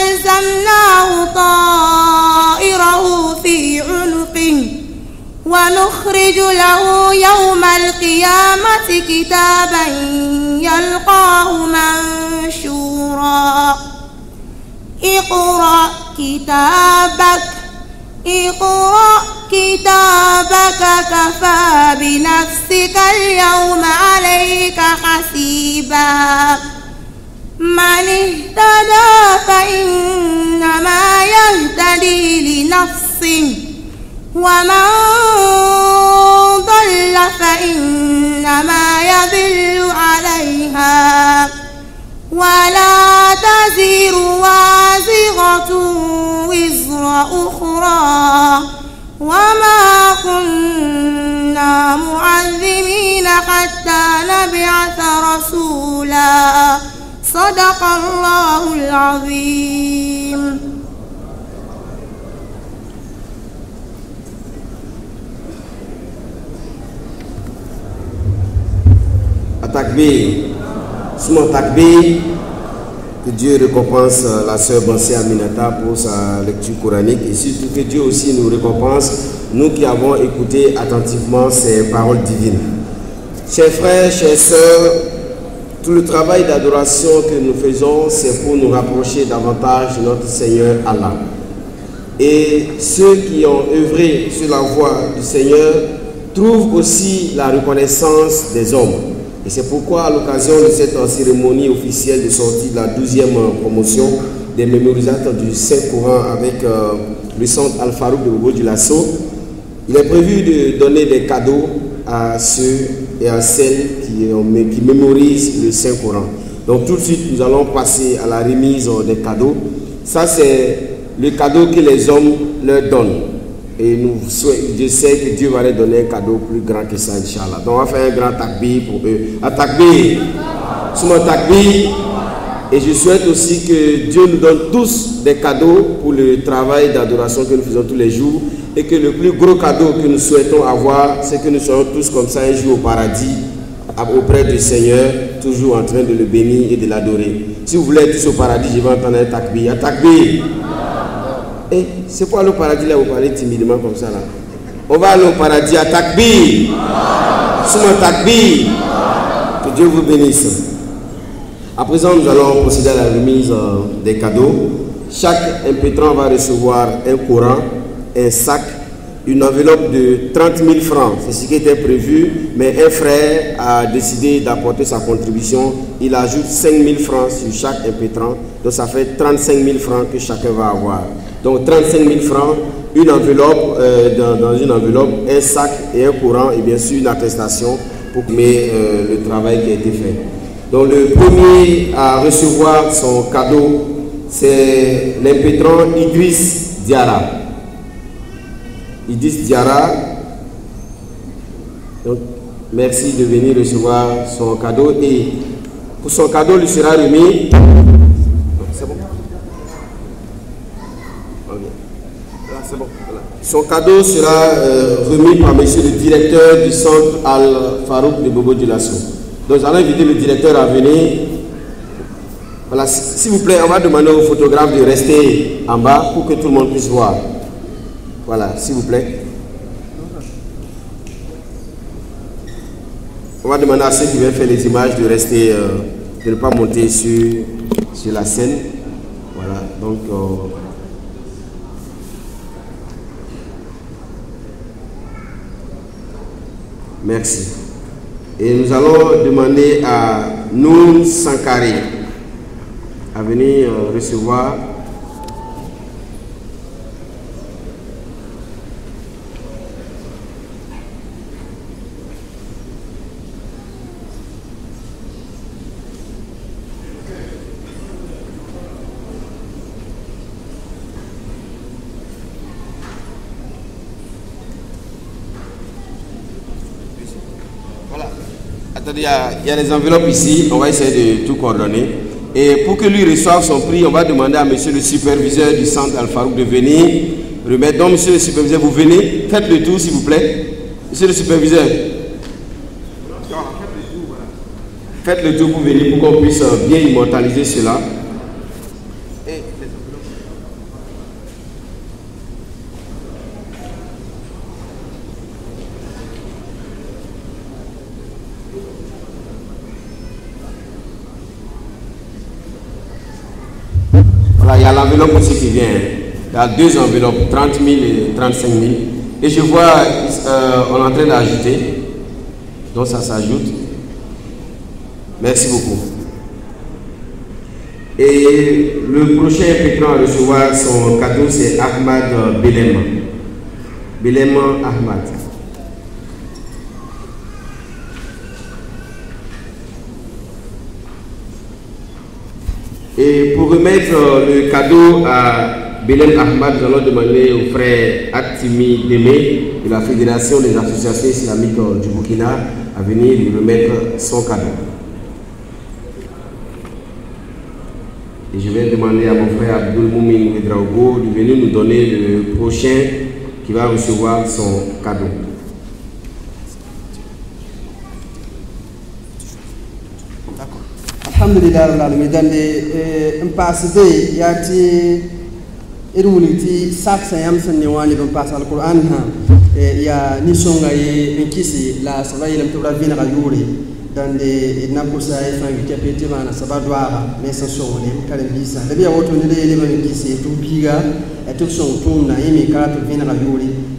ألزمناه طالب ونخرج له يوم القيامة كتابا يلقاه منشورا اقرأ كتابك اقرأ كتابك كفى بنفسك اليوم عليك حسيبا من اهتدى فإنما يهتدي لنفسه ومن ضل فإنما يضل عليها ولا تزر وازغة وزر أخرى وما كنا معذبين حتى نبعث رسولا صدق الله العظيم Atakbé, Que Dieu récompense euh, la sœur Bansé Aminata pour sa lecture coranique et surtout que Dieu aussi nous récompense, nous qui avons écouté attentivement ces paroles divines. Chers frères, chers sœurs, tout le travail d'adoration que nous faisons, c'est pour nous rapprocher davantage de notre Seigneur Allah. Et ceux qui ont œuvré sur la voie du Seigneur trouvent aussi la reconnaissance des hommes. Et c'est pourquoi, à l'occasion de cette cérémonie officielle de sortie de la 12e euh, promotion des mémorisateurs du Saint-Courant avec euh, le centre Alfarouk de du Lasso, il est prévu de donner des cadeaux à ceux et à celles qui, euh, qui mémorisent le Saint-Courant. Donc tout de suite, nous allons passer à la remise des cadeaux. Ça, c'est le cadeau que les hommes leur donnent. Et nous, je sais que Dieu va leur donner un cadeau plus grand que ça, Inch'Allah. Donc on va faire un grand takbi pour eux. Un takbi. takbi. Et je souhaite aussi que Dieu nous donne tous des cadeaux pour le travail d'adoration que nous faisons tous les jours. Et que le plus gros cadeau que nous souhaitons avoir, c'est que nous soyons tous comme ça un jour au paradis, auprès du Seigneur, toujours en train de le bénir et de l'adorer. Si vous voulez être au paradis, je vais entendre un takbir. Et eh, c'est quoi le paradis là Vous parlez timidement comme ça là. On va aller au paradis à Takbi. Souma Takbi. Que Dieu vous bénisse. À présent, nous allons procéder à la remise euh, des cadeaux. Chaque impétrant va recevoir un courant, un sac, une enveloppe de 30 000 francs. C'est ce qui était prévu, mais un frère a décidé d'apporter sa contribution. Il ajoute 5 000 francs sur chaque impétrant, donc ça fait 35 000 francs que chacun va avoir. Donc 35 000 francs, une enveloppe, euh, dans, une enveloppe, un sac et un courant et bien sûr une attestation pour mais, euh, le travail qui a été fait. Donc le premier à recevoir son cadeau, c'est l'impétrant Idriss Diara. Idriss Diara, donc merci de venir recevoir son cadeau et pour son cadeau lui sera remis Son cadeau sera euh, remis par monsieur le directeur du centre Al-Farouk de Bobo Dulasso. Donc j'allais inviter le directeur à venir. Voilà, s'il vous plaît, on va demander au photographe de rester en bas pour que tout le monde puisse voir. Voilà, s'il vous plaît. On va demander à ceux qui veulent faire les images de rester, euh, de ne pas monter sur, sur la scène. Voilà, donc... Euh, Merci. Et nous allons demander à Noun Sankari à venir recevoir il y, a, il les enveloppes ici, on va essayer de tout coordonner. Et pour que lui reçoive son prix, on va demander à monsieur le superviseur du centre al de venir remettre. Donc monsieur le superviseur, vous venez, faites le tour s'il vous plaît. Monsieur le superviseur. Faites le tour pour venir pour qu'on puisse euh, bien immortaliser cela. aussi qui vient, Il y a deux enveloppes, 30 000 et 35 000. Et je vois, euh, on est en train d'ajouter. Donc ça s'ajoute. Merci beaucoup. Et le prochain prend à recevoir son cadeau, c'est Ahmad Bellem. Belema Ahmad. Et pour remettre euh, le cadeau à Belen Ahmad, nous allons demander au frère Atimi Demé de la Fédération des associations islamiques euh, du Burkina à venir lui remettre son cadeau. Et je vais demander à mon frère Abdul Moumin de venir nous donner le prochain qui va recevoir son cadeau. alhamdulillah rabbil alamin dande n paasde yaa tɩ d wilg tɩ sak sẽn yãmb sẽn ne wã neb n paas alquran sã eh, yaa nin-sõnga ye n kɩsɩ la sẽba yeelame tɩ b ra vẽnega yʋʋre dãnde d na kosa y fãa gɩ kɛpe tɩ maana sẽba doaaga ne sẽn sõng ne karen-biisã la yaa woto ned ye leb n kɩsɩ tɩ b biiga tɩ b sõng tʋʋmdã yẽ me ka ra tɩ b vẽnega yʋʋre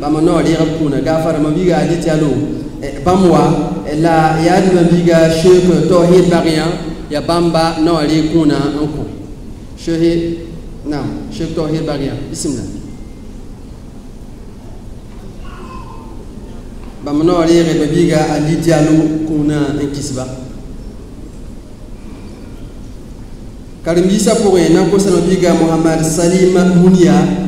bama no ali rapuna gafara ma biga ali tialo eh, bamwa eh, la yadi ma biga shirk tawhid barian. ya bamba no ali kuna anko shehe nam shirk tawhid bariya bismillah bama no ali ma biga ali tialo kuna ankisba karimbisa pour en ko biga, muhammad salim munia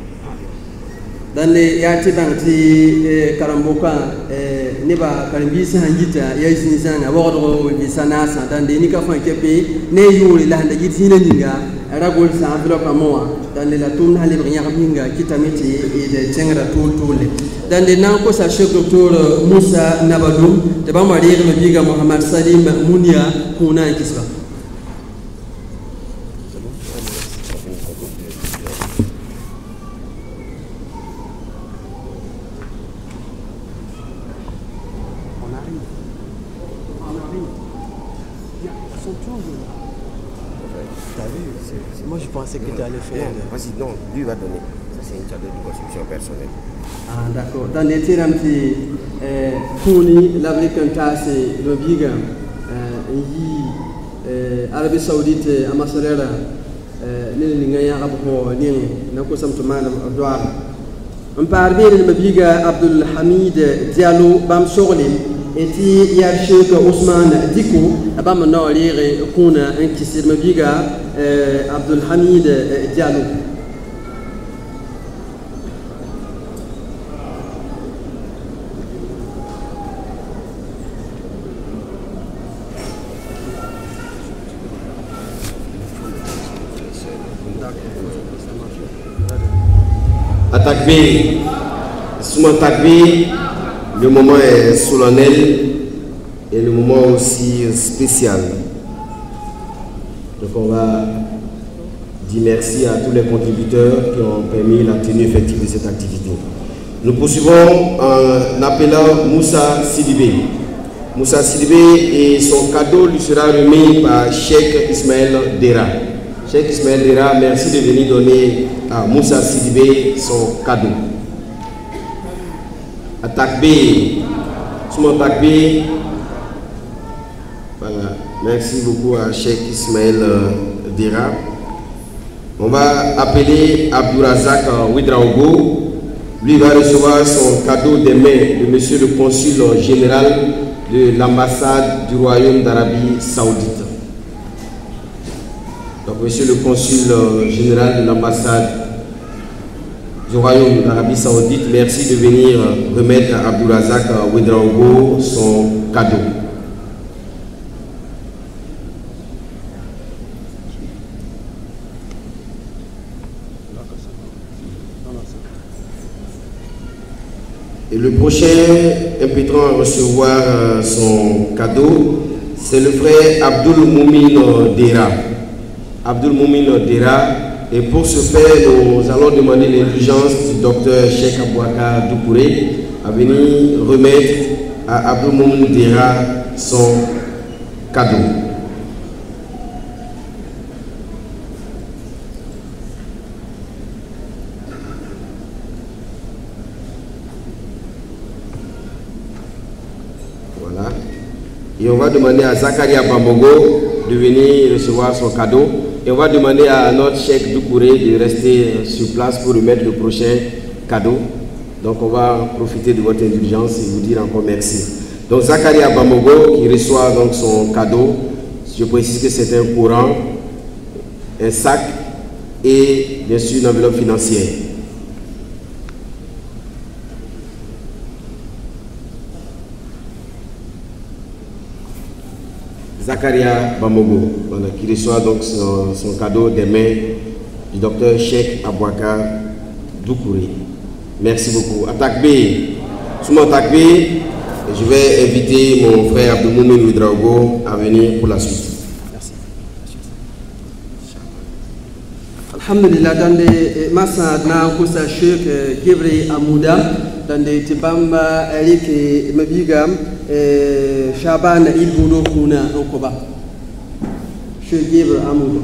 dalle ya ci dan ti eh, karambo ka eh, ne ba karambi san hangita ya yi sin sana wa ko bi sana sa dan de ni ka fan ke pe ne yi yuri la handa giti ne ninga ragol sa enveloppe amwa dan de la tun hali bi nya ninga kita miti e de tengra tul tul dan de nan ko sa chef docteur Musa Nabadou da ba ma mari ga biga Muhammad Salim Munia kuna kisra siram ti kuni labri kan tase lo biga yi arabi saudite amasalera ne ni ngaya ab ho ni na ko sam to manam doar on par bi le biga abdul hamid diallo bam soglim eti ya sheikh ousmane diko bam no rire kuna en kisir biga abdul hamid diallo Sous le moment est solennel et le moment aussi spécial. Donc on va dire merci à tous les contributeurs qui ont permis la tenue effective de cette activité. Nous poursuivons en appelant Moussa Sidibé. Moussa Sidibé et son cadeau lui sera remis par Cheikh Ismaël Dera. Cheikh Ismaël Dera, merci de venir donner à ah, Moussa Sidibé son cadeau. Attaque B. le monde B. Voilà. Merci beaucoup à Cheikh Ismaël euh, Dira. On va appeler Abdourazak euh, Ouidraogo. Lui va recevoir son cadeau des mains de monsieur le consul euh, général de l'ambassade du Royaume d'Arabie Saoudite. Donc, monsieur le consul général de l'ambassade du Royaume d'Arabie Saoudite, merci de venir remettre à Abdulazak euh, Ouedraogo son cadeau. Et le prochain impétrant à recevoir euh, son cadeau, c'est le frère Abdul Moumin Dera. Abdul Dera et pour ce faire, nous allons demander l'indulgence du docteur Cheikh Abouaka Doukouré à venir remettre à Abdou Moumou son cadeau. Voilà. Et on va demander à Zakaria Bambogo de venir recevoir son cadeau. Et on va demander à notre chef courrier de rester sur place pour remettre le prochain cadeau. Donc on va profiter de votre indulgence et vous dire encore merci. Donc Zakaria Bamogo qui reçoit donc son cadeau, je précise que c'est un courant, un sac et bien sûr une enveloppe financière. Zakaria Bamogo, qui reçoit donc son, cadeau des mains du docteur Cheikh Abouaka Doukouri. Merci beaucoup. Attaque B. Sous mon attaque je vais inviter mon frère Abdoumoumin Ouidraogo à venir pour la suite. Merci. Alhamdulillah, dans les eh, masses, a Cheikh eh, Amouda. donde ti bamba rike mabigam eh, shabana ilbuno kuna ankoba she gebr amudo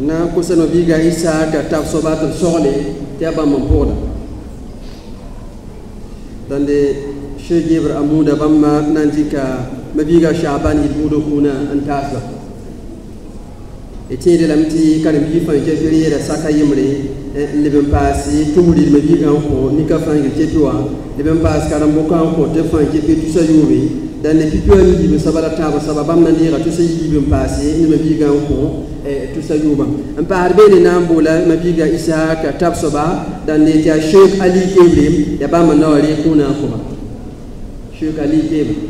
na kusa no biga isa so tab ta ba mun boda dan de shege bar amuda nan jika mabiga shaban yilbudo kuna antaga etede lamti kan bi fan je fere da saka yimre libin pasi tumuri mabiga ko ni ka fan je tuwa libin pas karam boka ko te fan je pe tusa yumi dan ne pipi wani yibi sabara taba sababam nan dira tusa yibin pasi ni mabiga ko tusa yuma an pa harbe ne mabiga isa ka dan ne ta sheikh ali ibrahim ya ba manawari kuna kuma sheikh ali ibrahim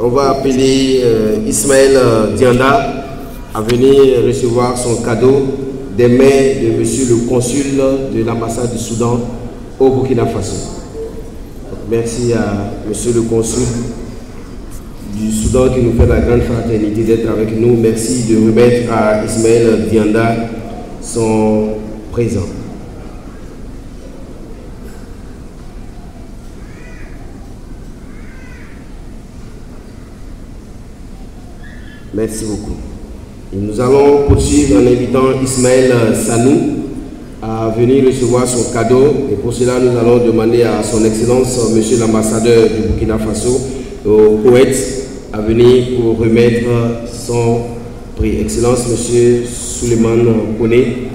on va appeler euh, Ismaël euh, Dianda à venir recevoir son cadeau des mains de monsieur le consul de l'ambassade du Soudan au Burkina Faso. merci à monsieur le consul du Soudan qui nous fait la grande fraternité d'être avec nous. Merci de remettre à Ismaël Dianda son présent. Merci beaucoup. nous allons poursuivre en invitant Ismaël Sanou à venir recevoir son cadeau. Et pour cela, nous allons demander à son Excellence, Monsieur l'ambassadeur du Burkina Faso, au poète, à venir pour remettre son prix. Excellence, Monsieur Souleymane Koné.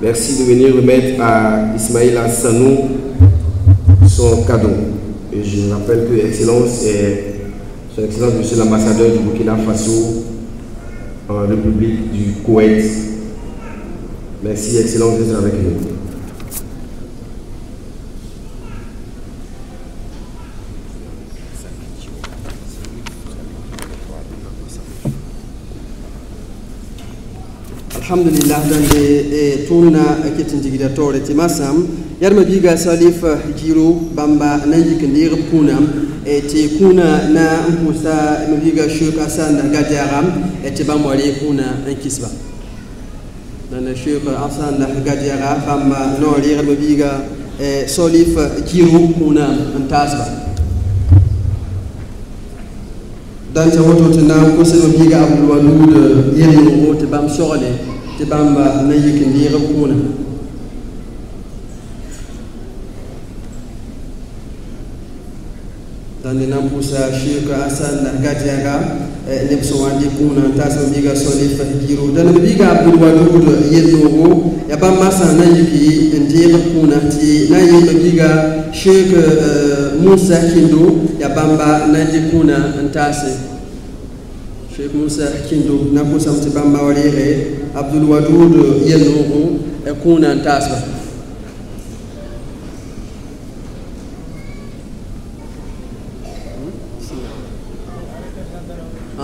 Merci de venir remettre à Ismaël Sanou son cadeau. Et je rappelle que Excellence et Son Excellence, Monsieur l'ambassadeur du Burkina Faso, en République du Koweït. Merci, Excellence, d'être avec nous. alhamdulillah dande e tunna kettintiguidatore timasam yarma biga salif jiro bamba nanji ko ndirab kunam ti kuna na n pʋʋsa shuka sanda gati sãnda gadɛɛga bamwali kuna n kisba dãna shoeka a sãnda gadɛɛga bãmba no yɩgd me solif kiru kuna n taasba dãn woto tɩ na n kõsd wadud biiga a bam nuud te yẽngo sogle na n yik tandinan pusa sheka asan nargatiyaga eh, neb so wandi kuna ta so biga soli dans dan biga abdul wadud yedogo ya la masa indiqué yiki kuna ti na yeba biga que eh, musa kindo ya bamba na kuna ntase chez musa kindo na abdul wadud eh, kuna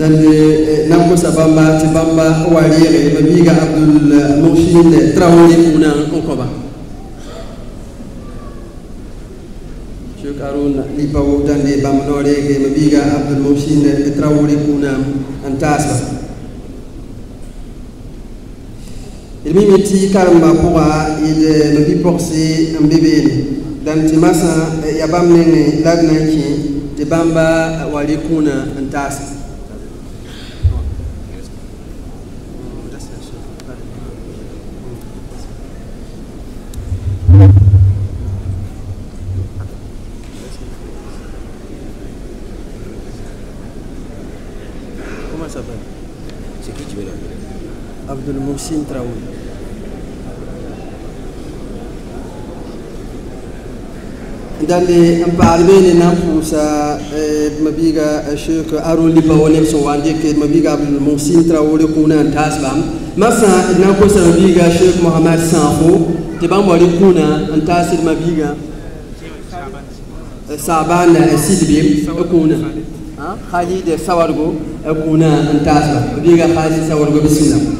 nande eh, nanko sabamba ti bamba wariyere eh, ba miiga abdul eh, mohsin traore kuna nkoba karun lipa wutande bamnorege ma biga abdul mohsin e traore kuna antasa il mimi karamba pura il no bi porse un bébé dan ti masa ya bamnene lagna ki te bamba wali antasa محسن تراوي دالي ام بعلمين نافوسا إيه، مبيغا الشيخ ارون لي باولم سو وانديك مبيغا محسن تراوي كونا تاس بام مسا نافوسا مبيغا الشيخ محمد سامو تبان مولي كونا ان تاس مبيغا سابان إيه، سيد بيم كونا خالد سوارغو كونا ان تاس مبيغا خالد سوارغو بسم الله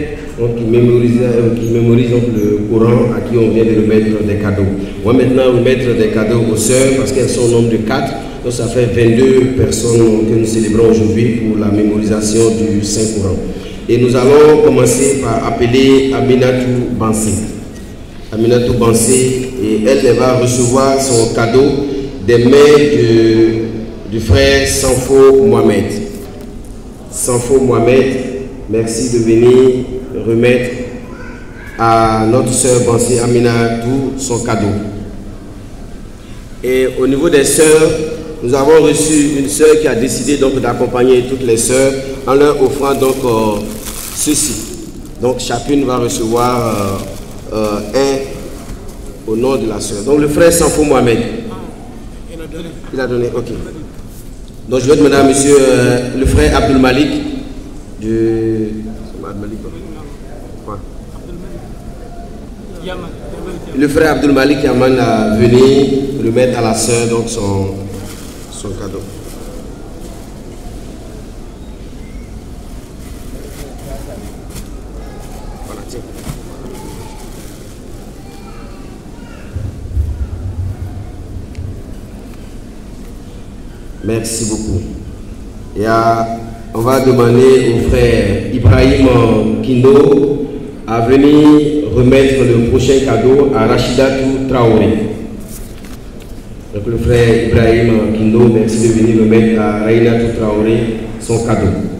qui mémorisent, le courant à qui on vient de remettre des cadeaux. On va maintenant remettre des cadeaux aux sœurs parce qu'elles sont au nombre de quatre. Donc ça fait 22 personnes que nous célébrons aujourd'hui pour la mémorisation du Saint-Coran. Et nous allons commencer par appeler Aminatou Bansé. Aminatou Bansé, et elle va recevoir son cadeau des mains du frère Sanfo Mohamed. Sanfo Mohamed, merci de venir remettre à notre sœur Bansi Amina tout son cadeau. Et au niveau des sœurs, nous avons reçu une sœur qui a décidé donc d'accompagner toutes les sœurs en leur offrant donc euh, ceci. Donc chacune va recevoir euh, euh, un au nom de la sœur. Donc le frère Sampou Mohamed. Il a donné, ok. Donc je vais demander à monsieur le frère Abdul Malik du... Malik. Le frère Abdul Malik Yaman a venu remettre à la sœur donc son, son cadeau. Merci beaucoup. Et on va demander au frère Ibrahim Kindo à venir remettre le prochain cadeau à Rachidatou Traoré. Donc le frère Ibrahim Kindo, merci de venir remettre à Tou Traoré son cadeau.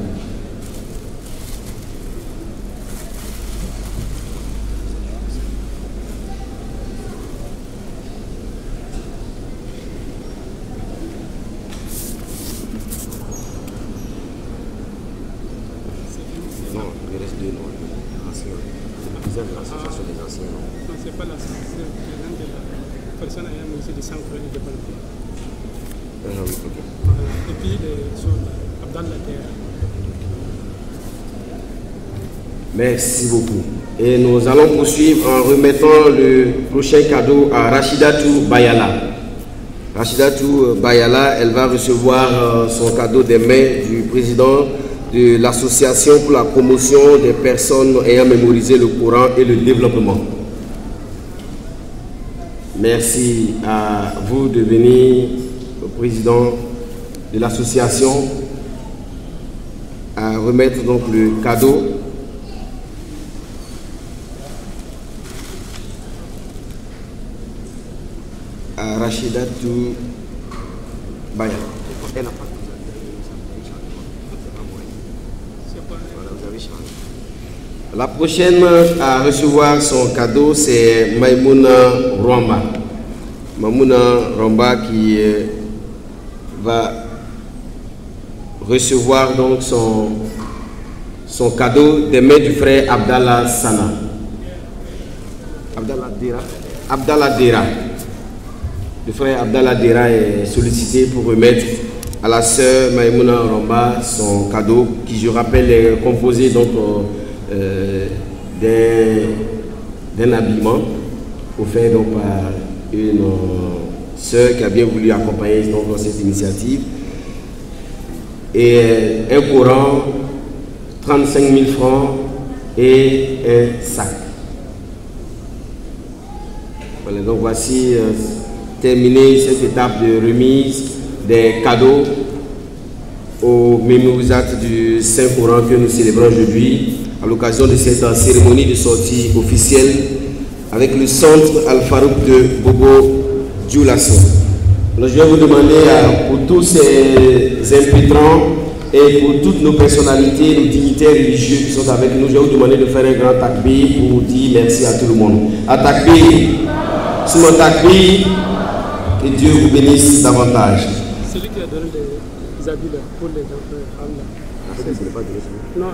Merci beaucoup. Et nous allons poursuivre en remettant le prochain cadeau à Rachidatou Bayala. Rachidatou euh, Bayala, elle va recevoir euh, son cadeau des mains du président de l'Association pour la promotion des personnes ayant mémorisé le Coran et le développement. Merci à vous de venir, président de l'association, à remettre donc le cadeau La prochaine à recevoir son cadeau, c'est Maimouna Rwamba. Maimouna Rwamba qui euh, va recevoir donc son, son cadeau des mains du frère Abdallah Sana. Abdallah Dira. Abdallah Dira. Le frère Abdallah Dera est sollicité pour remettre à la sœur Maïmouna Romba son cadeau, qui, je rappelle, est composé donc euh, euh, d'un habillement offert par une euh, sœur qui a bien voulu accompagner dans cette initiative et un courant, 35 000 francs et un sac. Voilà, donc voici terminer cette étape de remise des cadeaux aux mémorisates du saint courant que nous célébrons aujourd'hui à l'occasion de cette cérémonie de sortie officielle avec le centre Al-Farouk de Bobo Dioulasso. je vais vous demander pour tous ces impétrants et pour toutes nos personnalités, nos dignitaires religieux qui sont avec nous, je vais vous demander de faire un grand takbir pour vous dire merci à tout le monde. A takbir, sous mon takbir, et Dieu vous bénisse davantage. Celui qui a donné les habits pour les enfants, ah, non,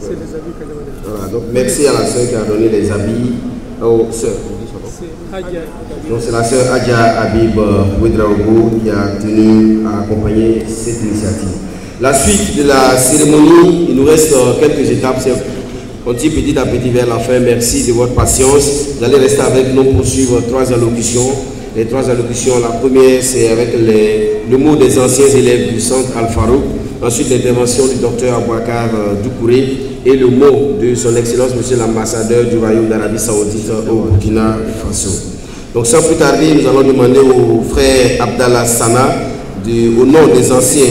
c'est les habits que voilà, donc Merci à la soeur qui a donné les habits aux sœurs. Donc c'est la sœur Adja Habib euh, Ouedraogo qui a tenu à accompagner cette initiative. La suite de la cérémonie, il nous reste euh, quelques étapes. On dit petit à petit vers la fin. Merci de votre patience. Vous allez rester avec nous pour suivre trois allocutions les trois allocutions. La première, c'est avec le mot des anciens élèves du centre al Alfaro. Ensuite, l'intervention du docteur Abouakar euh, Dukouré et le mot de son Excellence, Monsieur l'ambassadeur du Royaume d'Arabie Saoudite euh, au Burkina Faso. Donc, sans plus tarder, nous allons demander au frère Abdallah Sana, au nom des anciens.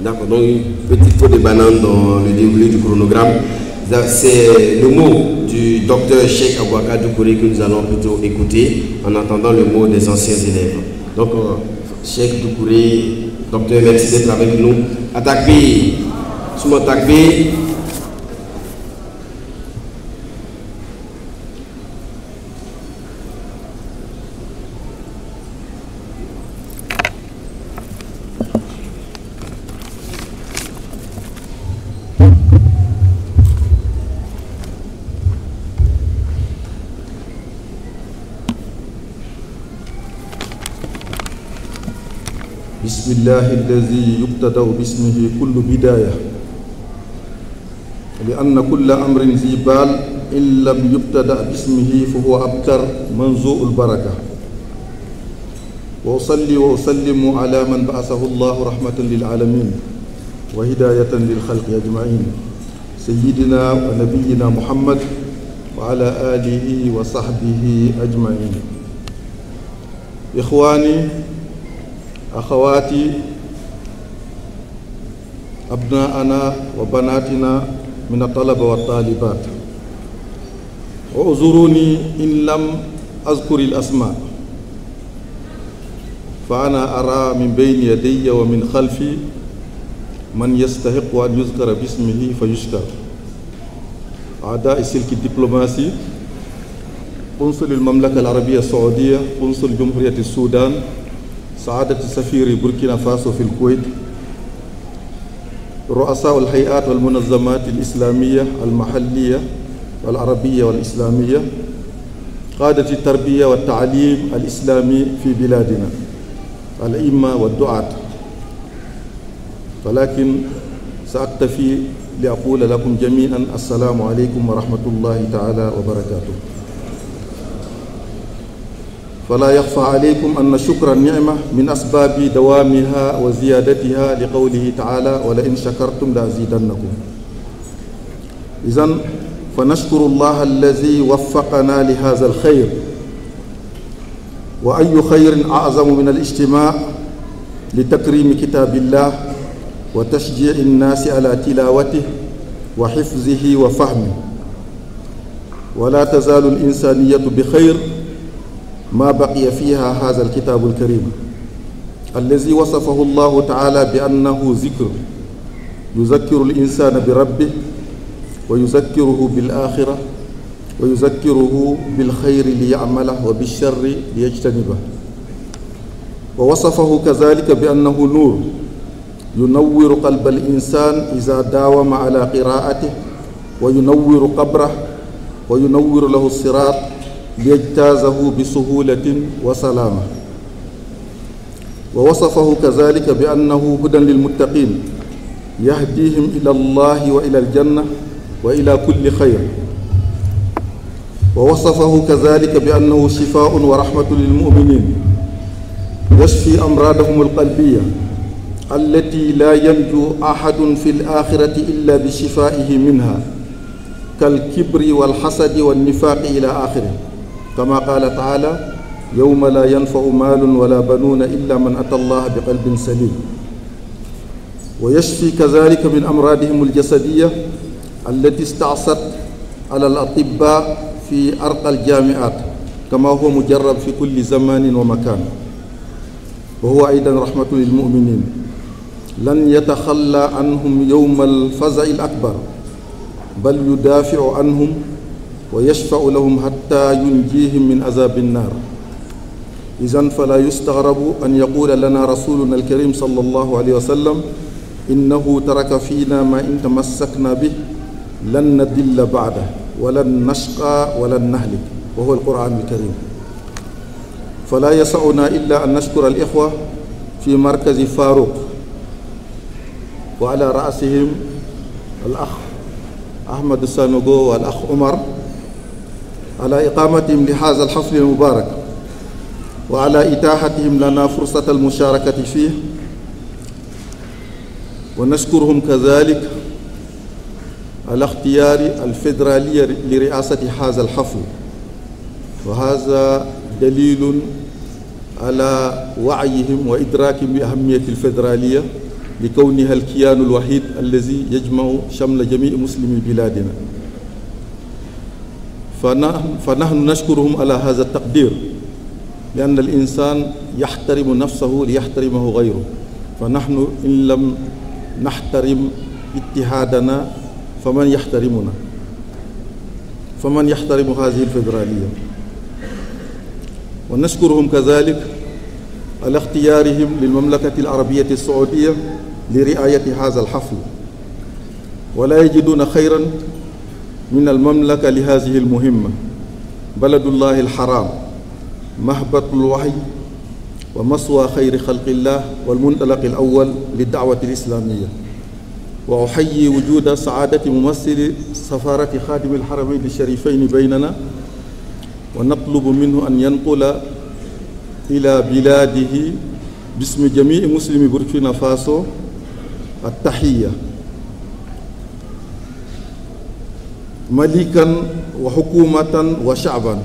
D'accord, donc une petite peau de banane dans le déroulé du chronogramme. C'est le mot du docteur Cheikh Abouaka Doukouré que nous allons plutôt écouter en attendant le mot des anciens élèves. Donc, euh, Cheikh Doukouré, docteur, merci d'être avec nous. B, sous mon الله الذي يبتدأ باسمه كل بداية لأن كل أمر ذي بال إن لم يبتدأ باسمه فهو أبتر منزوء البركة وأصلي وأسلم على من بعثه الله رحمة للعالمين وهداية للخلق أجمعين سيدنا ونبينا محمد وعلى آله وصحبه أجمعين إخواني أخواتي أبناءنا وبناتنا من الطلبة والطالبات اعذروني إن لم أذكر الأسماء فأنا أرى من بين يدي ومن خلفي من يستحق أن يذكر باسمه فيشكر أعداء سلك الدبلوماسي قنصل المملكة العربية السعودية قنصل جمهورية السودان سعادة السفير بوركينا فاسو في الكويت رؤساء الهيئات والمنظمات الإسلامية المحلية والعربية والإسلامية قادة التربية والتعليم الإسلامي في بلادنا الأئمة والدعاة ولكن سأكتفي لأقول لكم جميعا السلام عليكم ورحمة الله تعالى وبركاته فلا يخفى عليكم أن شكر النعمة من أسباب دوامها وزيادتها لقوله تعالى ولئن شكرتم لأزيدنكم إذا فنشكر الله الذي وفقنا لهذا الخير وأي خير أعظم من الاجتماع لتكريم كتاب الله وتشجيع الناس على تلاوته وحفظه وفهمه ولا تزال الإنسانية بخير ما بقي فيها هذا الكتاب الكريم الذي وصفه الله تعالى بأنه ذكر يذكر الإنسان بربه ويذكره بالآخرة ويذكره بالخير ليعمله وبالشر ليجتنبه ووصفه كذلك بأنه نور ينور قلب الإنسان إذا داوم على قراءته وينور قبره وينور له الصراط ليجتازه بسهولة وسلامة ووصفه كذلك بأنه هدى للمتقين يهديهم إلى الله وإلى الجنة وإلى كل خير ووصفه كذلك بأنه شفاء ورحمة للمؤمنين يشفي أمراضهم القلبية التي لا ينجو أحد في الآخرة إلا بشفائه منها كالكبر والحسد والنفاق إلى آخره كما قال تعالى يوم لا ينفع مال ولا بنون إلا من أتى الله بقلب سليم ويشفي كذلك من أمراضهم الجسدية التي استعصت على الأطباء في أرقى الجامعات كما هو مجرب في كل زمان ومكان وهو أيضا رحمة للمؤمنين لن يتخلى عنهم يوم الفزع الأكبر بل يدافع عنهم ويشفع لهم حتى ينجيهم من عذاب النار إذا فلا يستغرب أن يقول لنا رسولنا الكريم صلى الله عليه وسلم إنه ترك فينا ما إن تمسكنا به لن ندل بعده ولن نشقى ولن نهلك وهو القرآن الكريم فلا يسعنا إلا أن نشكر الإخوة في مركز فاروق وعلى رأسهم الأخ أحمد السانوغو والأخ عمر على إقامتهم لهذا الحفل المبارك وعلى إتاحتهم لنا فرصة المشاركة فيه ونشكرهم كذلك على اختيار الفيدرالية لرئاسة هذا الحفل وهذا دليل على وعيهم وإدراكهم بأهمية الفيدرالية لكونها الكيان الوحيد الذي يجمع شمل جميع مسلمي بلادنا فنحن نشكرهم على هذا التقدير لأن الإنسان يحترم نفسه ليحترمه غيره فنحن إن لم نحترم اتحادنا فمن يحترمنا فمن يحترم هذه الفدرالية ونشكرهم كذلك على اختيارهم للمملكة العربية السعودية لرعاية هذا الحفل ولا يجدون خيرا من المملكة لهذه المهمة بلد الله الحرام مهبط الوحي ومصوى خير خلق الله والمنطلق الأول للدعوة الإسلامية وأحيي وجود سعادة ممثل سفارة خادم الحرمين الشريفين بيننا ونطلب منه أن ينقل إلى بلاده باسم جميع مسلمي بوركينا فاسو التحية ملكا وحكومة وشعبا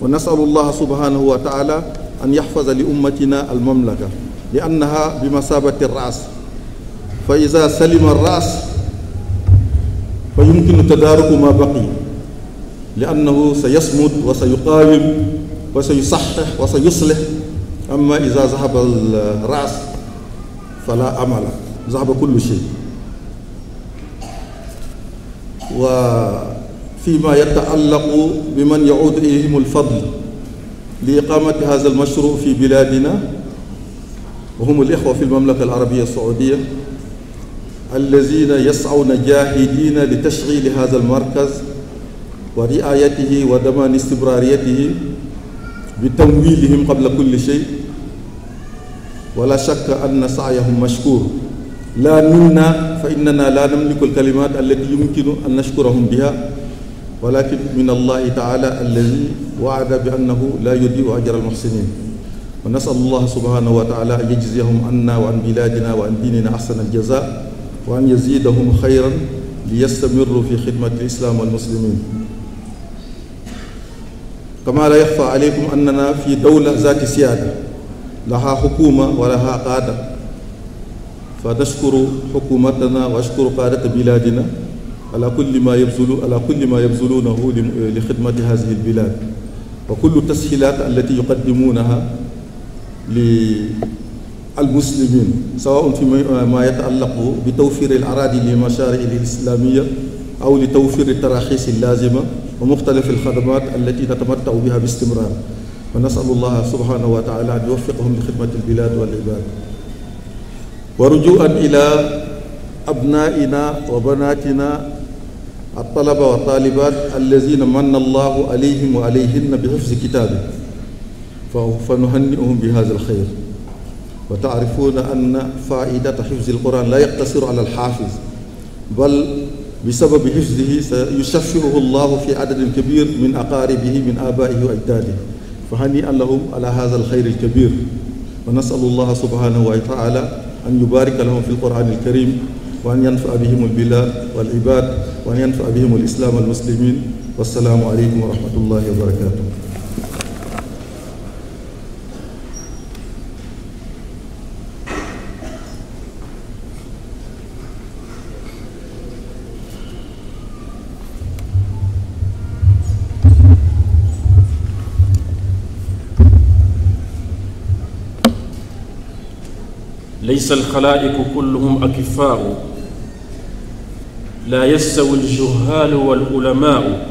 ونسأل الله سبحانه وتعالى أن يحفظ لأمتنا المملكة لأنها بمثابة الرأس فإذا سلم الرأس فيمكن تدارك ما بقي لأنه سيصمد وسيقاوم وسيصحح وسيصلح أما إذا ذهب الرأس فلا أمل ذهب كل شيء و فيما يتعلق بمن يعود إليهم الفضل لإقامة هذا المشروع في بلادنا وهم الإخوة في المملكة العربية السعودية الذين يسعون جاهدين لتشغيل هذا المركز ورعايته وضمان استمراريته بتمويلهم قبل كل شيء ولا شك أن سعيهم مشكور لا منا فإننا لا نملك الكلمات التي يمكن أن نشكرهم بها ولكن من الله تعالى الذي وعد بأنه لا يضيع أجر المحسنين ونسأل الله سبحانه وتعالى أن يجزيهم عنا وعن بلادنا وعن ديننا أحسن الجزاء وأن يزيدهم خيرا ليستمروا في خدمة الإسلام والمسلمين كما لا يخفى عليكم أننا في دولة ذات سيادة لها حكومة ولها قادة فنشكر حكومتنا وأشكر قادة بلادنا على كل ما يبذل على كل ما يبذلونه لخدمة هذه البلاد وكل التسهيلات التي يقدمونها للمسلمين سواء في ما يتعلق بتوفير الأراضي للمشاريع الإسلامية أو لتوفير التراخيص اللازمة ومختلف الخدمات التي نتمتع بها باستمرار ونسأل الله سبحانه وتعالى أن يوفقهم لخدمة البلاد والعباد ورجوعا إلى أبنائنا وبناتنا الطلبة والطالبات الذين من الله عليهم وعليهن بحفظ كتابه فنهنئهم بهذا الخير وتعرفون أن فائدة حفظ القرآن لا يقتصر على الحافظ بل بسبب حفظه سيشفعه الله في عدد كبير من أقاربه من آبائه وأجداده فهنيئا لهم على هذا الخير الكبير ونسأل الله سبحانه وتعالى أن يبارك لهم في القرآن الكريم وأن ينفع بهم البلاد والعباد وأن ينفع بهم الإسلام والمسلمين والسلام عليكم ورحمة الله وبركاته الخلائق كلهم أكفاء لا يستوي الجهال والعلماء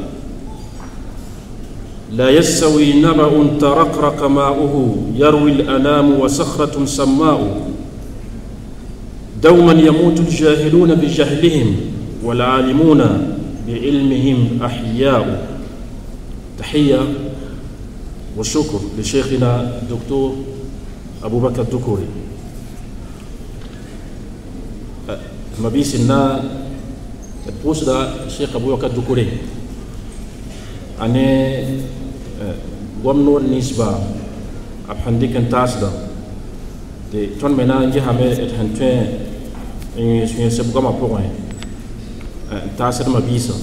لا يستوي نبأ ترقرق ماؤه يروي الأنام وصخرة سماء دوما يموت الجاهلون بجهلهم والعالمون بعلمهم أحياء تحية والشكر لشيخنا الدكتور أبو بكر الدكوري mabisi na pus da sheikh abu wakar dukure ane gwamno nisba a handikin tasda de ton mena ngi hame et hantwen ngi suye seb goma pokon tasda mabisa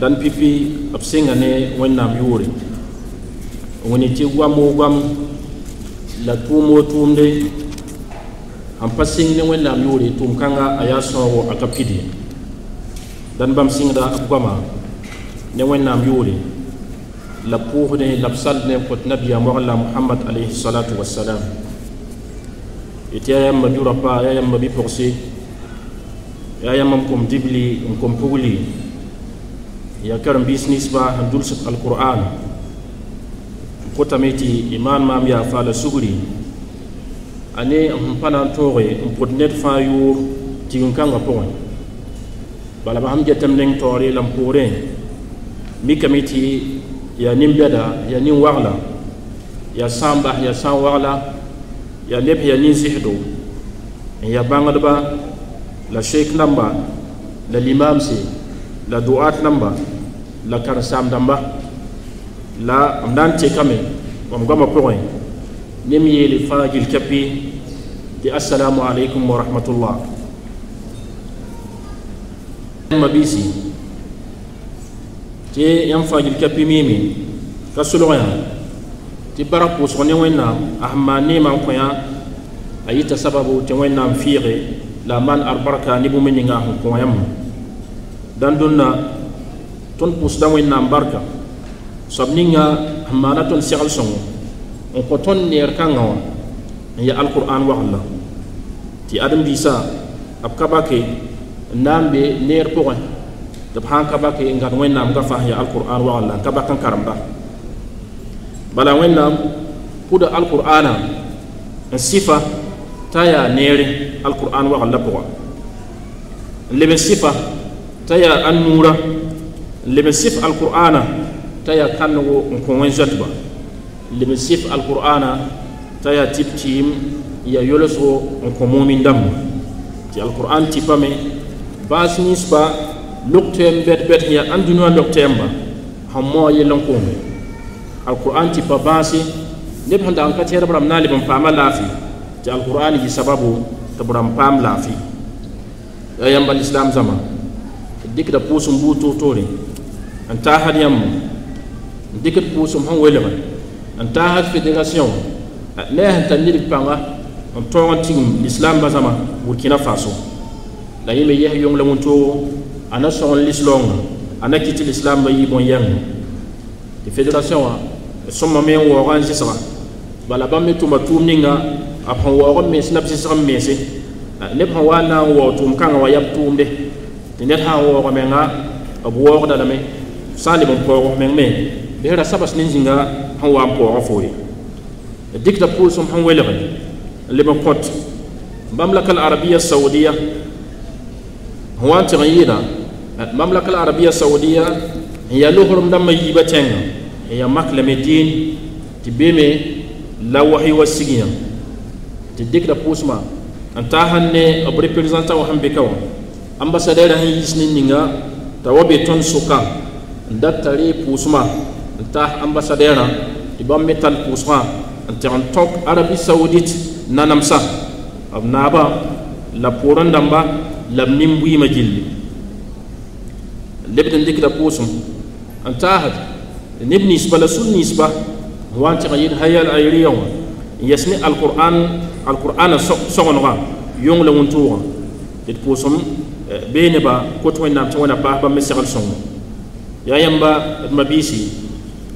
dan pipi absinga ne wannam yuri wani ti gwamo gwam la tumo tumde n pa ne wẽnnaam yoore tʋʋm-kãngã a yaa sõogo a ka pidɩ dãn bãmb sɩngda b goama ne wẽnnaam yoore la pʋʋsdẽ la b saldne n kõt nabiyaam wag la mohamad alayhi salatu wasalam y tɩ yaa yãmba biʋra pa yaa yãmba bi pʋgse yaa yãmb n kom dibli n kom pugli ya karen-biis ninsba n dʋlsd alqur'an n kotame tɩ y maan maam yaa faala sugri ane n pa na n tooge n pʋd ned fãa yʋʋr tɩg n kãngã pʋgẽ bala ba sãn getame ning la yeelame pʋʋrẽ mikame tɩ yaa nin-bɛda yaa nin-wagla yaa sã n bas yaa sã n wagla yaa lebs yaa nin-zɩsdo n yaa bãngdba la sek namba la limaamse la duat namba la karen-saam dãmba la m na n tekame mam goamã pʋgẽ نمي لفاج الكبي السلام عليكم ورحمة الله مبيسي تي ينفاج الكبي ميمي كسلوان تي براكو سوني وينا أحما نيما قيا أيتا سببو تي وينا مفيغي لا من أربركا نبو مني نغا قيا دان دون تنبوس دا وينا مباركا سبنينا أحما نتون سيغل سنو n kõ tõnd neer kãngã wã n yaa alkur'an wagla tɩ adem-biisã b ka bake n na n be neer pʋgẽ tɩ b sãn ka bake n gãd wẽnnaam gafãs yaa alkur'an wagla n ka bak n karemba bala wẽnnaam pʋda alkur'ana n sifa t'a yaa neere alkur'an wagl la pʋga n leb n sɩfa t'a yaa a nuura n leb n sɩf alkur'ana t'a yaa kãnego n kõ wẽn zoɛtba لمسيف القرآن تايا تبتيم يا يلسو نكمو من دم تي القرآن تفامي باس نسبة لقتهم بيت بيت هي أندنوا لقتهم هم همو يلنكم القرآن تفا باسي نبهن دان كتير برام نالي بمفاما لافي تي القرآن هي سببه تبرام فام لافي يمبا الإسلام زمان ديك دا بوسم بوتو توري أنتا هاد يمو ديك بوسم هم ويلمان n taasd fédération ne sẽn tar ned pãnga n tõog n tigum zãma burkina faso la yẽ me yɛs yong la wʋntoogo a na sõg n lislaoongã a na kɩ tɩ lislaambã fédération wã d sõma me n waooga bala bãmb me tʋma tʋʋm ninga b sẽn waoog n meese la b zɩsg n meese neb sẽn wa n na n waoo tʋʋm kãngã wã yaa b tʋʋmde tɩ ned sã n waooga menga b waoogda lame sã n leb n paoog meng me bɩsra sabas ne zĩnga هو عم بوع فوي ديك دبوس هم هو ولغن اللي بقط المملكة العربية السعودية هو أنت غيينا المملكة العربية السعودية هي لهرم دم يجيب تين هي مكلة مدين تبيمي لا وحي وسيجيا تديك دبوس ما أنت هني أبري بريزنتا وهم بكوا أمبassador هني يسنين نينجا توابي تون سوكا دكتوري بوسما n taas ambassadɛrã tɩ bãmb me tall pʋʋsgã n teg n tõk arabi saudit nanamsã b naabã la pʋʋrẽ dãmba la b nim-buiimã gilli lebd n dɩkda pʋʋsem n taasd neb ninsba la sul ninsba n wa n teg n yel hayal ayriya wã n yɛs ne alquran alqurana sõgenegã yõng la wẽn-toogã tɩ d pʋʋsem bee nebã kot wẽnnaam tɩ wẽna paas bãmb me segl sõngo yaa yãmba d mabiisi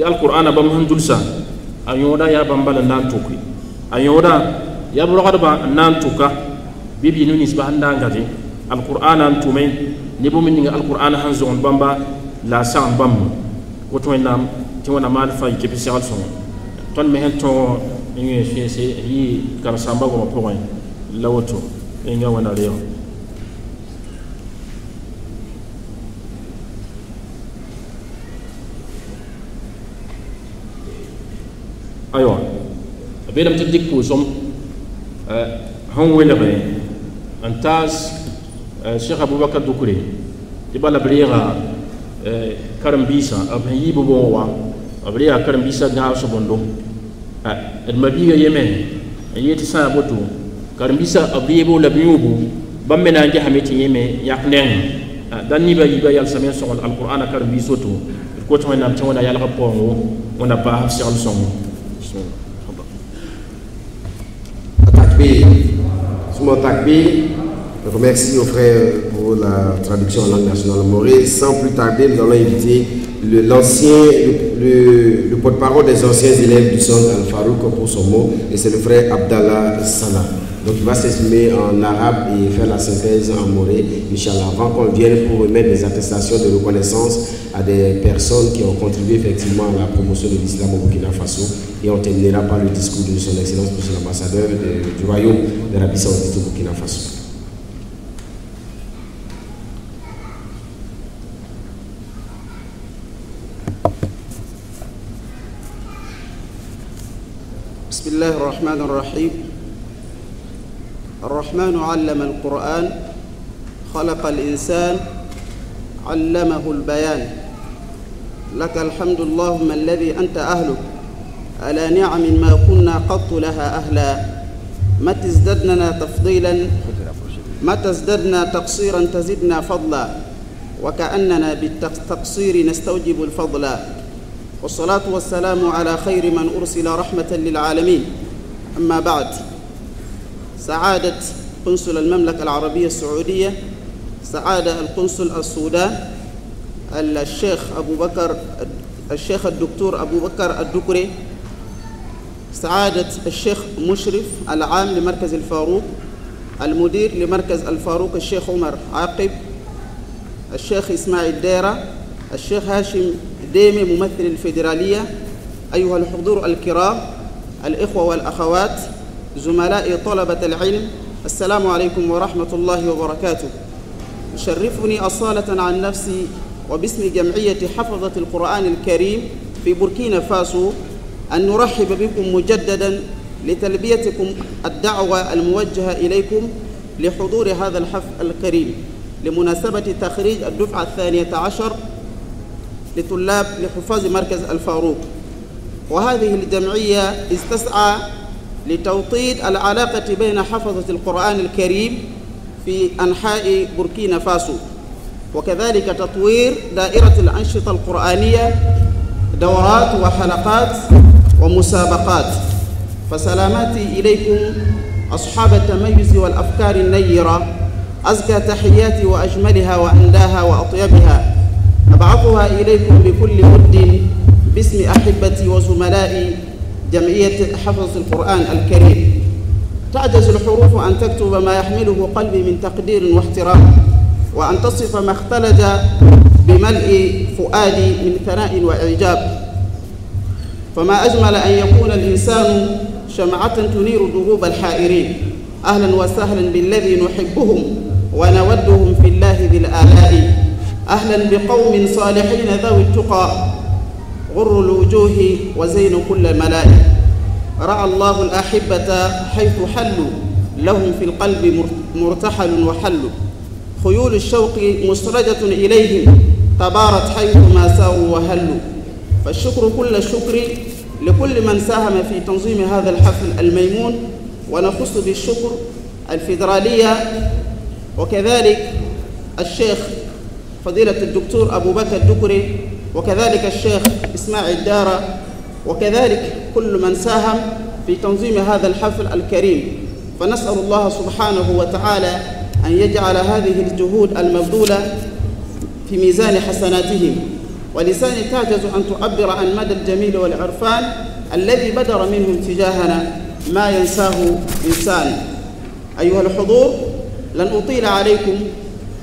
ti alquran bam han dulsa a yõoda yaa bãmb bala n na n tʋke a yõoda ya b rogdbã n na n tʋka bɩ b yɩ ninsba sẽn na n gãde alqur'ana n tʋme ne bũmb ninga alqur'ana sãn zõgend bãmba la a sagend bãmb woto wẽnnaam tɩ wẽna maan fãa yike bɩ segl sõngo tõnd me sẽn tõog n yõe fẽese yɩ kar-sãmba goamã pʋgẽ la woto ẽnga wẽna reoog ايوا بيلم تديك كوزم آه، هون ويلغي انتاز آه، شيخ ابو بكر دوكري تبالا بريغا آه، كرم بيسا ابن يبو بوا بريغا كرم بيسا غاو سبوندو المبيغا يمن يتي سان بوتو كرم بيسا ابيبو لبيوبو بمنا نجي حميتي يمن يقنن dan ni ba yiba yal samen sogon alqur'ana karim bi soto ko to nam tawna yal rapport wona ba hafsi al somo Je remercie au frère pour la traduction en langue nationale Morée. Sans plus tarder, nous allons inviter le, porte-parole des anciens élèves du centre Al-Farouk pour son mot, et c'est le frère Abdallah Salah. Donc il va s'exprimer en arabe et faire la synthèse en moré, Inch'Allah, avant qu'on vienne pour remettre des attestations de reconnaissance à des personnes qui ont contribué effectivement à la promotion de l'islam au Burkina Faso. Et on terminera par le discours de son Excellence, Monsieur l'ambassadeur du Royaume d'Arabie Saoudite au Burkina Faso. الرحمن علم القرآن خلق الإنسان علمه البيان لك الحمد اللهم الذي أنت أهله على نعم ما كنا قط لها أهلا متى ازددنا تفضيلا متى ازددنا تقصيرا تزدنا فضلا وكأننا بالتقصير نستوجب الفضل والصلاة والسلام على خير من أرسل رحمة للعالمين أما بعد سعادة قنصل المملكة العربية السعودية سعادة القنصل السودان الشيخ أبو بكر الشيخ الدكتور أبو بكر الدكري سعادة الشيخ مشرف العام لمركز الفاروق المدير لمركز الفاروق الشيخ عمر عاقب الشيخ إسماعيل ديرة الشيخ هاشم ديمي ممثل الفيدرالية أيها الحضور الكرام الإخوة والأخوات زملائي طلبة العلم السلام عليكم ورحمة الله وبركاته يشرفني أصالة عن نفسي وباسم جمعية حفظة القرآن الكريم في بوركينا فاسو أن نرحب بكم مجددا لتلبيتكم الدعوة الموجهة إليكم لحضور هذا الحفل الكريم لمناسبة تخريج الدفعة الثانية عشر لطلاب لحفاظ مركز الفاروق وهذه الجمعية استسعى لتوطيد العلاقة بين حفظة القرآن الكريم في أنحاء بوركينا فاسو وكذلك تطوير دائرة الأنشطة القرآنية دورات وحلقات ومسابقات فسلاماتي إليكم أصحاب التميز والأفكار النيرة أزكى تحياتي وأجملها وأنداها وأطيبها أبعثها إليكم بكل مد باسم أحبتي وزملائي جمعية حفظ القرآن الكريم تعجز الحروف أن تكتب ما يحمله قلبي من تقدير واحترام وأن تصف ما اختلج بملء فؤادي من ثناء وإعجاب فما أجمل أن يكون الإنسان شمعة تنير دروب الحائرين أهلا وسهلا بالذي نحبهم ونودهم في الله ذي الآلاء أهلا بقوم صالحين ذوي التقى غر الوجوه وزين كل الملائكة رأى الله الأحبة حيث حلوا لهم في القلب مرتحل وحلوا خيول الشوق مسرجة إليهم تبارت حيث ما ساروا وهلوا فالشكر كل الشكر لكل من ساهم في تنظيم هذا الحفل الميمون ونخص بالشكر الفيدرالية وكذلك الشيخ فضيلة الدكتور أبو بكر الدكري وكذلك الشيخ إسماعيل دارة وكذلك كل من ساهم في تنظيم هذا الحفل الكريم فنسأل الله سبحانه وتعالى أن يجعل هذه الجهود المبذولة في ميزان حسناتهم ولساني تعجز أن تعبر عن مدى الجميل والعرفان الذي بدر منهم تجاهنا ما ينساه إنسان أيها الحضور لن أطيل عليكم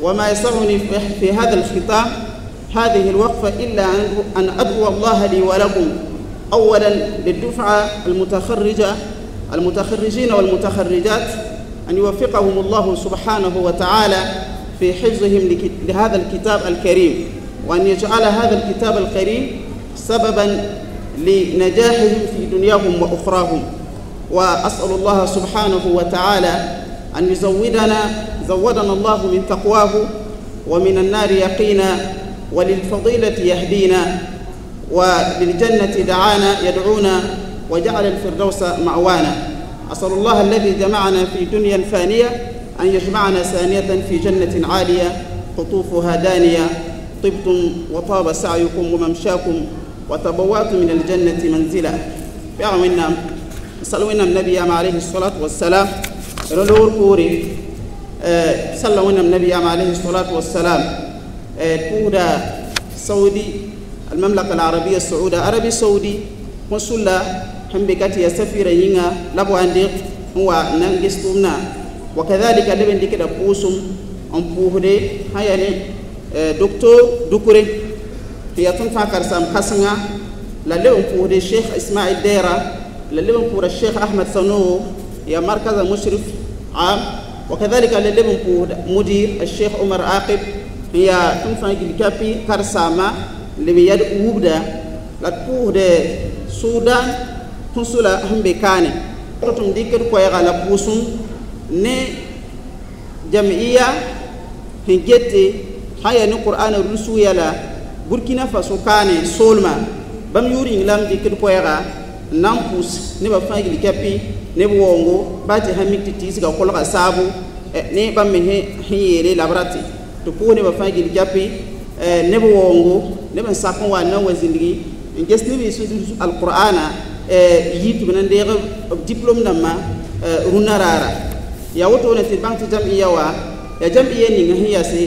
وما يسعني في هذا الختام هذه الوقفة إلا أن أدعو الله لي ولكم أولا للدفعة المتخرجة المتخرجين والمتخرجات أن يوفقهم الله سبحانه وتعالى في حفظهم لهذا الكتاب الكريم وأن يجعل هذا الكتاب الكريم سببا لنجاحهم في دنياهم وأخراهم وأسأل الله سبحانه وتعالى أن يزودنا زودنا الله من تقواه ومن النار يقينا وللفضيلة يهدينا وللجنة دعانا يدعونا وجعل الفردوس معوانا أسأل الله الذي جمعنا في دنيا فانية أن يجمعنا ثانية في جنة عالية قطوفها دانية طبتم وطاب سعيكم وممشاكم وتبواتم من الجنة منزلا بيعم صلونا النبي عليه الصلاة والسلام رلور كوري صلونا آه، النبي عليه الصلاة والسلام كودا سعودي المملكة العربية السعودية عربي سعودي هم حمبكات يسفير ينعا لبو عندك هو نعجستونا وكذلك لبن ديك دبوسم أم بوهدي هاي يعني آه، دكتور دكوري هي تنفع كرسام خسنا للبن بوهدي الشيخ إسماعيل ديرة للبن بوهدي الشيخ أحمد صنو يا مركز مشرف عام وكذلك للبن بوهدي مدير الشيخ عمر عاقب n yaa tɩ m sã n gil kapɩ karsaama da yad la d pʋʋsde sudan tõso la hambe kane kaane tun dikir ko ya la busun ne jamiya sẽn gete sã n rusu ne qur'ana burkina faso kane solma bam yuri lam dikir ko ya koɛɛga pus na ne ba fãa gil kapɩ ne wongo ba ti sã ti tɩ tiisga kolga sabu eh, ne ba me sẽn yeele tɩ ko ne fãa gil gapi neb eh, waoongo neb n sak n wa n eh, eh, na wa zĩndgi n ges neb yɩ sẽn alqurana yɩ tɩ b na n deeg b diplom dãmbã rũnã raara yaa wotone tɩ d bãng tɩ jam'iya wa yaa jam'iya ninga sẽn yase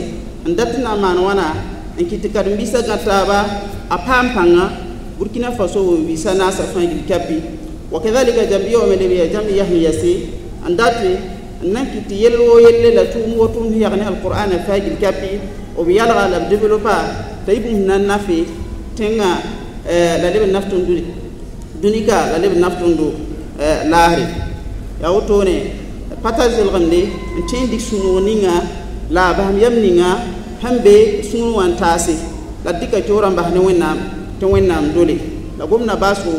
n dat na n maan wãna n kɩ tɩ karen-biisã gã taaba a paam pãnga burkina faso wẽn-biisã naasã fãa gil kapi wakadhalika wa wame leb yaa jam'iya sẽn yase n dat nan kiti yel wo yelle la tum wo tum yagne alqurana fajil kapi o bi yalga la developa taybum nan nafi tenga la lebe naftun duni dunika la lebe naftun do lahri ya wotone patazil gande tin dik sunu ninga la baham yam ninga hambe sunu wan tasi la dika tora mbah ne wennam te wennam dole la gomna basu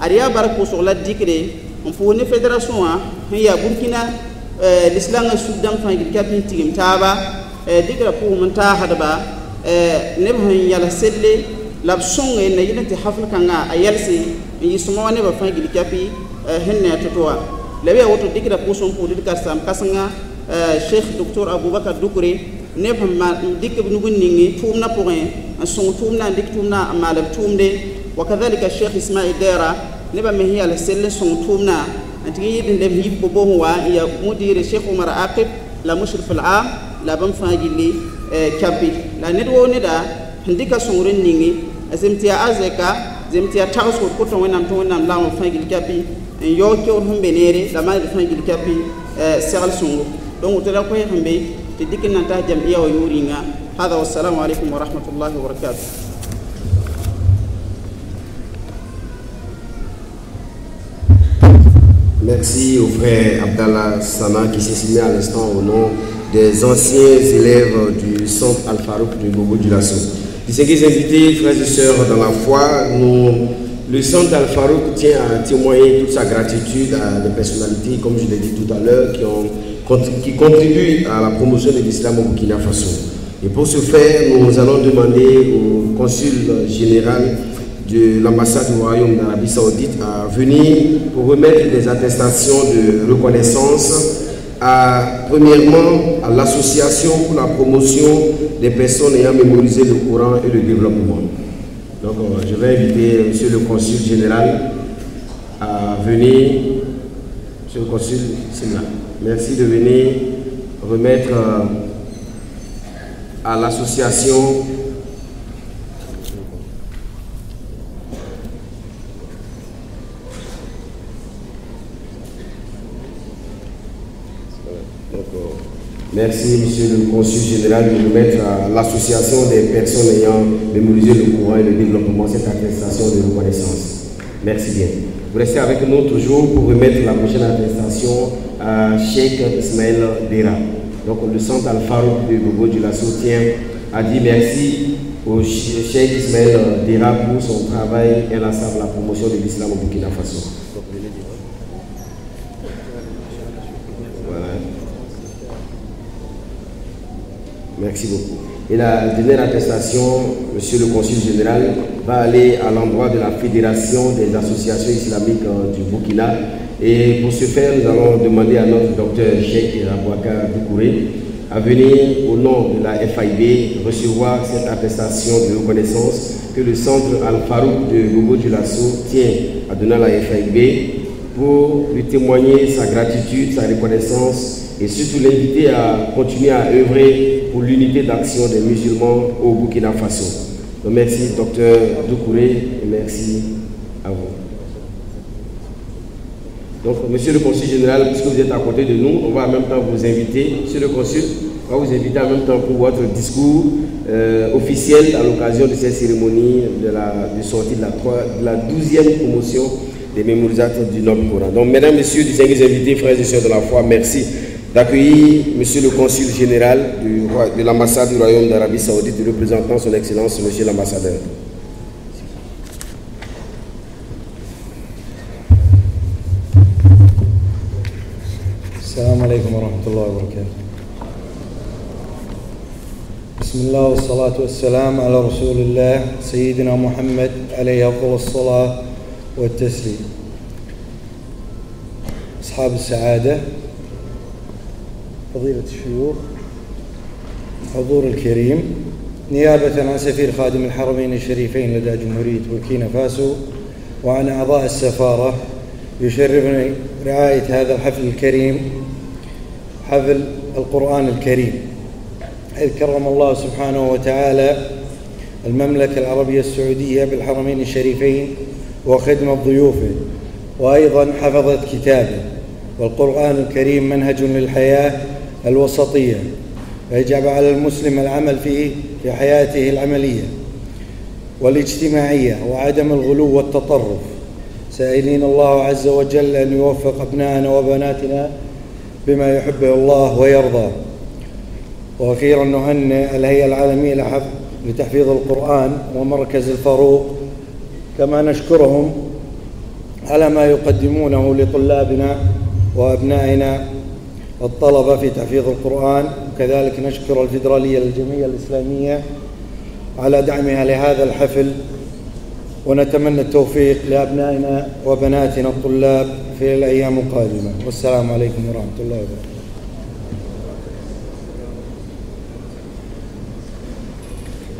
ariya barko so la dikre on fo ne federation ha ya burkina Eh, lislãngã sug dãmb fãa yel kapẽ tigim taaba eh, digrã pʋgẽ m n taasdba eh, neb sẽn yala selle la b sõng na yɩl tɩ hafl-kãngã a yɛlse n yɩ sõma wa nebã fãa gil kapɩ sẽn ne a to-to wa la bɩ a woto digrã pʋg sẽn pʋgd karsaam kãsengã sheikh doctor abubakar dukre neb sẽn dɩk b nug n tʋʋmdã pʋgẽ n sõng tʋʋmdã n dɩk tʋʋmdã n maalb tʋʋmde wakadhalika sheikh ismail dɛɛra nebã me sẽn yal sell n sõng tʋʋmdã تجيد لم يببو هو يا مدير الشيخ عمر عاقب لا مشرف العام لا بام فاجلي كابي لا ندو ندا هنديكا سورين نيغي زمتيا ازكا زمتيا تاوس كوتو وينام تو وينام لا فاجلي كابي n yaoo keood sẽn be neere la maan d fãa gil kapɩ segl sõngo donc woto la koɛɛ sẽn be tɩ dɩk n na n tas jam-iya wa yʋʋ rĩnga hada wasalamu aleykum warahmatullahi wabarakatu Merci au frère Abdallah Sama qui s'est signé à l'instant au nom des anciens élèves du centre Al-Farouk du Gogo du Lasso. Distingués invités, frères et sœurs dans la foi, le centre Al-Farouk tient à témoigner toute sa gratitude à des personnalités, comme je l'ai dit tout à l'heure, qui, qui contribuent à la promotion de l'islam au Burkina Faso. Et pour ce faire, nous allons demander au consul général de l'ambassade du Royaume d'Arabie Saoudite à venir pour remettre des attestations de reconnaissance à, premièrement, à l'association pour la promotion des personnes ayant mémorisé le Coran et le développement. Donc, euh, je vais inviter Monsieur le Consul Général à venir, M. le Consul là. merci de venir remettre euh, à l'association Merci, Monsieur le Consul général, de nous à l'association des personnes ayant mémorisé le courant et le développement, cette attestation de reconnaissance. Merci bien. Vous restez avec nous toujours pour remettre la prochaine attestation à Sheikh Ismaël Dera. Donc, le centre Alpharo de Bobo de la soutien a dit merci au Cheikh Ismaël Dera pour son travail et la promotion de l'islam au Burkina Faso. Merci beaucoup. Et la dernière attestation, Monsieur le Consul général, va aller à l'endroit de la Fédération des associations islamiques euh, du Burkina. Et pour ce faire, nous allons demander à notre docteur Cheikh Abouaka Doukouré à venir au nom de la FIB recevoir cette attestation de reconnaissance que le centre Al-Farouk de Gogo du tient à donner à la FIB pour lui témoigner sa gratitude, sa reconnaissance et surtout l'inviter à continuer à œuvrer pour l'unité d'action des musulmans au Burkina Faso. Donc merci docteur Doukouré et merci à vous. Donc monsieur le consul général, puisque vous êtes à côté de nous, on va en même temps vous inviter, monsieur le consul, on va vous inviter en même temps pour votre discours euh, officiel à l'occasion de cette cérémonie de la sortie de la, 12e promotion des mémorisateurs du Nord Coran. Donc mesdames, messieurs, distingués invités, frères et sœurs de la foi, merci. d'accueillir Monsieur le Consul général du, de l'ambassade du Royaume d'Arabie Saoudite, représentant Son Excellence Monsieur l'ambassadeur. السلام عليكم ورحمة الله وبركاته بسم الله والصلاة والسلام على رسول الله سيدنا محمد عليه أفضل الصلاة والتسليم أصحاب السعادة فضيلة الشيوخ حضور الكريم نيابة عن سفير خادم الحرمين الشريفين لدى جمهورية بوركينا فاسو وعن أعضاء السفارة يشرفني رعاية هذا الحفل الكريم حفل القرآن الكريم حيث كرم الله سبحانه وتعالى المملكة العربية السعودية بالحرمين الشريفين وخدمة ضيوفه وأيضا حفظت كتابه والقرآن الكريم منهج للحياة الوسطية فيجب على المسلم العمل فيه في حياته العملية والاجتماعية وعدم الغلو والتطرف سائلين الله عز وجل أن يوفق أبنائنا وبناتنا بما يحبه الله ويرضى وأخيرا نهنئ الهيئة العالمية لتحفيظ القرآن ومركز الفاروق كما نشكرهم على ما يقدمونه لطلابنا وأبنائنا الطلبة في تحفيظ القرآن وكذلك نشكر الفيدرالية للجمعية الإسلامية على دعمها لهذا الحفل ونتمنى التوفيق لأبنائنا وبناتنا الطلاب في الأيام القادمة والسلام عليكم ورحمة الله وبركاته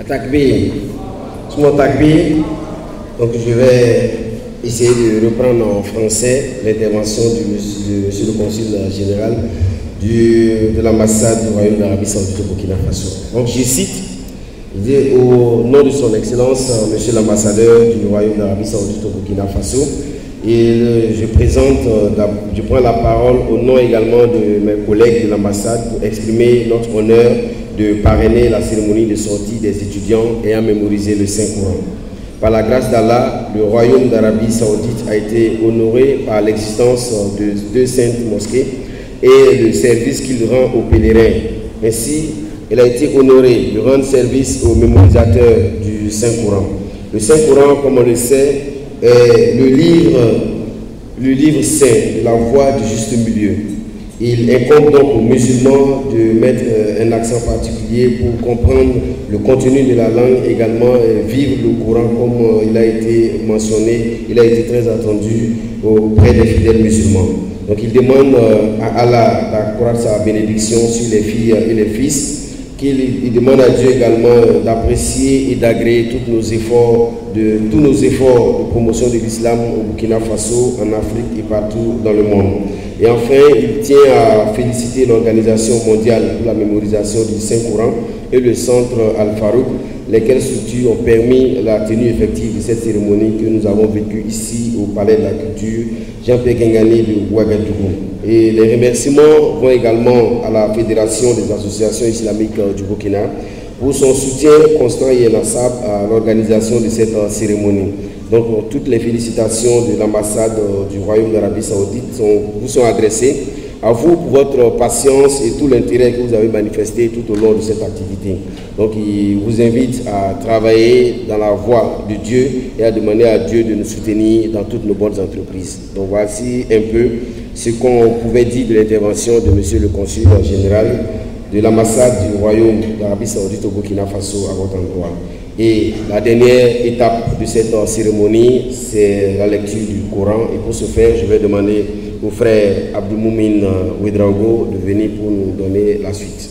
Takbir. Semua takbir. Donc je vais essayer de reprendre en français l'intervention du, monsieur le consul général de l'ambassade du Royaume d'Arabie Saoudite au Burkina Faso. Donc je cite, au nom de son excellence, monsieur l'ambassadeur du Royaume d'Arabie Saoudite au Burkina Faso, et je présente, euh, je prends la parole au nom également de mes collègues de l'ambassade pour exprimer notre honneur de parrainer la cérémonie de sortie des étudiants et à mémoriser le Saint-Courant. Par la grâce d'Allah, le royaume d'Arabie saoudite a été honoré par l'existence de deux saintes mosquées et le service qu'il rend aux pèlerins. Ainsi, elle a été honorée de rendre service aux mémorisateurs du Saint-Coran. Le Saint-Coran, comme on le sait, est le livre, le livre saint, la voie du juste milieu. Il incombe donc aux musulmans de mettre euh, un accent particulier pour comprendre le contenu de la langue, également vivre le courant comme euh, il a été mentionné, il a été très attendu auprès des fidèles musulmans. Donc il demande euh, à Allah d'accroître sa bénédiction sur les filles et les fils qu'il demande à Dieu également d'apprécier et d'agréer tous nos efforts de tous nos efforts de promotion de l'islam au Burkina Faso, en Afrique et partout dans le monde. Et enfin, il tient à féliciter l'Organisation mondiale pour la mémorisation du Saint-Coran le centre Al-Farouk, lesquels structures ont permis la tenue effective de cette cérémonie que nous avons vécue ici au Palais de la Culture Jean-Pierre Gengani de Ouagadougou. Et les remerciements vont également à la Fédération des associations islamiques du Burkina pour son soutien constant et inassable à l'organisation de cette cérémonie. Donc toutes les félicitations de l'ambassade du Royaume d'Arabie Saoudite sont, vous sont adressées à vous pour votre patience et tout l'intérêt que vous avez manifesté tout au long de cette activité. Donc, il vous invite à travailler dans la voie de Dieu et à demander à Dieu de nous soutenir dans toutes nos bonnes entreprises. Donc, voici un peu ce qu'on pouvait dire de l'intervention de Monsieur le Consul général de l'ambassade du Royaume d'Arabie Saoudite au Burkina Faso à votre endroit. Et la dernière étape de cette cérémonie, c'est la lecture du Coran. Et pour ce faire, je vais demander au frère Abdoumoumine Ouedraogo de venir pour nous donner la suite.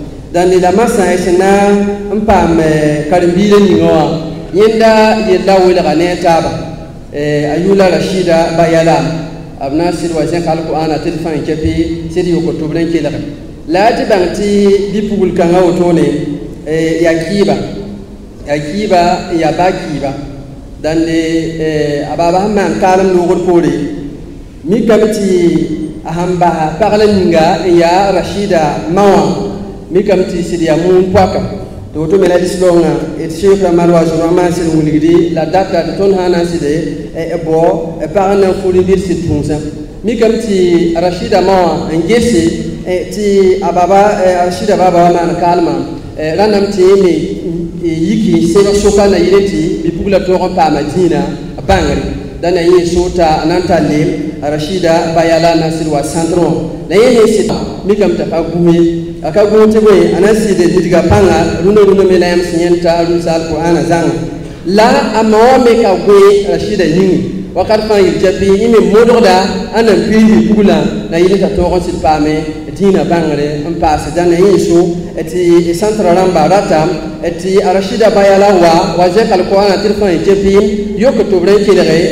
dalila masa sina n paam karimbiila ninga wã yẽnda yella welga ne a taaba ayula rashida bayalam b na n sɩd wa zẽk alkurana tɩ d fãa n kɛpɩ sɩd yʋk tʋbd n kelge la tɩ bãng tɩ bipugl kãngã wotone yaa ya yaa kiba n yaa baa kiiba dãnde a baaba sẽn maan kaalem noogd poore mikame tɩ a sãn basa pagl ninga n yaa rashida mawa. mi kam ti sidiya mun poa kam to woto mena disloŋa et cheikh ramadu wa sono ama sen wuligidi la data de ton ha nan side e e bo e paga nan fuli bir si tunsa mi kam ti rashida mawa n gesi e ti ababa e rashida baba wa man kalma e ranam ti me yiki sebe soka na yire ti mi pugla togo paama diina bangri da dana yin sota ta lem rashida bayala sirwa santro na yin yin sita mika mtafa gume aka gume nan anasi da didiga panga runo runo mela yam sinyenta rusa alkur'ana zanga la amawa ka gwe rashida yingi wakat fãa yɩl tɩ bɩ yẽ me modgda a nan piis yɩ pugla la t'a toog n sɩd paame dĩinã bãngre n paas dãna yẽnso rata eti arashida bayala wa wa zɛk alkoana tɩ d fãa yɩ tɩ bɩ yok tɩ b ra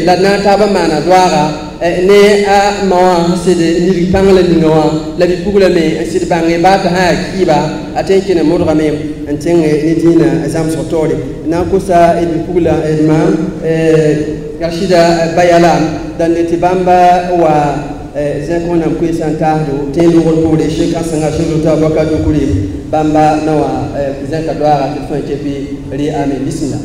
la d na n maana ne a ma wã sɩd nirg pãng la la me n sɩd bãnge baa tɩ sã yaa kiiba a tɩ n kẽne modgame n e, tẽng ne dĩinã na kusa kosa e, bugula bɩ e, pugla Rashida eh, Bayalam dan leti bamba wa eh, zẽk wẽnnaam koeesã n taasdo tẽ loogr poore sɩka sẽnga sʋgl-ta baka dokure bãmba na wã zẽka doaaga tɩ d fãa kepi rɩ ame bisimila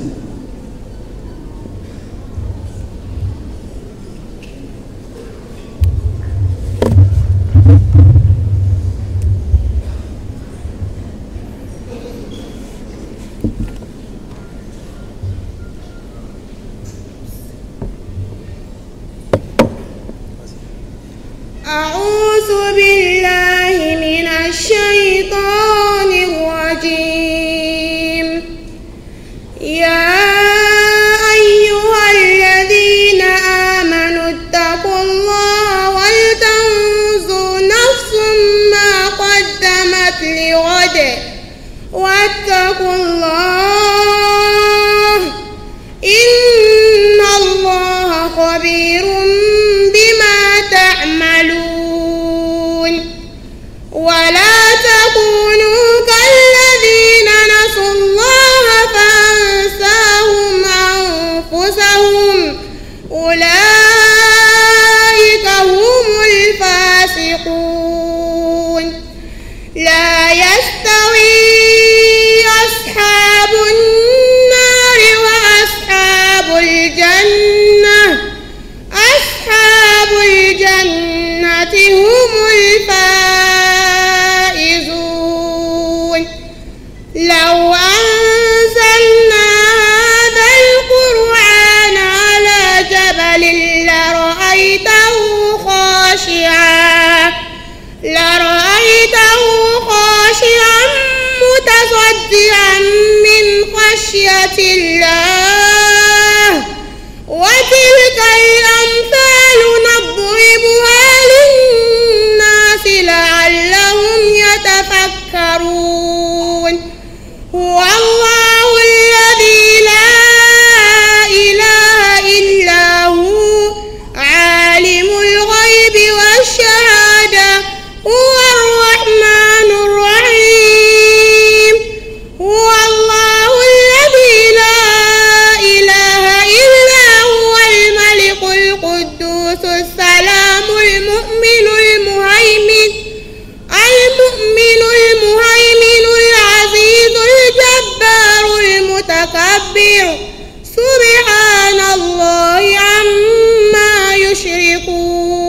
Deus.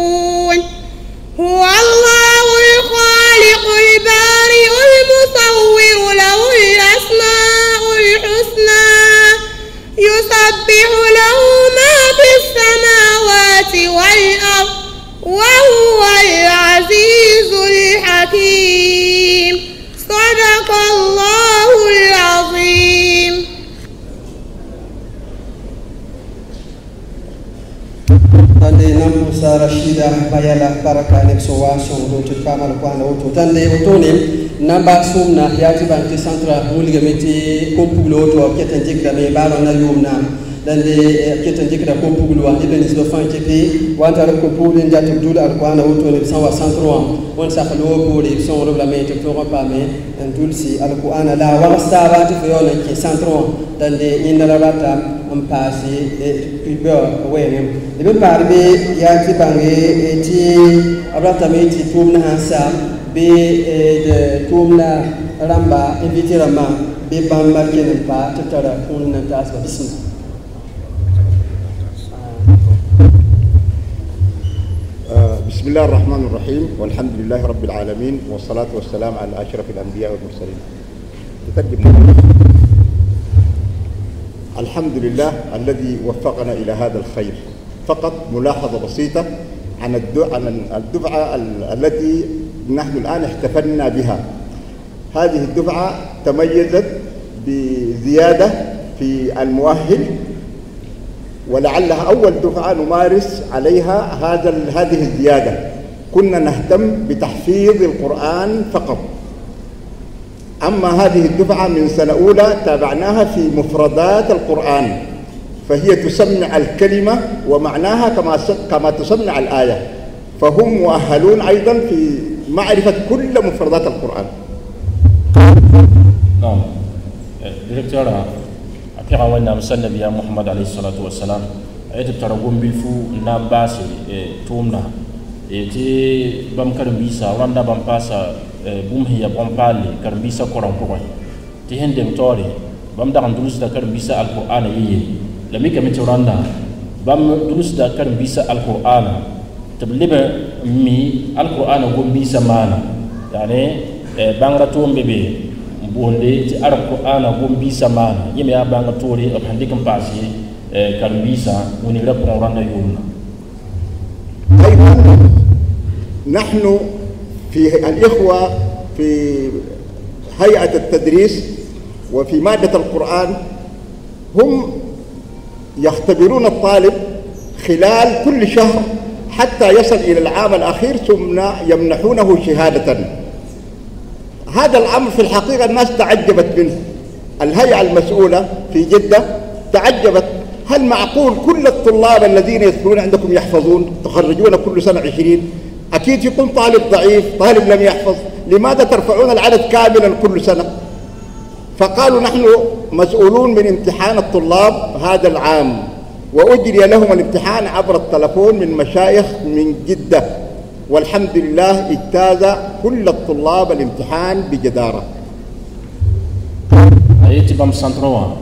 sida bayala barakaale sowa sodo ti famal ko ala woto tande wotone namba sumna yati banti centra mulga meti ko pugulo woto ketan jikda me baro na yumna dande ketan jikda ko pugulo wa ibn isdo fanke pe wata rab ko pugulo njati dul alqur'ana woto ne sanwa centro wa won sa khalo ko le son rob la me to ko pa me en dulsi alqur'ana la wa stabati fo yo ne ke centro dande inna la rata n paase gbɛɔ wɛɛŋem di bi paari bi yaa ti baŋe ti abiratami ti tuum na han saa bi di na ramba invite rama bi ban mali kenim pa ti tara kuuni na taasi ba bisimila بسم الله الرحمن الرحيم والحمد لله رب العالمين والصلاة والسلام على أشرف الأنبياء والمرسلين تترجم الحمد لله الذي وفقنا إلى هذا الخير فقط ملاحظة بسيطة عن الدفعة التي نحن الآن احتفلنا بها هذه الدفعة تميزت بزيادة في المؤهل ولعلها أول دفعة نمارس عليها هذا هذه الزيادة كنا نهتم بتحفيظ القرآن فقط أما هذه الدفعة من سنة أولى تابعناها في مفردات القرآن فهي تسمع الكلمة ومعناها كما كما تسمع الآية فهم مؤهلون أيضا في معرفة كل مفردات القرآن نعم دكتور أتيقى وانا مسلم بيا محمد عليه الصلاة والسلام أيضا ترغم بالفو نام باسي إيه، تومنا يتي إيه، بامكار بيسا وانا بمباسا bum hiya bom pali paalle bisa koran korã ti hen dem tori bam da ndulus da dulsda bisa alquran yi la mi kam randa bam ndulus da karen-biisã bisa alquran b mi alquran go biisa maana yaane bãngrã to mbebe bonde ti alquran go alkur'ana gom-biisã maana yẽme tori bãnga toore kam pasi dɩk bisa woni ye ko rãnda yoomna نحن في الإخوة في هيئة التدريس وفي مادة القرآن هم يختبرون الطالب خلال كل شهر حتى يصل إلى العام الأخير ثم يمنحونه شهادة هذا الأمر في الحقيقة الناس تعجبت منه الهيئة المسؤولة في جدة تعجبت هل معقول كل الطلاب الذين يدخلون عندكم يحفظون تخرجون كل سنة عشرين أكيد يكون طالب ضعيف طالب لم يحفظ لماذا ترفعون العدد كاملا كل سنة فقالوا نحن مسؤولون من امتحان الطلاب هذا العام وأجري لهم الامتحان عبر التلفون من مشايخ من جدة والحمد لله اجتاز كل الطلاب الامتحان بجدارة ayeti bam centre wã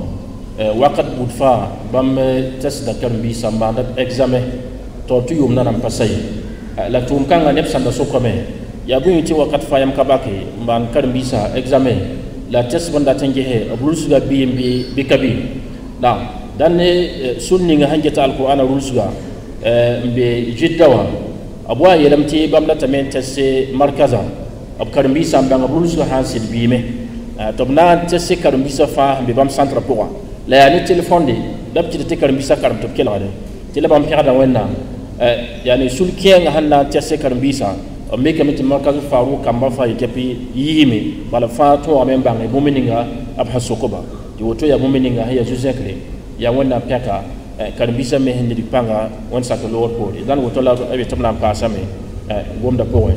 wakat budfaa bãmb tɛsda karen bɩ sãn Eh, la tʋʋm kãngã neb sãn da sokame yaa bõe tɩ wakat fa yam ka bake n maan karen examen la test bõn dat n gese b rulsga bɩɩm bɩ bɩ ka nam dãnd ne sʋn ninga sẽn get alkurana rulsga n be zidda wã b wa a yeelame tɩ bãmb datame n teste bisa b karen-biisã n bãng b rulsga sã n sɩd bɩɩme tɩ b na n teste karen-biisã fãa sẽn be bãmb centre pʋgã la yaa ne telefõnde la b kɩt tɩ karen-biisã karem tɩ b kelgde tɩ la bãmb pɛgda wẽnnaam Eh, yani sul kenga halla tese kar bisa o me kam markaz faru kam ba fa yitepi eh, yimi bala fa to amen ba ngi mumininga ab hasukuba di woto ya mumininga ya juzekle ya wona peka kar bisa me hen di panga won sa to lord pori dan woto la abi tamla ka same da ko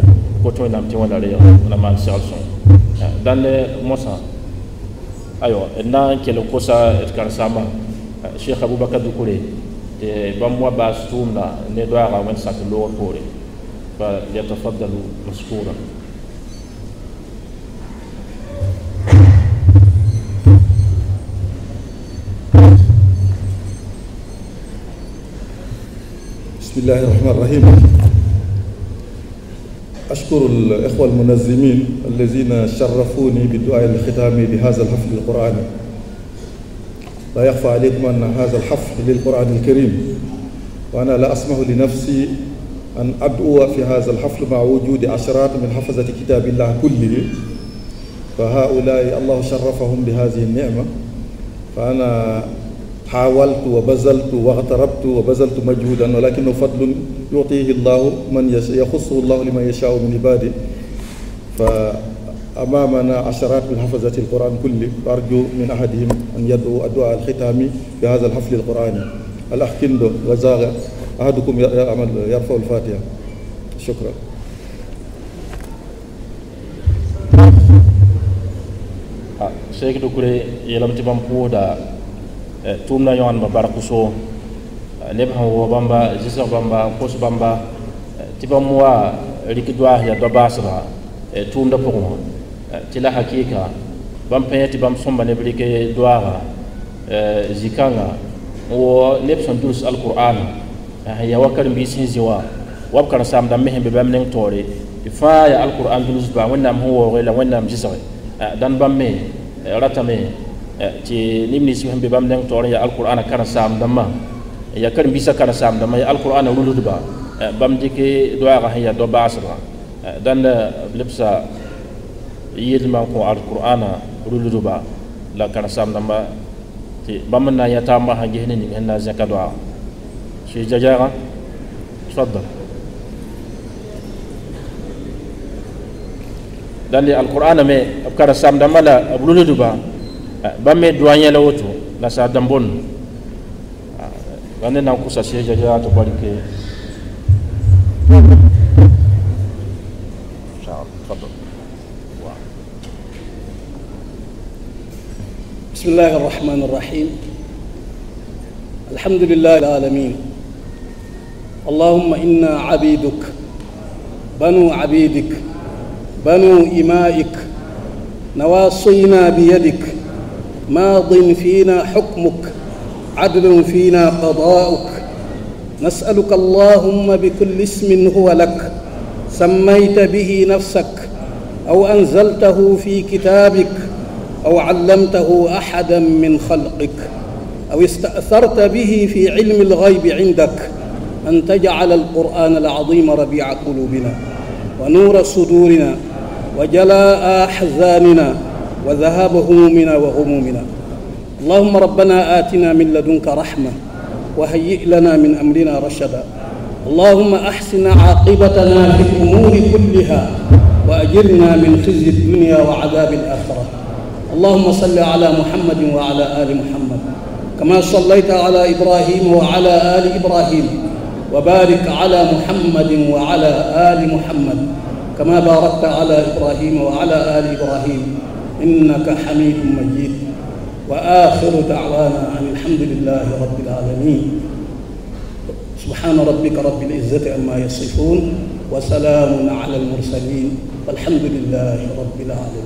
ko to nam ti wala reyo na man salson eh, dan le mosa ayo na kelo kosa et kan sama sheikh abubakar dukure بسم الله الرحمن الرحيم أشكر الإخوة المنظمين الذين شرفوني بدعاء الختامي لهذا الحفل القرآني لا يخفى عليكم أن هذا الحفل للقرآن الكريم وأنا لا أسمح لنفسي أن أدعو في هذا الحفل مع وجود عشرات من حفظة كتاب الله كله فهؤلاء الله شرفهم بهذه النعمة فأنا حاولت وبذلت واغتربت وبذلت مجهودا ولكنه فضل يعطيه الله من يخصه الله لمن يشاء من عباده ف أمامنا عشرات من حفظة القرآن كله وأرجو من أحدهم أن يدعو الدعاء الختامي في هذا الحفل القرآني الأخ كندو غزاغة أحدكم يعمل يرفع الفاتحة شكرا ah, sheikh do يلم تبام ti تومنا يوان tumna لبها هو بامبا جسر بامبا قوس بامبا تبام موا kos bamba eh, ti تومنا wa tɩ la hakɩɩka bãmb pa tɩ bãmb sõmba neb rɩk doaaga zikãngã n wa neb sẽn dʋls alqur'ana n ya wa karen-biig sẽn zĩ wã wab karen saamda mesẽ be bãmb ning taoore tɩ fãa yaa alqur'an dʋls baa wẽnnaam sẽn waooge la wẽnnaam zɩsge dãnd bãmb me ratame tɩ neb nins sẽn be bãmb ning taoor n yaa alqur'ana karen saam dãmbã n ya karen-biisã karen saam dãmbã yaa alqur'ana rũlsdba bãmb dɩk doaaga sẽn yaa do-baasdbã dãnd lebsa yel ma ko al qur'ana ba, la kan sam namba ti bam na ya tamba ha gehne ni en na zakadwa shi jajara tfaddal dalli al qur'ana me kan sam namba la rulu ba, bam me duanya la wotu la sa dambon wanne na ku sa shi jajara to balike بسم الله الرحمن الرحيم الحمد لله العالمين اللهم إنا عبيدك بنو عبيدك بنو إمائك نواصينا بيدك ماض فينا حكمك عدل فينا قضاؤك نسألك اللهم بكل اسم هو لك سميت به نفسك أو أنزلته في كتابك او علمته احدا من خلقك او استاثرت به في علم الغيب عندك ان تجعل القران العظيم ربيع قلوبنا ونور صدورنا وجلاء احزاننا وذهاب همومنا وغمومنا اللهم ربنا اتنا من لدنك رحمه وهيئ لنا من امرنا رشدا اللهم احسن عاقبتنا في الامور كلها واجرنا من خزي الدنيا وعذاب الاخره اللهم صل على محمد وعلى آل محمد كما صليت على إبراهيم وعلى آل إبراهيم وبارك على محمد وعلى آل محمد كما باركت على إبراهيم وعلى آل إبراهيم إنك حميد مجيد وآخر دعوانا أن الحمد لله رب العالمين سبحان ربك رب العزة عما يصفون وسلام على المرسلين والحمد لله رب العالمين